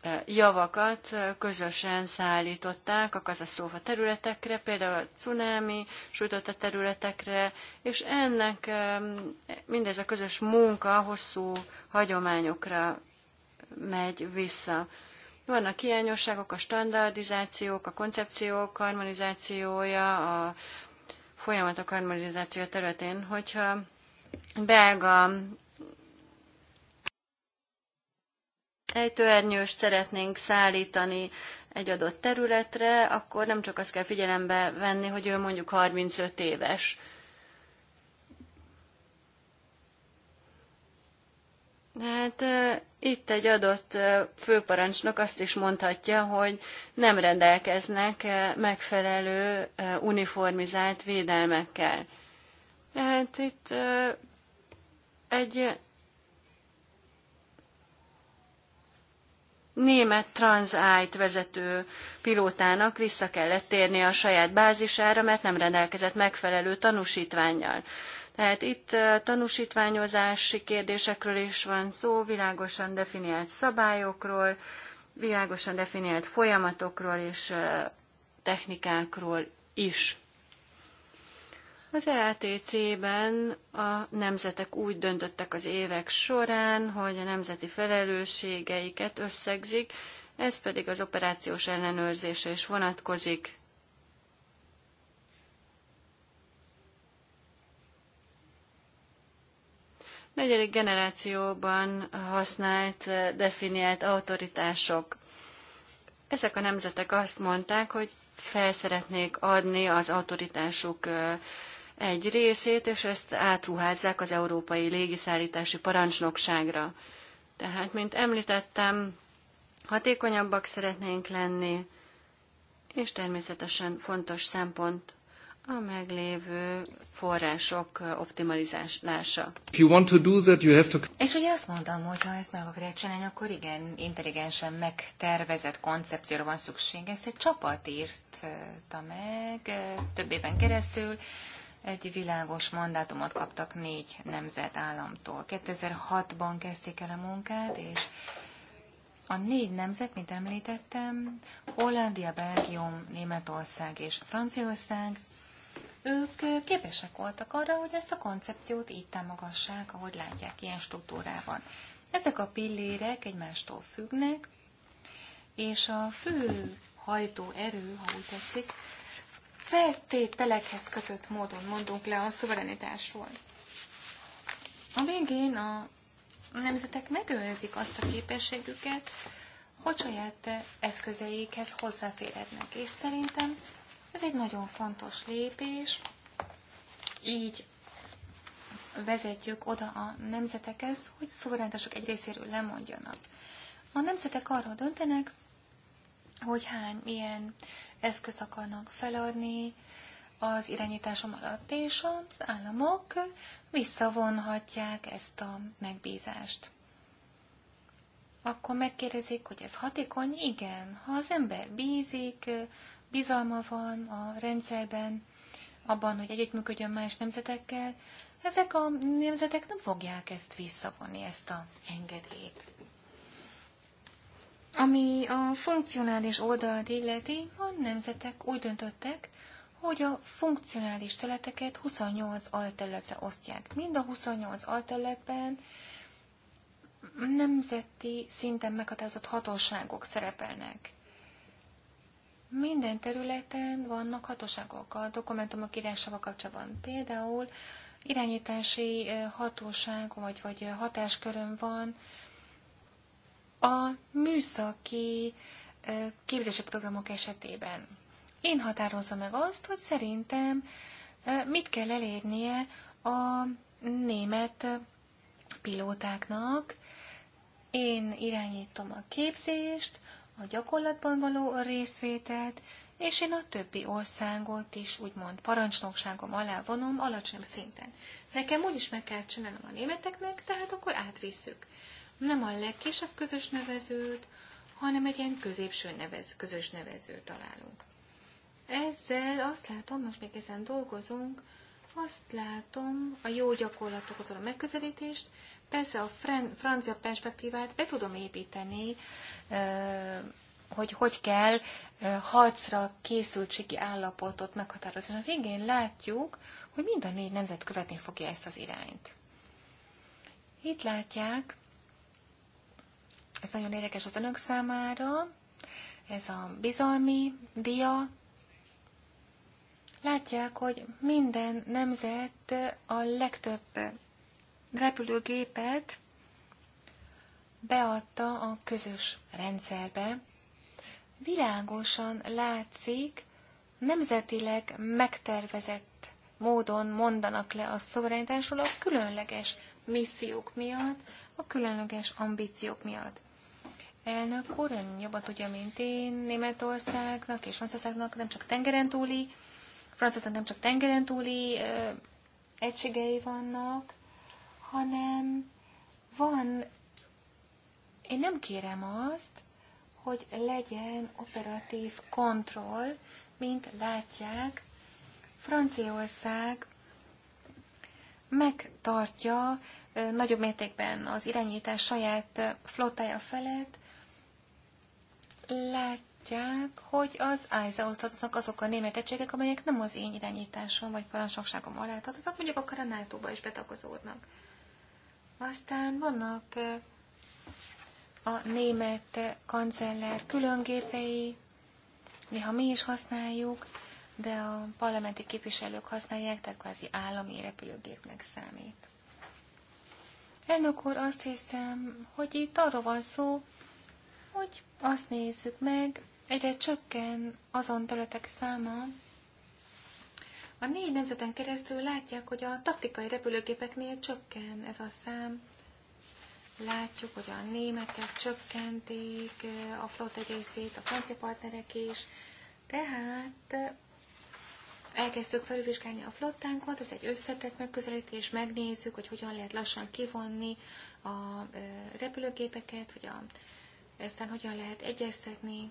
eh, javakat eh, közösen szállították a kazaszófa területekre, például a cunámi sújtotta területekre, és ennek mindez a közös munka hosszú hagyományokra megy vissza. Vannak hiányosságok, a standardizációk, a koncepciók harmonizációja, a folyamatok harmonizáció területén, hogyha belga ejtőernyőst szeretnénk szállítani egy adott területre, akkor nem csak azt kell figyelembe venni, hogy ő mondjuk 35 éves. Hát itt egy adott főparancsnok azt is mondhatja, hogy nem rendelkeznek megfelelő uniformizált védelmekkel. hát itt egy német Transájt vezető pilótának vissza kellett térnie a saját bázisára, mert nem rendelkezett megfelelő tanúsítványjal. Tehát itt tanúsítványozási kérdésekről is van szó, világosan definiált szabályokról, világosan definiált folyamatokról és technikákról is. Az EATC-ben a nemzetek úgy döntöttek az évek során, hogy a nemzeti felelősségeiket összegzik, ez pedig az operációs ellenőrzése is vonatkozik. Negyedik generációban használt, definiált autoritások. Ezek a nemzetek azt mondták, hogy felszeretnék adni az autoritásuk egy részét, és ezt átruházzák az Európai Légiszállítási Parancsnokságra. Tehát, mint említettem, hatékonyabbak szeretnénk lenni, és természetesen fontos szempont a meglévő források optimalizálása. If you want to do that, you have to... És ugye azt mondom, hogy ha ezt meg akarják csinálni, akkor igen, intelligensen megtervezett koncepcióra van szükség. Ezt egy csapat írta meg több éven keresztül egy világos mandátumot kaptak négy nemzetállamtól. 2006-ban kezdték el a munkát, és a négy nemzet, mint említettem, Hollandia, Belgium, Németország és Franciaország, ők képesek voltak arra, hogy ezt a koncepciót így támogassák, ahogy látják, ilyen struktúrában. Ezek a pillérek egymástól függnek, és a fő hajtó erő, ha úgy tetszik, feltételekhez kötött módon mondunk le a szuverenitásról. A végén a nemzetek megőrzik azt a képességüket, hogy saját eszközeikhez hozzáférhetnek. És szerintem ez egy nagyon fontos lépés. Így vezetjük oda a nemzetekhez, hogy szuverenitások egy részéről lemondjanak. A nemzetek arról döntenek, hogy hány, milyen eszköz akarnak feladni az irányításom alatt, és az államok visszavonhatják ezt a megbízást. Akkor megkérdezik, hogy ez hatékony? Igen. Ha az ember bízik, bizalma van a rendszerben, abban, hogy együttműködjön más nemzetekkel, ezek a nemzetek nem fogják ezt visszavonni, ezt a engedélyt. Ami a funkcionális oldalt illeti, a nemzetek úgy döntöttek, hogy a funkcionális területeket 28 alterületre osztják. Mind a 28 alterületben nemzeti szinten meghatározott hatóságok szerepelnek. Minden területen vannak hatóságok a dokumentumok írásával kapcsolatban. Például irányítási eh, hatóság vagy, vagy hatáskörön van a műszaki képzési programok esetében. Én határozom meg azt, hogy szerintem mit kell elérnie a német pilótáknak. Én irányítom a képzést, a gyakorlatban való részvételt, és én a többi országot is úgymond parancsnokságom alá vonom alacsonyabb szinten. Nekem úgyis meg kell csinálnom a németeknek, tehát akkor átvisszük nem a legkisebb közös nevezőt, hanem egy ilyen középső nevez, közös nevezőt találunk. Ezzel azt látom, most még ezen dolgozunk, azt látom, a jó gyakorlatokhoz a megközelítést, persze a francia perspektívát be tudom építeni, hogy hogy kell harcra készültségi állapotot meghatározni. A végén látjuk, hogy mind a négy nemzet követni fogja ezt az irányt. Itt látják ez nagyon érdekes az önök számára. Ez a bizalmi dia. Látják, hogy minden nemzet a legtöbb repülőgépet beadta a közös rendszerbe. Világosan látszik, nemzetileg megtervezett módon mondanak le a szuverenitásról a különleges missziók miatt, a különleges ambíciók miatt. Elnök úr, ön jobban tudja, mint én, Németországnak és Franciaországnak nem csak tengeren túli, Franciaországnak nem csak tengeren túli ö, egységei vannak, hanem van, én nem kérem azt, hogy legyen operatív kontroll, mint látják, Franciaország megtartja nagyobb mértékben az irányítás saját flottája felett, látják, hogy az ISA-hoz tartoznak azok a német egységek, amelyek nem az én irányításom vagy parancsnokságom alá tartoznak, mondjuk akár a nato is betakozódnak. Aztán vannak a német kancellár különgépei, néha mi is használjuk, de a parlamenti képviselők használják, tehát kvázi állami repülőgépnek számít. Elnök úr, azt hiszem, hogy itt arról van szó, hogy azt nézzük meg, egyre csökken azon területek száma, a négy nemzeten keresztül látják, hogy a taktikai repülőgépeknél csökken ez a szám. Látjuk, hogy a németek csökkenték a flott egy részét, a francia partnerek is. Tehát elkezdtük felülvizsgálni a flottánkat, ez egy összetett megközelítés, megnézzük, hogy hogyan lehet lassan kivonni a repülőgépeket, vagy a aztán hogyan lehet egyeztetni,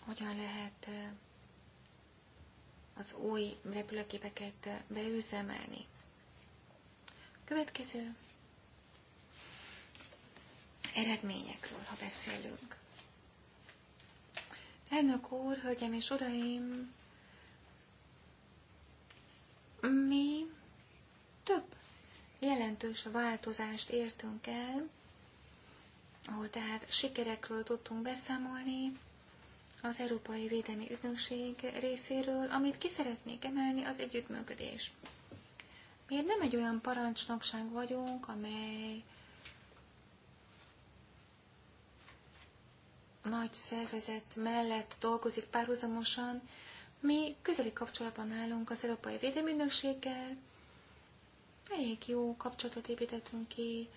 hogyan lehet az új repülőképeket beüzemelni. Következő eredményekről, ha beszélünk. Elnök úr, hölgyem és uraim, mi több jelentős változást értünk el ó, tehát sikerekről tudtunk beszámolni az Európai Védelmi Ügynökség részéről, amit ki szeretnék emelni, az együttműködés. Miért nem egy olyan parancsnokság vagyunk, amely nagy szervezet mellett dolgozik párhuzamosan, mi közeli kapcsolatban állunk az Európai Védelmi Ügynökséggel, elég jó kapcsolatot építettünk ki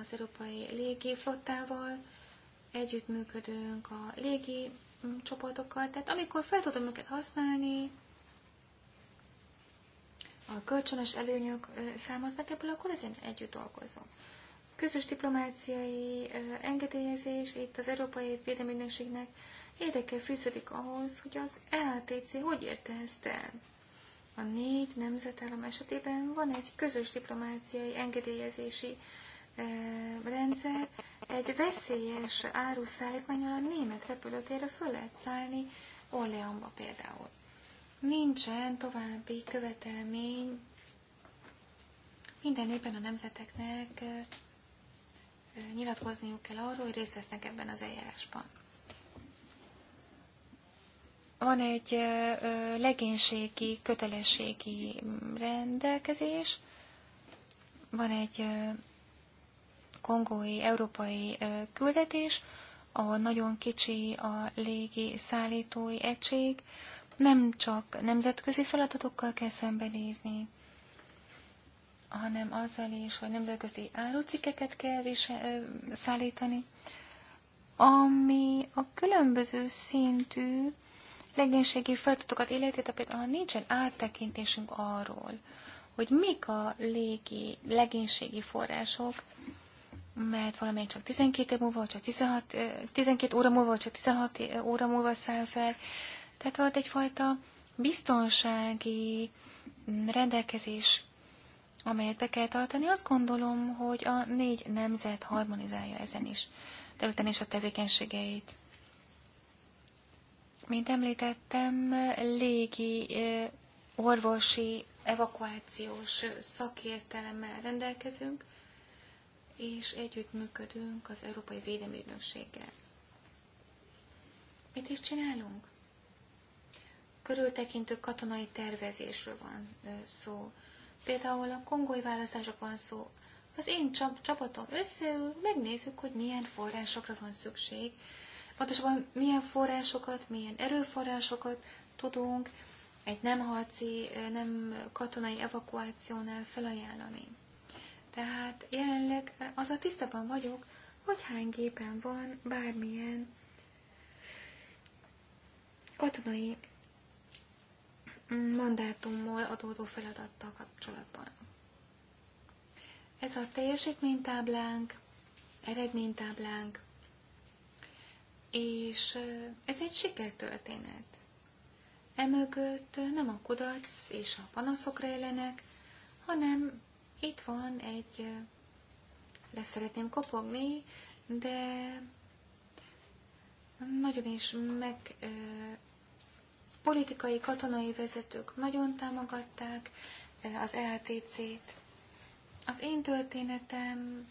az európai légi flottával, együttműködünk a légi mm, csoportokkal, tehát amikor fel tudom őket használni, a kölcsönös előnyök származnak ebből, akkor ezen együtt dolgozom. Közös diplomáciai engedélyezés itt az Európai Védelmi Ügynökségnek érdeke fűződik ahhoz, hogy az EATC hogy érte ezt el. A négy nemzetállam esetében van egy közös diplomáciai engedélyezési rendszer, egy veszélyes áruszállítmányról a német repülőtérre föl lehet szállni, Orleanba például. Nincsen további követelmény minden éppen a nemzeteknek nyilatkozniuk kell arról, hogy részt vesznek ebben az eljárásban. Van egy legénységi, kötelességi rendelkezés, van egy kongói európai küldetés, ahol nagyon kicsi a légi szállítói egység, nem csak nemzetközi feladatokkal kell szembenézni, hanem azzal is, hogy nemzetközi árucikeket kell visel, szállítani, ami a különböző szintű legénységi feladatokat illeti, de például nincsen áttekintésünk arról, hogy mik a légi legénységi források, mert valamelyik csak 12 év múlva, csak 16, 12 óra múlva, csak 16 óra múlva száll fel. Tehát volt egyfajta biztonsági mm, rendelkezés, amelyet be kell tartani. Azt gondolom, hogy a négy nemzet harmonizálja ezen is, területen és a tevékenységeit. Mint említettem, légi orvosi evakuációs szakértelemmel rendelkezünk, és együttműködünk az Európai Védelmi Ügynökséggel. Mit is csinálunk? Körültekintő katonai tervezésről van szó. Például a kongói választások van szó. Az én csapatom összeül, megnézzük, hogy milyen forrásokra van szükség, pontosabban milyen forrásokat, milyen erőforrásokat tudunk egy nem harci, nem katonai evakuációnál felajánlani. Tehát jelenleg az a tisztában vagyok, hogy hány gépen van bármilyen katonai mm, mandátummal adódó feladattal kapcsolatban. Ez a teljesítménytáblánk, eredménytáblánk, és ez egy sikertörténet. Emögött nem a kudarc és a panaszok rejlenek, hanem itt van egy, leszeretném kopogni, de nagyon is meg ö, politikai, katonai vezetők nagyon támogatták az LTC-t. E az én történetem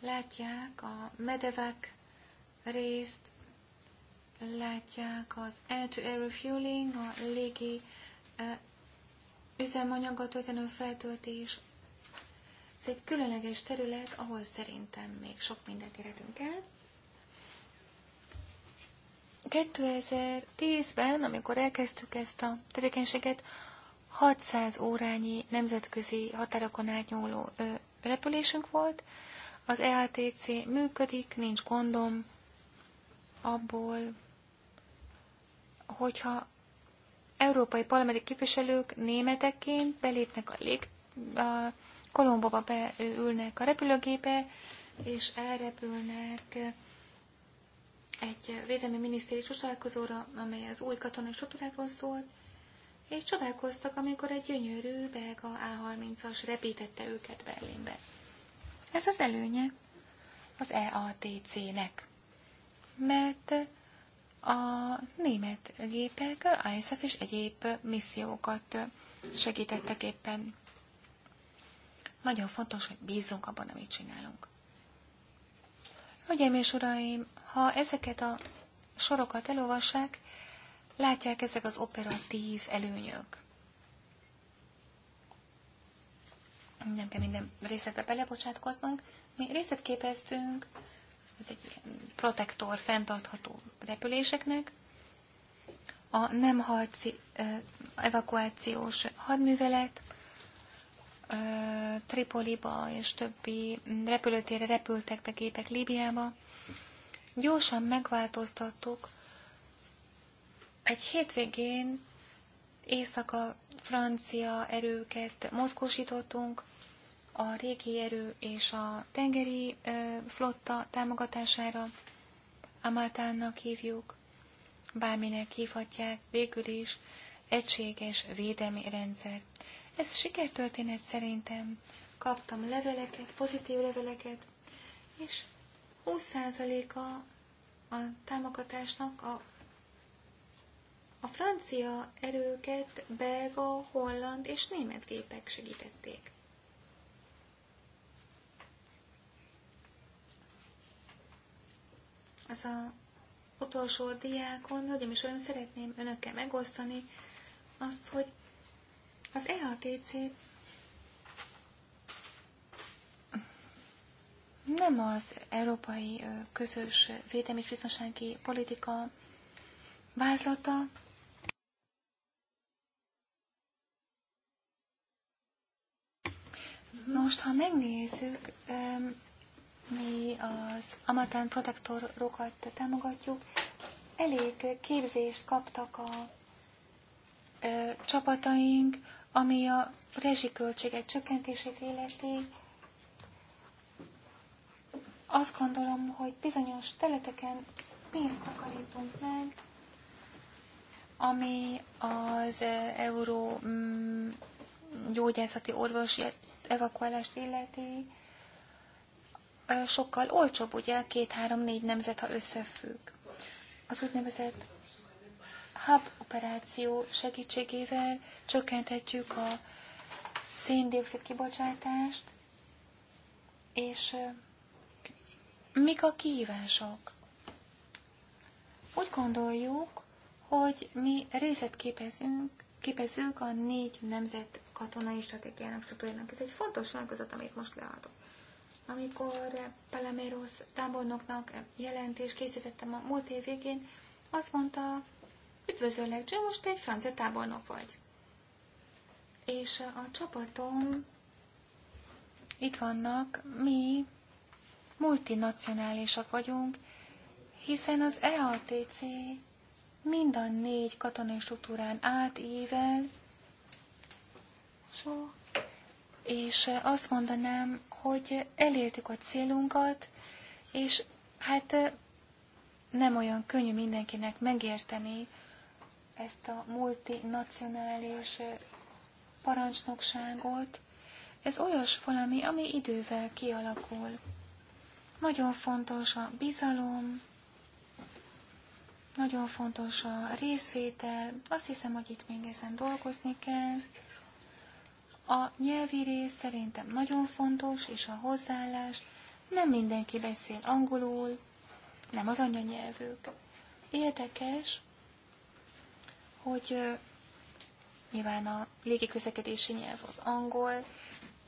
látják a medevek részt, látják az air-to-air -air refueling, a légi üzemanyaggal történő feltöltés. Ez egy különleges terület, ahol szerintem még sok mindent érhetünk el. 2010-ben, amikor elkezdtük ezt a tevékenységet, 600 órányi nemzetközi határokon átnyúló ö, repülésünk volt. Az EATC működik, nincs gondom abból, hogyha európai parlamenti képviselők németeként belépnek a lég, a Kolombóba beülnek a repülőgépe, és elrepülnek egy védelmi minisztéri csodálkozóra, amely az új katonai struktúrákról szólt, és csodálkoztak, amikor egy gyönyörű belga A30-as repítette őket Berlinbe. Ez az előnye az EATC-nek, mert a német gépek, ISAF és egyéb missziókat segítettek éppen. Nagyon fontos, hogy bízzunk abban, amit csinálunk. Hölgyeim és uraim, ha ezeket a sorokat elolvassák, látják ezek az operatív előnyök. Nem kell minden részletbe belebocsátkoznunk. Mi részletképeztünk, ez egy protektor fenntartható repüléseknek. A nem harci evakuációs hadművelet, Tripoliba és többi repülőtérre repültek be gépek Líbiába. Gyorsan megváltoztattuk. Egy hétvégén éjszaka francia erőket mozgósítottunk, a régi erő és a tengeri flotta támogatására, Amatánnak hívjuk, bárminek hívhatják, végül is egységes védelmi rendszer. Ez sikertörténet szerintem. Kaptam leveleket, pozitív leveleket, és 20%-a a támogatásnak a, a francia erőket belga, holland és német gépek segítették. az a utolsó diákon, hölgyeim és uraim, szeretném önökkel megosztani azt, hogy az EHTC nem az európai közös védelmi és biztonsági politika vázlata, Most, ha megnézzük, mi az Amatán protektorokat támogatjuk. Elég képzést kaptak a ö, csapataink, ami a rezsiköltségek csökkentését illeti. Azt gondolom, hogy bizonyos területeken pénzt takarítunk meg, ami az euró mm, gyógyászati orvosi evakuálást illeti, sokkal olcsóbb, ugye, két-három-négy nemzet, ha összefügg. Az úgynevezett hub operáció segítségével csökkenthetjük a széndiokszid kibocsátást, és mik a kihívások? Úgy gondoljuk, hogy mi részet képezünk, képezünk a négy nemzet katonai stratégiának struktúrának. Ez egy fontos ágazat, amit most leadok amikor Palamérosz tábornoknak jelentést készítettem a múlt év végén, azt mondta, üdvözöllek, Joe, most egy francia tábornok vagy. És a csapatom itt vannak, mi multinacionálisak vagyunk, hiszen az EATC mind a négy katonai struktúrán átível, so, és azt mondanám, hogy elértük a célunkat, és hát nem olyan könnyű mindenkinek megérteni ezt a multinacionális parancsnokságot. Ez olyas valami, ami idővel kialakul. Nagyon fontos a bizalom, nagyon fontos a részvétel. Azt hiszem, hogy itt még ezen dolgozni kell. A nyelvi rész szerintem nagyon fontos, és a hozzáállás. Nem mindenki beszél angolul, nem az anyanyelvük. Érdekes, hogy nyilván a légiközlekedési nyelv az angol,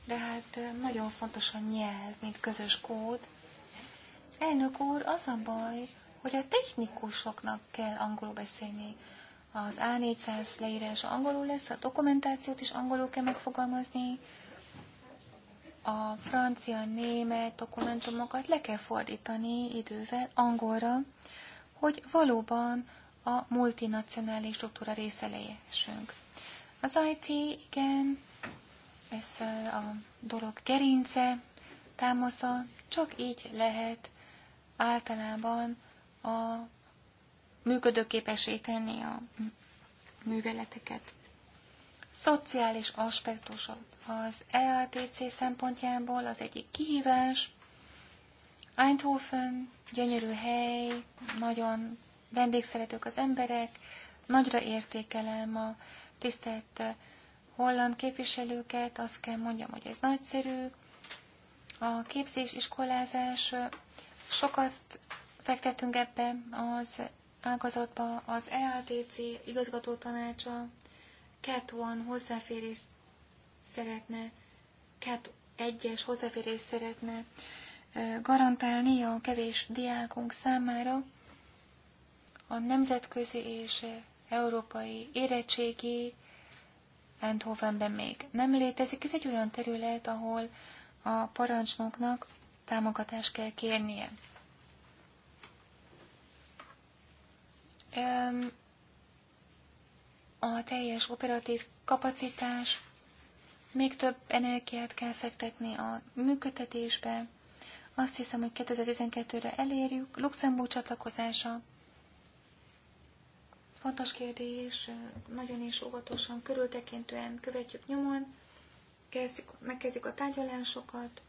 de hát nagyon fontos a nyelv, mint közös kód. Elnök úr, az a baj, hogy a technikusoknak kell angolul beszélni, az A400 leírás angolul lesz, a dokumentációt is angolul kell megfogalmazni, a francia, német dokumentumokat le kell fordítani idővel angolra, hogy valóban a multinacionális struktúra része lehessünk. Az IT, igen, ez a dolog gerince, támasza, csak így lehet általában a működőképessé tenni a műveleteket. Szociális aspektusok az EATC szempontjából az egyik kihívás. Eindhoven, gyönyörű hely, nagyon vendégszeretők az emberek, nagyra értékelem a tisztelt holland képviselőket, azt kell mondjam, hogy ez nagyszerű. A képzés, iskolázás, sokat fektetünk ebbe az ágazatba az EATC igazgató tanácsa CAT 1 hozzáférés szeretne, CAT 1-es hozzáférés szeretne garantálni a kevés diákunk számára a nemzetközi és európai érettségi Eindhovenben még nem létezik. Ez egy olyan terület, ahol a parancsnoknak támogatást kell kérnie. a teljes operatív kapacitás, még több energiát kell fektetni a működtetésbe. Azt hiszem, hogy 2012-re elérjük. Luxemburg csatlakozása. Fontos kérdés, nagyon is óvatosan, körültekintően követjük nyomon, kezdjük, megkezdjük a tárgyalásokat.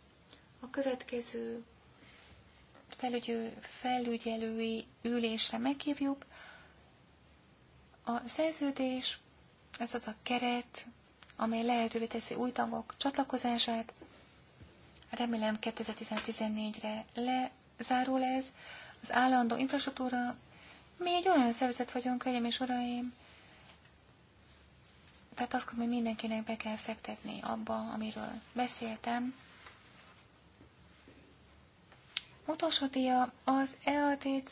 A következő felügyelői ülésre meghívjuk a szerződés, ez az a keret, amely lehetővé teszi új tagok csatlakozását. Remélem 2014-re lezárul ez. Az állandó infrastruktúra, mi egy olyan szervezet vagyunk, hölgyeim és uraim, tehát azt hogy mindenkinek be kell fektetni abba, amiről beszéltem. Utolsó dia az EATC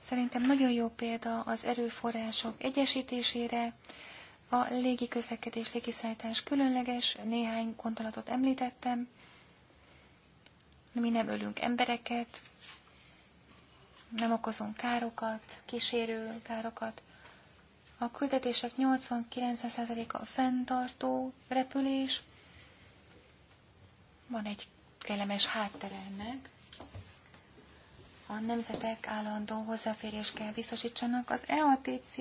Szerintem nagyon jó példa az erőforrások egyesítésére, a légi közlekedés, légiszállítás különleges, néhány gondolatot említettem. Mi nem ölünk embereket, nem okozunk károkat, kísérő károkat. A küldetések 80-90%-a fenntartó repülés. Van egy kellemes háttere ennek a nemzetek állandó hozzáférés kell biztosítsanak. Az EATC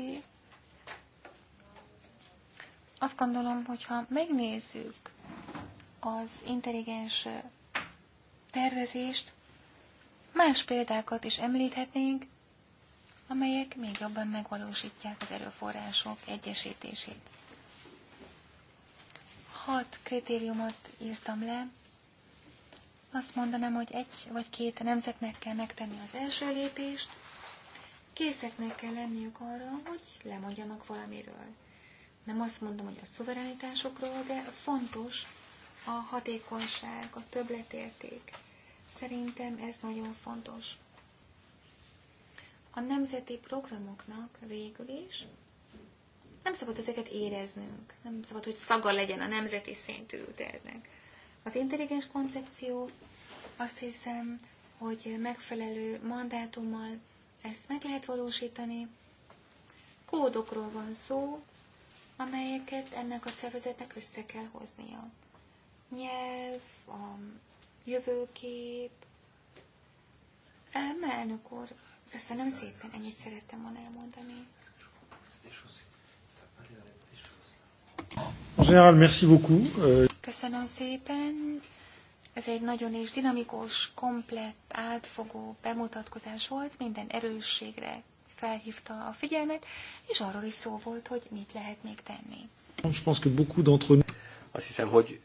azt gondolom, hogyha megnézzük az intelligens tervezést, más példákat is említhetnénk, amelyek még jobban megvalósítják az erőforrások egyesítését. Hat kritériumot írtam le, azt mondanám, hogy egy vagy két nemzetnek kell megtenni az első lépést, készeknek kell lenniük arra, hogy lemondjanak valamiről. Nem azt mondom, hogy a szuverenitásokról, de fontos a hatékonyság, a többletérték. Szerintem ez nagyon fontos. A nemzeti programoknak végül is nem szabad ezeket éreznünk, nem szabad, hogy szaga legyen a nemzeti szintű ülternek. Az intelligens koncepció azt hiszem, hogy megfelelő mandátummal ezt meg lehet valósítani. Kódokról van szó, amelyeket ennek a szervezetnek össze kell hoznia. Nyelv, a jövőkép. Ám, elnök úr, köszönöm szépen, ennyit szerettem volna elmondani. En merci beaucoup. Euh, Köszönöm szépen. Ez egy nagyon és dinamikus, komplett, átfogó bemutatkozás volt, minden erősségre felhívta a figyelmet, és arról is szó volt, hogy mit lehet még tenni. Azt hiszem, hogy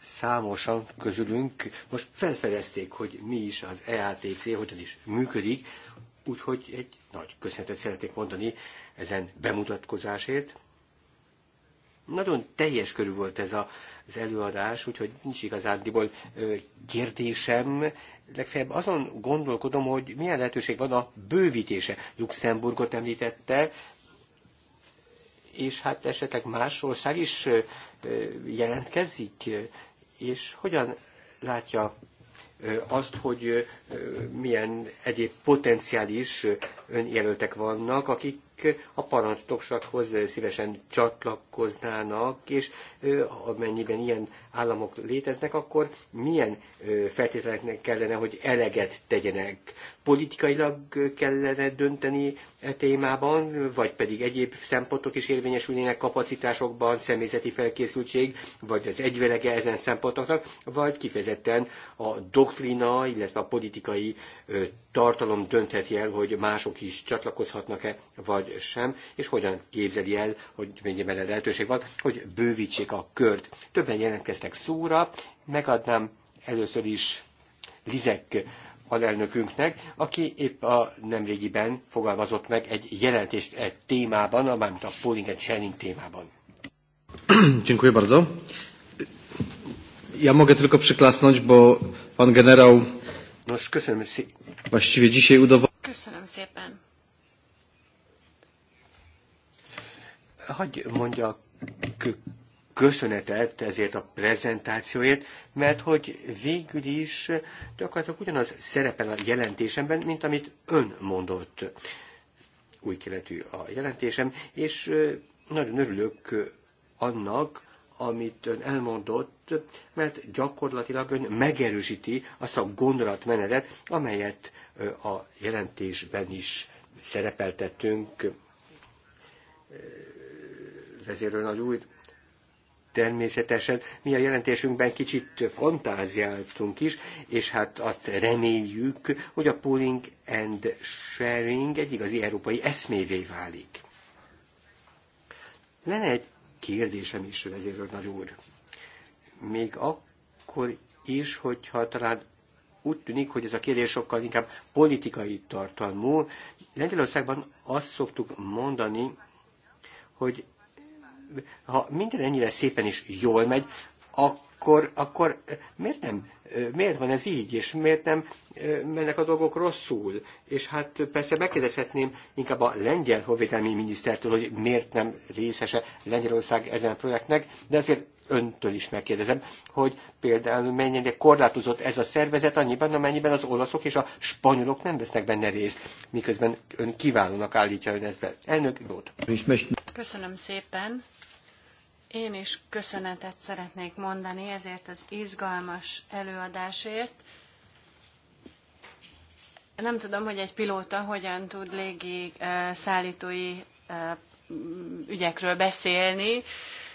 számosan közülünk most felfedezték, hogy mi is az EATC, hogyan is működik, úgyhogy egy nagy köszönetet szeretnék mondani ezen bemutatkozásért, nagyon teljes körül volt ez a, az előadás, úgyhogy nincs igazándiból kérdésem. Legfeljebb azon gondolkodom, hogy milyen lehetőség van a bővítése. Luxemburgot említette, és hát esetleg más ország is jelentkezik, és hogyan látja azt, hogy milyen egyéb potenciális önjelöltek vannak, akik a parancsnoksághoz szívesen csatlakoznának, és amennyiben ilyen államok léteznek, akkor milyen feltételeknek kellene, hogy eleget tegyenek politikailag kellene dönteni e témában, vagy pedig egyéb szempontok is érvényesülnének kapacitásokban, személyzeti felkészültség, vagy az egyvelege ezen szempontoknak, vagy kifejezetten a doktrina, illetve a politikai tartalom döntheti el, hogy mások is csatlakozhatnak-e, vagy sem, és hogyan képzeli el, hogy mennyiben lehetőség van, hogy bővítsék a kört. Többen jelentkeztek szóra, megadnám először is Lizek alelnökünknek, aki épp a nemrégiben fogalmazott meg egy jelentést egy témában, a mármint a Pooling and Sharing témában. Dziękuję bardzo. Ja mogę tylko przyklasnąć, bo pan generał Nos, köszönöm szépen. Właściwie dzisiaj udowodnił. Köszönöm szépen. Hagy mondja köszönetet ezért a prezentációért, mert hogy végül is gyakorlatilag ugyanaz szerepel a jelentésemben, mint amit ön mondott. Új keletű a jelentésem, és nagyon örülök annak, amit ön elmondott, mert gyakorlatilag ön megerősíti azt a gondolatmenetet, amelyet a jelentésben is szerepeltettünk vezérőn nagy úr, természetesen mi a jelentésünkben kicsit fantáziáltunk is, és hát azt reméljük, hogy a pooling and sharing egy igazi európai eszmévé válik. Lenne egy kérdésem is, vezérőr nagy úr. Még akkor is, hogyha talán úgy tűnik, hogy ez a kérdés sokkal inkább politikai tartalmú. Lengyelországban azt szoktuk mondani, hogy ha minden ennyire szépen is jól megy, akkor, akkor eh, miért nem eh, miért van ez így, és miért nem eh, mennek a dolgok rosszul. És hát persze megkérdezhetném inkább a lengyel honvédelmi minisztertől, hogy miért nem részese Lengyelország ezen a projektnek, de azért öntől is megkérdezem, hogy például mennyire korlátozott ez a szervezet annyiban, amennyiben az olaszok és a spanyolok nem vesznek benne részt, miközben ön kiválónak állítja ön ezt be. Elnök, jót. Köszönöm szépen. Én is köszönetet szeretnék mondani ezért az izgalmas előadásért. Nem tudom, hogy egy pilóta hogyan tud légi szállítói ügyekről beszélni,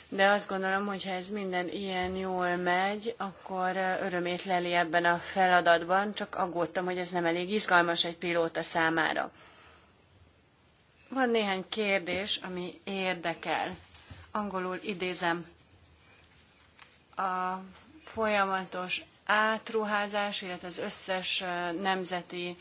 de azt gondolom, hogy ha ez minden ilyen jól megy, akkor örömét leli ebben a feladatban, csak aggódtam, hogy ez nem elég izgalmas egy pilóta számára. Van néhány kérdés, ami érdekel. Angolul idézem. A folyamatos átruházás, illetve az összes nemzeti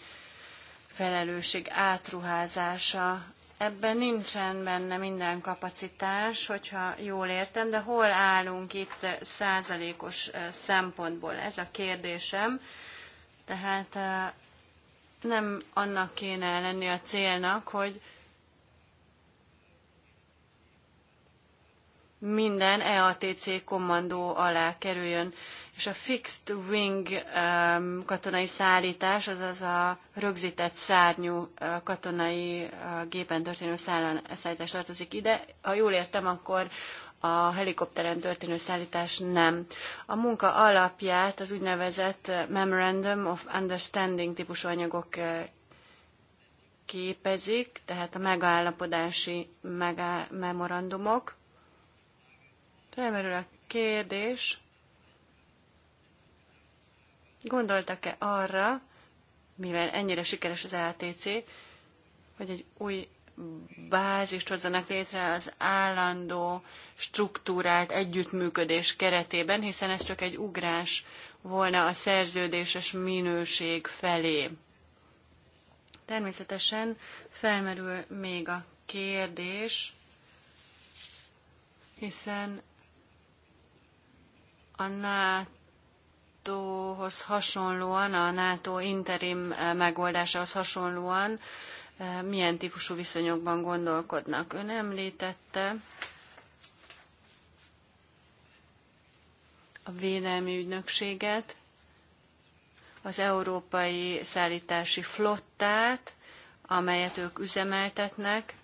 felelősség átruházása. Ebben nincsen benne minden kapacitás, hogyha jól értem, de hol állunk itt százalékos szempontból? Ez a kérdésem. Tehát nem annak kéne lenni a célnak, hogy minden EATC kommandó alá kerüljön, és a fixed wing um, katonai szállítás, azaz a rögzített szárnyú uh, katonai uh, gépen történő szállítás tartozik ide. Ha jól értem, akkor a helikopteren történő szállítás nem. A munka alapját az úgynevezett uh, Memorandum of Understanding típusú anyagok képezik, tehát a megállapodási megá- memorandumok. Felmerül a kérdés, gondoltak-e arra, mivel ennyire sikeres az ATC, hogy egy új bázist hozzanak létre az állandó struktúrált együttműködés keretében, hiszen ez csak egy ugrás volna a szerződéses minőség felé. Természetesen felmerül még a kérdés, hiszen a NATO-hoz hasonlóan, a NATO interim eh, megoldásához hasonlóan eh, milyen típusú viszonyokban gondolkodnak? Ön említette a védelmi ügynökséget, az európai szállítási flottát, amelyet ők üzemeltetnek,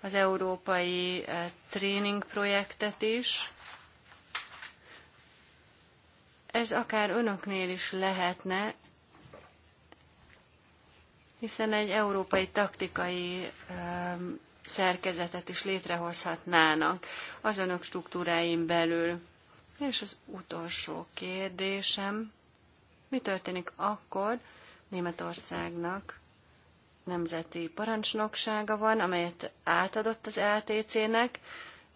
az európai eh, tréningprojektet projektet is, ez akár önöknél is lehetne, hiszen egy európai taktikai szerkezetet is létrehozhatnának az önök struktúráin belül. És az utolsó kérdésem, mi történik akkor Németországnak nemzeti parancsnoksága van, amelyet átadott az LTC-nek,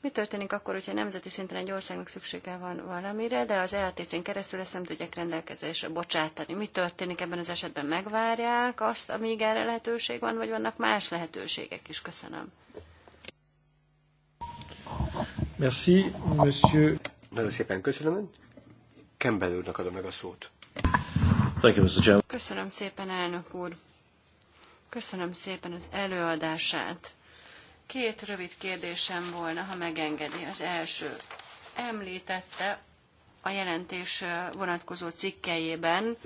mi történik akkor, hogyha nemzeti szinten egy országnak szüksége van valamire, de az LTC-n e keresztül ezt nem tudják rendelkezésre bocsátani? Mi történik ebben az esetben? Megvárják azt, amíg erre lehetőség van, vagy vannak más lehetőségek is? Köszönöm. Merci, monsieur. Nagyon szépen köszönöm. Campbell úrnak adom meg a szót. Thank you, Mr. Köszönöm szépen, elnök úr. Köszönöm szépen az előadását. Két rövid kérdésem volna, ha megengedi. Az első. Említette a jelentés vonatkozó cikkejében,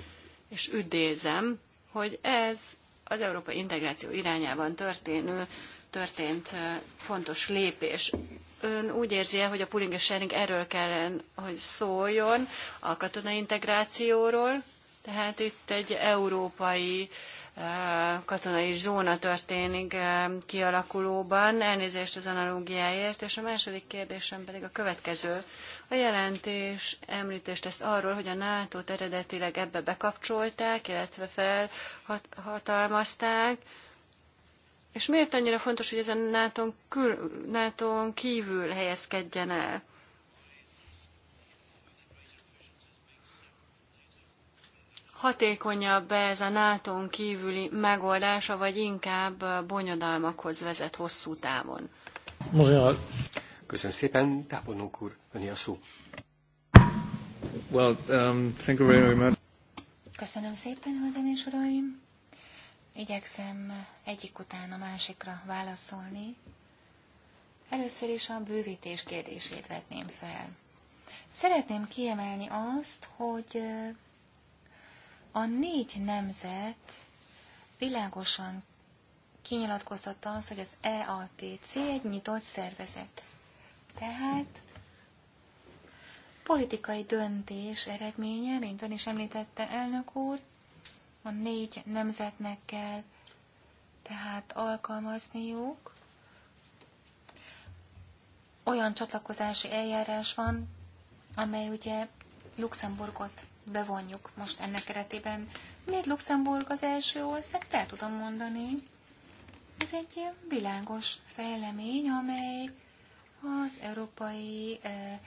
és üdézem, hogy ez az európai integráció irányában történő, történt fontos lépés. Ön úgy érzi -e, hogy a pulling és erről kellene, hogy szóljon a katonai integrációról, tehát itt egy európai Eh, katonai zóna történik eh, kialakulóban. Elnézést az analógiáért, és a második kérdésem pedig a következő. A jelentés említést tesz arról, hogy a nato eredetileg ebbe bekapcsolták, illetve felhatalmazták, és miért annyira fontos, hogy ez NATO-n, kül, NATO-n kívül helyezkedjen el? hatékonyabb ez a nato kívüli megoldása, vagy inkább bonyodalmakhoz vezet hosszú távon? Köszönöm szépen, Tápolnunk úr, öné a szó. Well, um, thank you very much. Köszönöm szépen, hölgyeim és uraim. Igyekszem egyik után a másikra válaszolni. Először is a bővítés kérdését vetném fel. Szeretném kiemelni azt, hogy a négy nemzet világosan kinyilatkoztatta az, hogy az EATC egy nyitott szervezet. Tehát politikai döntés eredménye, mint ön is említette, elnök úr, a négy nemzetnek kell tehát alkalmazniuk. Olyan csatlakozási eljárás van, amely ugye Luxemburgot bevonjuk most ennek keretében. Miért Luxemburg az első ország? Te tudom mondani. Ez egy világos fejlemény, amely az európai eh,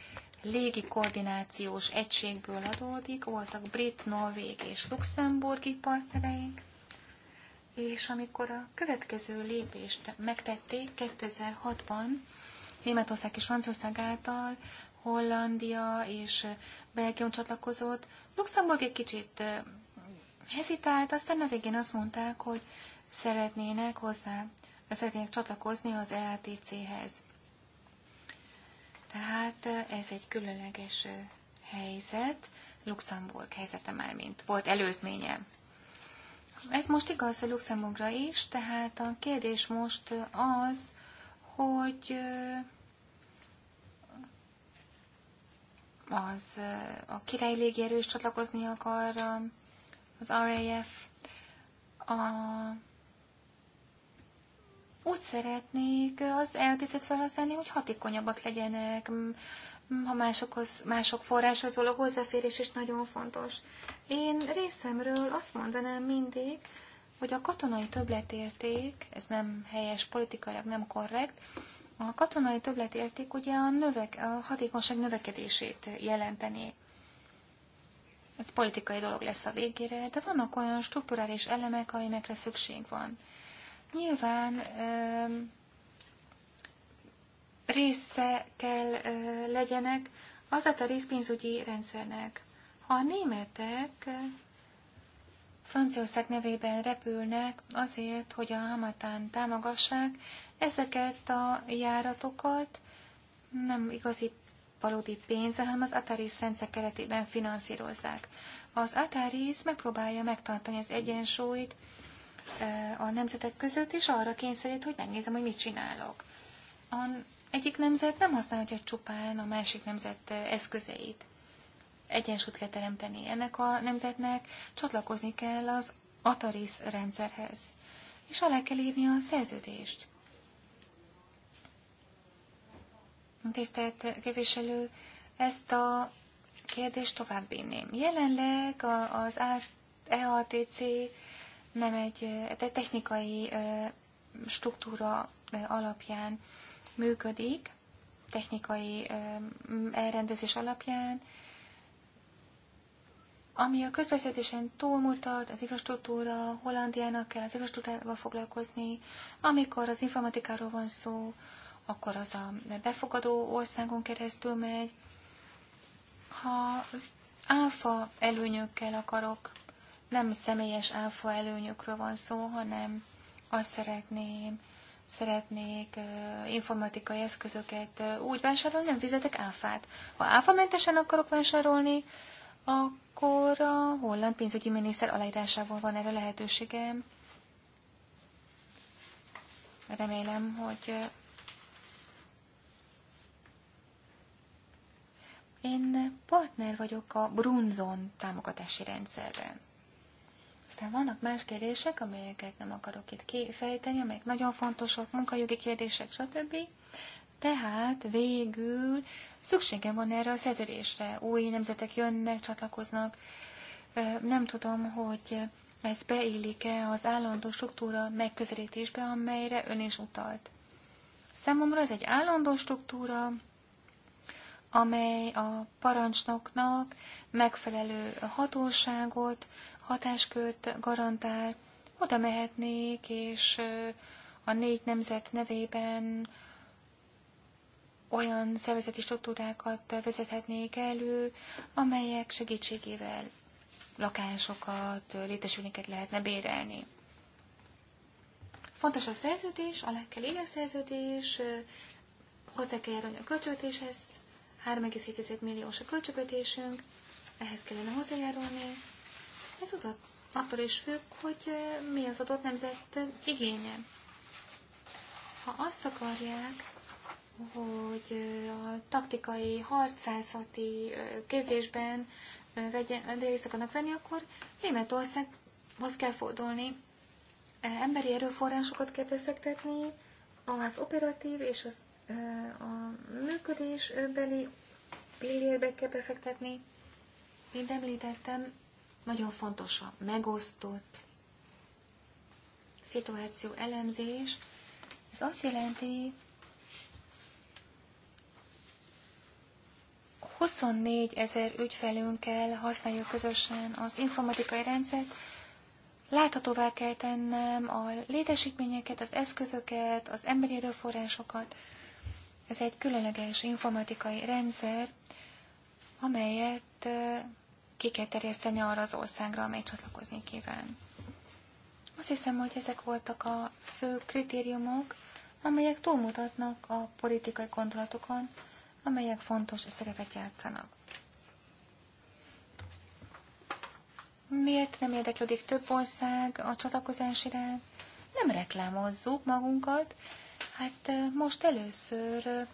légi koordinációs egységből adódik. Voltak brit, norvég és luxemburgi partnereink. És amikor a következő lépést megtették 2006-ban, Németország és Franciaország által Hollandia és Belgium csatlakozott, Luxemburg egy kicsit hezitált, aztán a végén azt mondták, hogy szeretnének hozzá, szeretnének csatlakozni az EATC-hez. Tehát ez egy különleges helyzet, Luxemburg helyzete már mint volt előzménye. Ez most igaz a Luxemburgra is, tehát a kérdés most az, hogy az a királyi légierő is csatlakozni akar az RAF. A, úgy szeretnék az eltécet felhasználni, hogy hatékonyabbak legyenek, ha másokhoz, mások forráshoz való hozzáférés is nagyon fontos. Én részemről azt mondanám mindig, hogy a katonai többletérték, ez nem helyes politikailag, nem korrekt, a katonai többletérték ugye a, növek, a hatékonyság növekedését jelenteni. Ez politikai dolog lesz a végére, de vannak olyan strukturális elemek, amelyekre szükség van. Nyilván része kell ö, legyenek az a részpénzügyi rendszernek. Ha a németek Franciaország nevében repülnek azért, hogy a Hamatán támogassák, Ezeket a járatokat nem igazi valódi pénze, hanem az Ataris rendszer keretében finanszírozzák. Az Ataris megpróbálja megtartani az egyensúlyt eh, a nemzetek között, és arra kényszerít, hogy megnézem, hogy mit csinálok. A egyik nemzet nem használhatja csupán a másik nemzet eh, eszközeit. Egyensúlyt kell teremteni ennek a nemzetnek, csatlakozni kell az Ataris rendszerhez, és alá kell írni a szerződést. Tisztelt képviselő, ezt a kérdést továbbvinném. Jelenleg az EATC nem egy technikai struktúra alapján működik, technikai elrendezés alapján, ami a közbeszerzésen túlmutat, az infrastruktúra, Hollandiának kell az infrastruktúrával foglalkozni, amikor az informatikáról van szó, akkor az a befogadó országon keresztül megy. Ha áfa előnyökkel akarok, nem személyes áfa előnyökről van szó, hanem azt szeretném, szeretnék informatikai eszközöket úgy vásárolni, nem fizetek áfát. Ha áfamentesen akarok vásárolni, akkor a holland pénzügyi miniszter aláírásával van erre lehetőségem. Remélem, hogy Én partner vagyok a Brunzon támogatási rendszerben. Aztán vannak más kérdések, amelyeket nem akarok itt kifejteni, amelyek nagyon fontosak, munkajogi kérdések, stb. Tehát végül szüksége van erre a szerződésre. Új nemzetek jönnek, csatlakoznak. Nem tudom, hogy ez beillik-e az állandó struktúra megközelítésbe, amelyre ön is utalt. Számomra ez egy állandó struktúra, amely a parancsnoknak megfelelő hatóságot, hatáskört garantál, oda mehetnék, és a négy nemzet nevében olyan szervezeti struktúrákat vezethetnék elő, amelyek segítségével lakásokat, létesülményeket lehetne bérelni. Fontos a szerződés, alá kell írni a szerződés, hozzá kell a költségvetéshez, 3,7 milliós a költségvetésünk, ehhez kellene hozzájárulni. Ez utat, attól is függ, hogy mi az adott nemzet igénye. Ha azt akarják, hogy a taktikai, harcászati képzésben részt akarnak venni, akkor Németországhoz kell fordulni. Emberi erőforrásokat kell befektetni, az operatív és az a beli pillérbe kell befektetni. Mint említettem, nagyon fontos a megosztott szituáció elemzés. Ez azt jelenti, 24 ezer ügyfelünkkel használjuk közösen az informatikai rendszert, láthatóvá kell tennem a létesítményeket, az eszközöket, az emberi erőforrásokat, ez egy különleges informatikai rendszer, amelyet ki kell terjeszteni arra az országra, amely csatlakozni kíván. Azt hiszem, hogy ezek voltak a fő kritériumok, amelyek túlmutatnak a politikai gondolatokon, amelyek fontos szerepet játszanak. Miért nem érdeklődik több ország a csatlakozás iránt? Nem reklámozzuk magunkat, Hát most először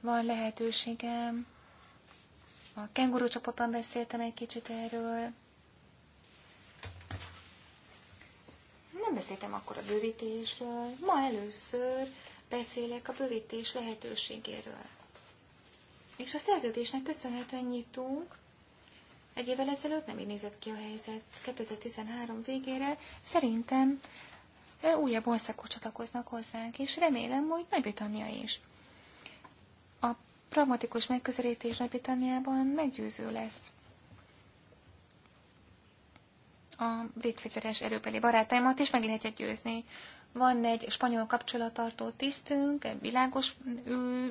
van lehetőségem. A kenguru csapatban beszéltem egy kicsit erről. Nem beszéltem akkor a bővítésről. Ma először beszélek a bővítés lehetőségéről. És a szerződésnek köszönhetően nyitunk. Egy évvel ezelőtt nem így nézett ki a helyzet 2013 végére. Szerintem újabb országok csatlakoznak hozzánk, és remélem, hogy Nagy-Britannia is. A pragmatikus megközelítés Nagy-Britanniában meggyőző lesz. A brit fegyveres erőbeli barátaimat is megint egyet győzni. Van egy spanyol kapcsolattartó tisztünk, világos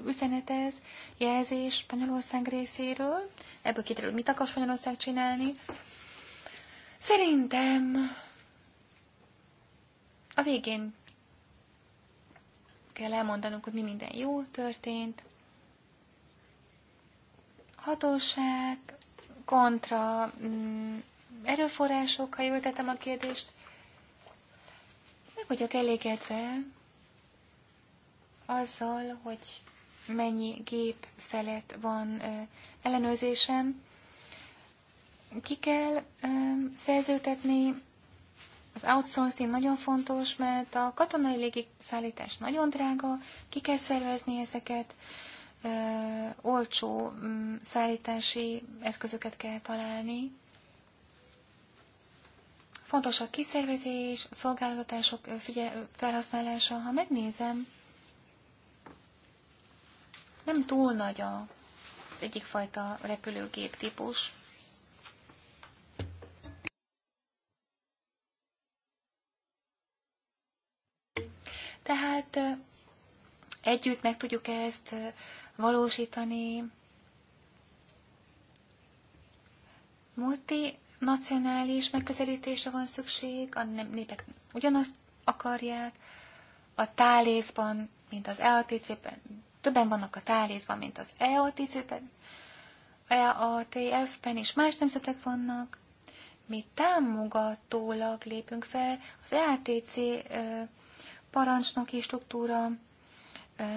üzenet ez, jelzés Spanyolország részéről. Ebből kiderül, mit akar Spanyolország csinálni. Szerintem a végén kell elmondanunk, hogy mi minden jó történt. Hatóság kontra mm, erőforrások, ha jól tettem a kérdést. Meg vagyok elégedve azzal, hogy mennyi gép felett van ö, ellenőrzésem. Ki kell ö, szerződtetni az outsourcing nagyon fontos, mert a katonai légiszállítás nagyon drága, ki kell szervezni ezeket, ö, olcsó m, mm, szállítási eszközöket kell találni. Fontos a kiszervezés, a szolgáltatások figyel- felhasználása. Ha megnézem, nem túl nagy a, az egyik fajta repülőgép típus, Tehát együtt meg tudjuk ezt valósítani. Multinacionális megközelítésre van szükség, a népek ugyanazt akarják. A tálészban, mint az EATC-ben, többen vannak a tálészban, mint az EATC-ben, EATF-ben, és más nemzetek vannak. Mi támogatólag lépünk fel, az EATC parancsnoki struktúra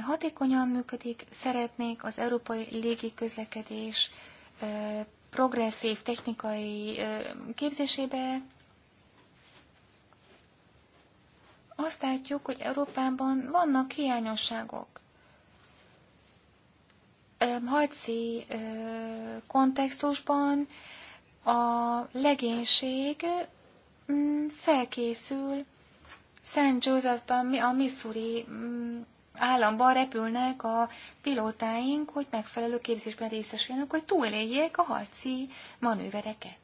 hatékonyan működik, szeretnék az európai légiközlekedés progresszív technikai képzésébe azt látjuk, hogy Európában vannak hiányosságok. Hajci kontextusban a legénység mm, felkészül Szent Józsefben, a Missouri mm, államban repülnek a pilótáink, hogy megfelelő képzésben részesüljenek, hogy túléljék a harci manővereket.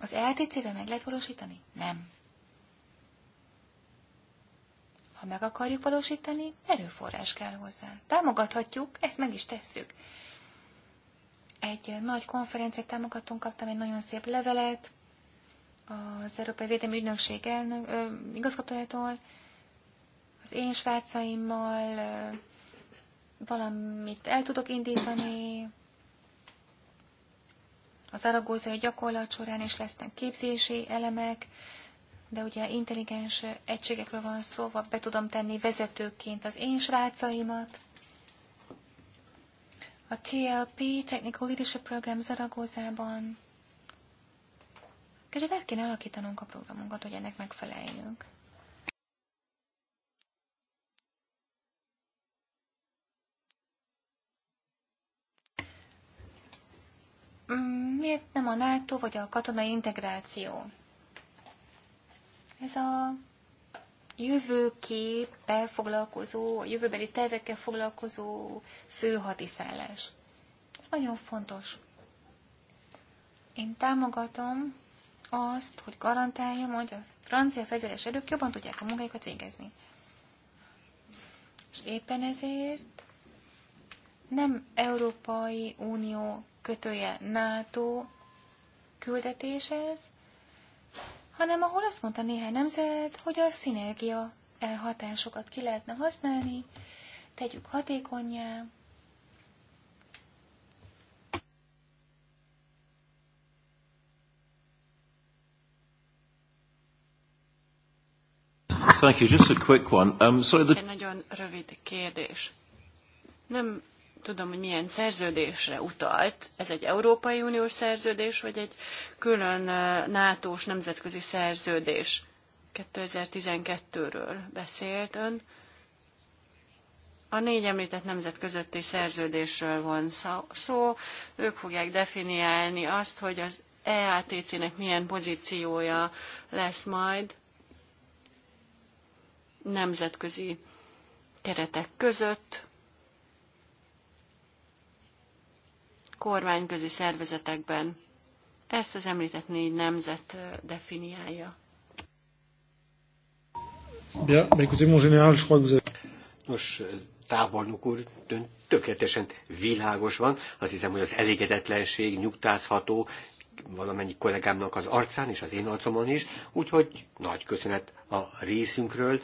Az ltc be meg lehet valósítani? Nem. Ha meg akarjuk valósítani, erőforrás kell hozzá. Támogathatjuk, ezt meg is tesszük. Egy nagy konferenciát támogatunk, kaptam egy nagyon szép levelet, az Európai Védelmi Ügynökség elnök, ö, igazgatójától, az én srácaimmal ö, valamit el tudok indítani, az aragózai gyakorlat során is lesznek képzési elemek, de ugye intelligens egységekről van szó, be tudom tenni vezetőként az én srácaimat. A TLP Technical Leadership Program Zaragozában Kicsit át kéne alakítanunk a programunkat, hogy ennek megfeleljünk. Miért nem a NATO vagy a katonai integráció? Ez a jövőképpel foglalkozó, jövőbeli tervekkel foglalkozó főhadiszállás. Ez nagyon fontos. Én támogatom azt, hogy garantálja, hogy a francia fegyveres erők jobban tudják a munkájukat végezni. És éppen ezért nem Európai Unió kötője NATO küldetés ez, hanem ahol azt mondta néhány nemzet, hogy a szinergia hatásokat ki lehetne használni, tegyük hatékonyá, Thank you. Just a quick one. Um, sorry, the... Egy nagyon rövid kérdés. Nem tudom, hogy milyen szerződésre utalt. Ez egy Európai Uniós szerződés, vagy egy külön uh, NATO-s nemzetközi szerződés? 2012-ről beszélt ön. A négy említett nemzet közötti szerződésről van szó. Ők fogják definiálni azt, hogy az EATC-nek milyen pozíciója lesz majd nemzetközi keretek között, kormányközi szervezetekben. Ezt az említett négy nemzet definiálja. mon Nos, tábornok úr, tökéletesen világos van. Azt hiszem, hogy az elégedetlenség nyugtázható valamennyi kollégámnak az arcán és az én arcomon is, úgyhogy nagy köszönet a részünkről,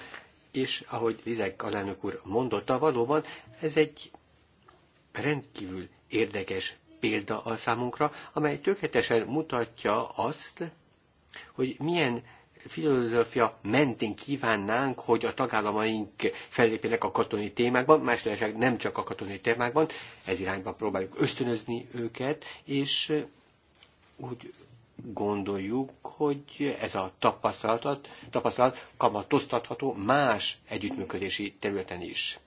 és ahogy Lizek alelnök úr mondotta, valóban ez egy rendkívül érdekes példa a számunkra, amely tökéletesen mutatja azt, hogy milyen filozófia mentén kívánnánk, hogy a tagállamaink fellépjenek a katonai témákban, más lehetőség nem csak a katonai témákban, ez irányban próbáljuk ösztönözni őket, és eh, úgy gondoljuk, hogy ez a tapasztalat, tapasztalat kamatoztatható más együttműködési területen is.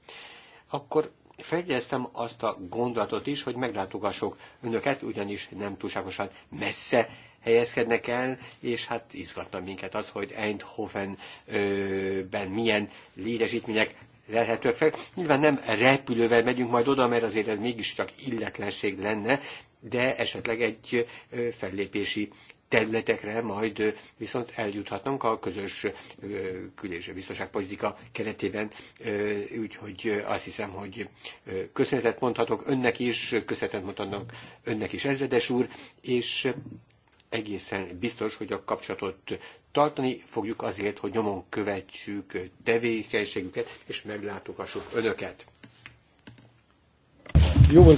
Akkor fejlesztem azt a gondolatot is, hogy meglátogassok önöket, ugyanis nem túlságosan messze helyezkednek el, és hát izgatna minket az, hogy Eindhovenben milyen létesítmények lehetőek fel. Nyilván nem repülővel megyünk majd oda, mert azért ez mégiscsak illetlenség lenne, de esetleg egy fellépési területekre majd viszont eljuthatnunk a közös kül- és biztonságpolitika keretében, úgyhogy azt hiszem, hogy köszönetet mondhatok önnek is, köszönetet mondhatnak önnek is, ezredes úr, és egészen biztos, hogy a kapcsolatot tartani fogjuk azért, hogy nyomon követjük tevékenységüket, és meglátogassuk önöket. Jó,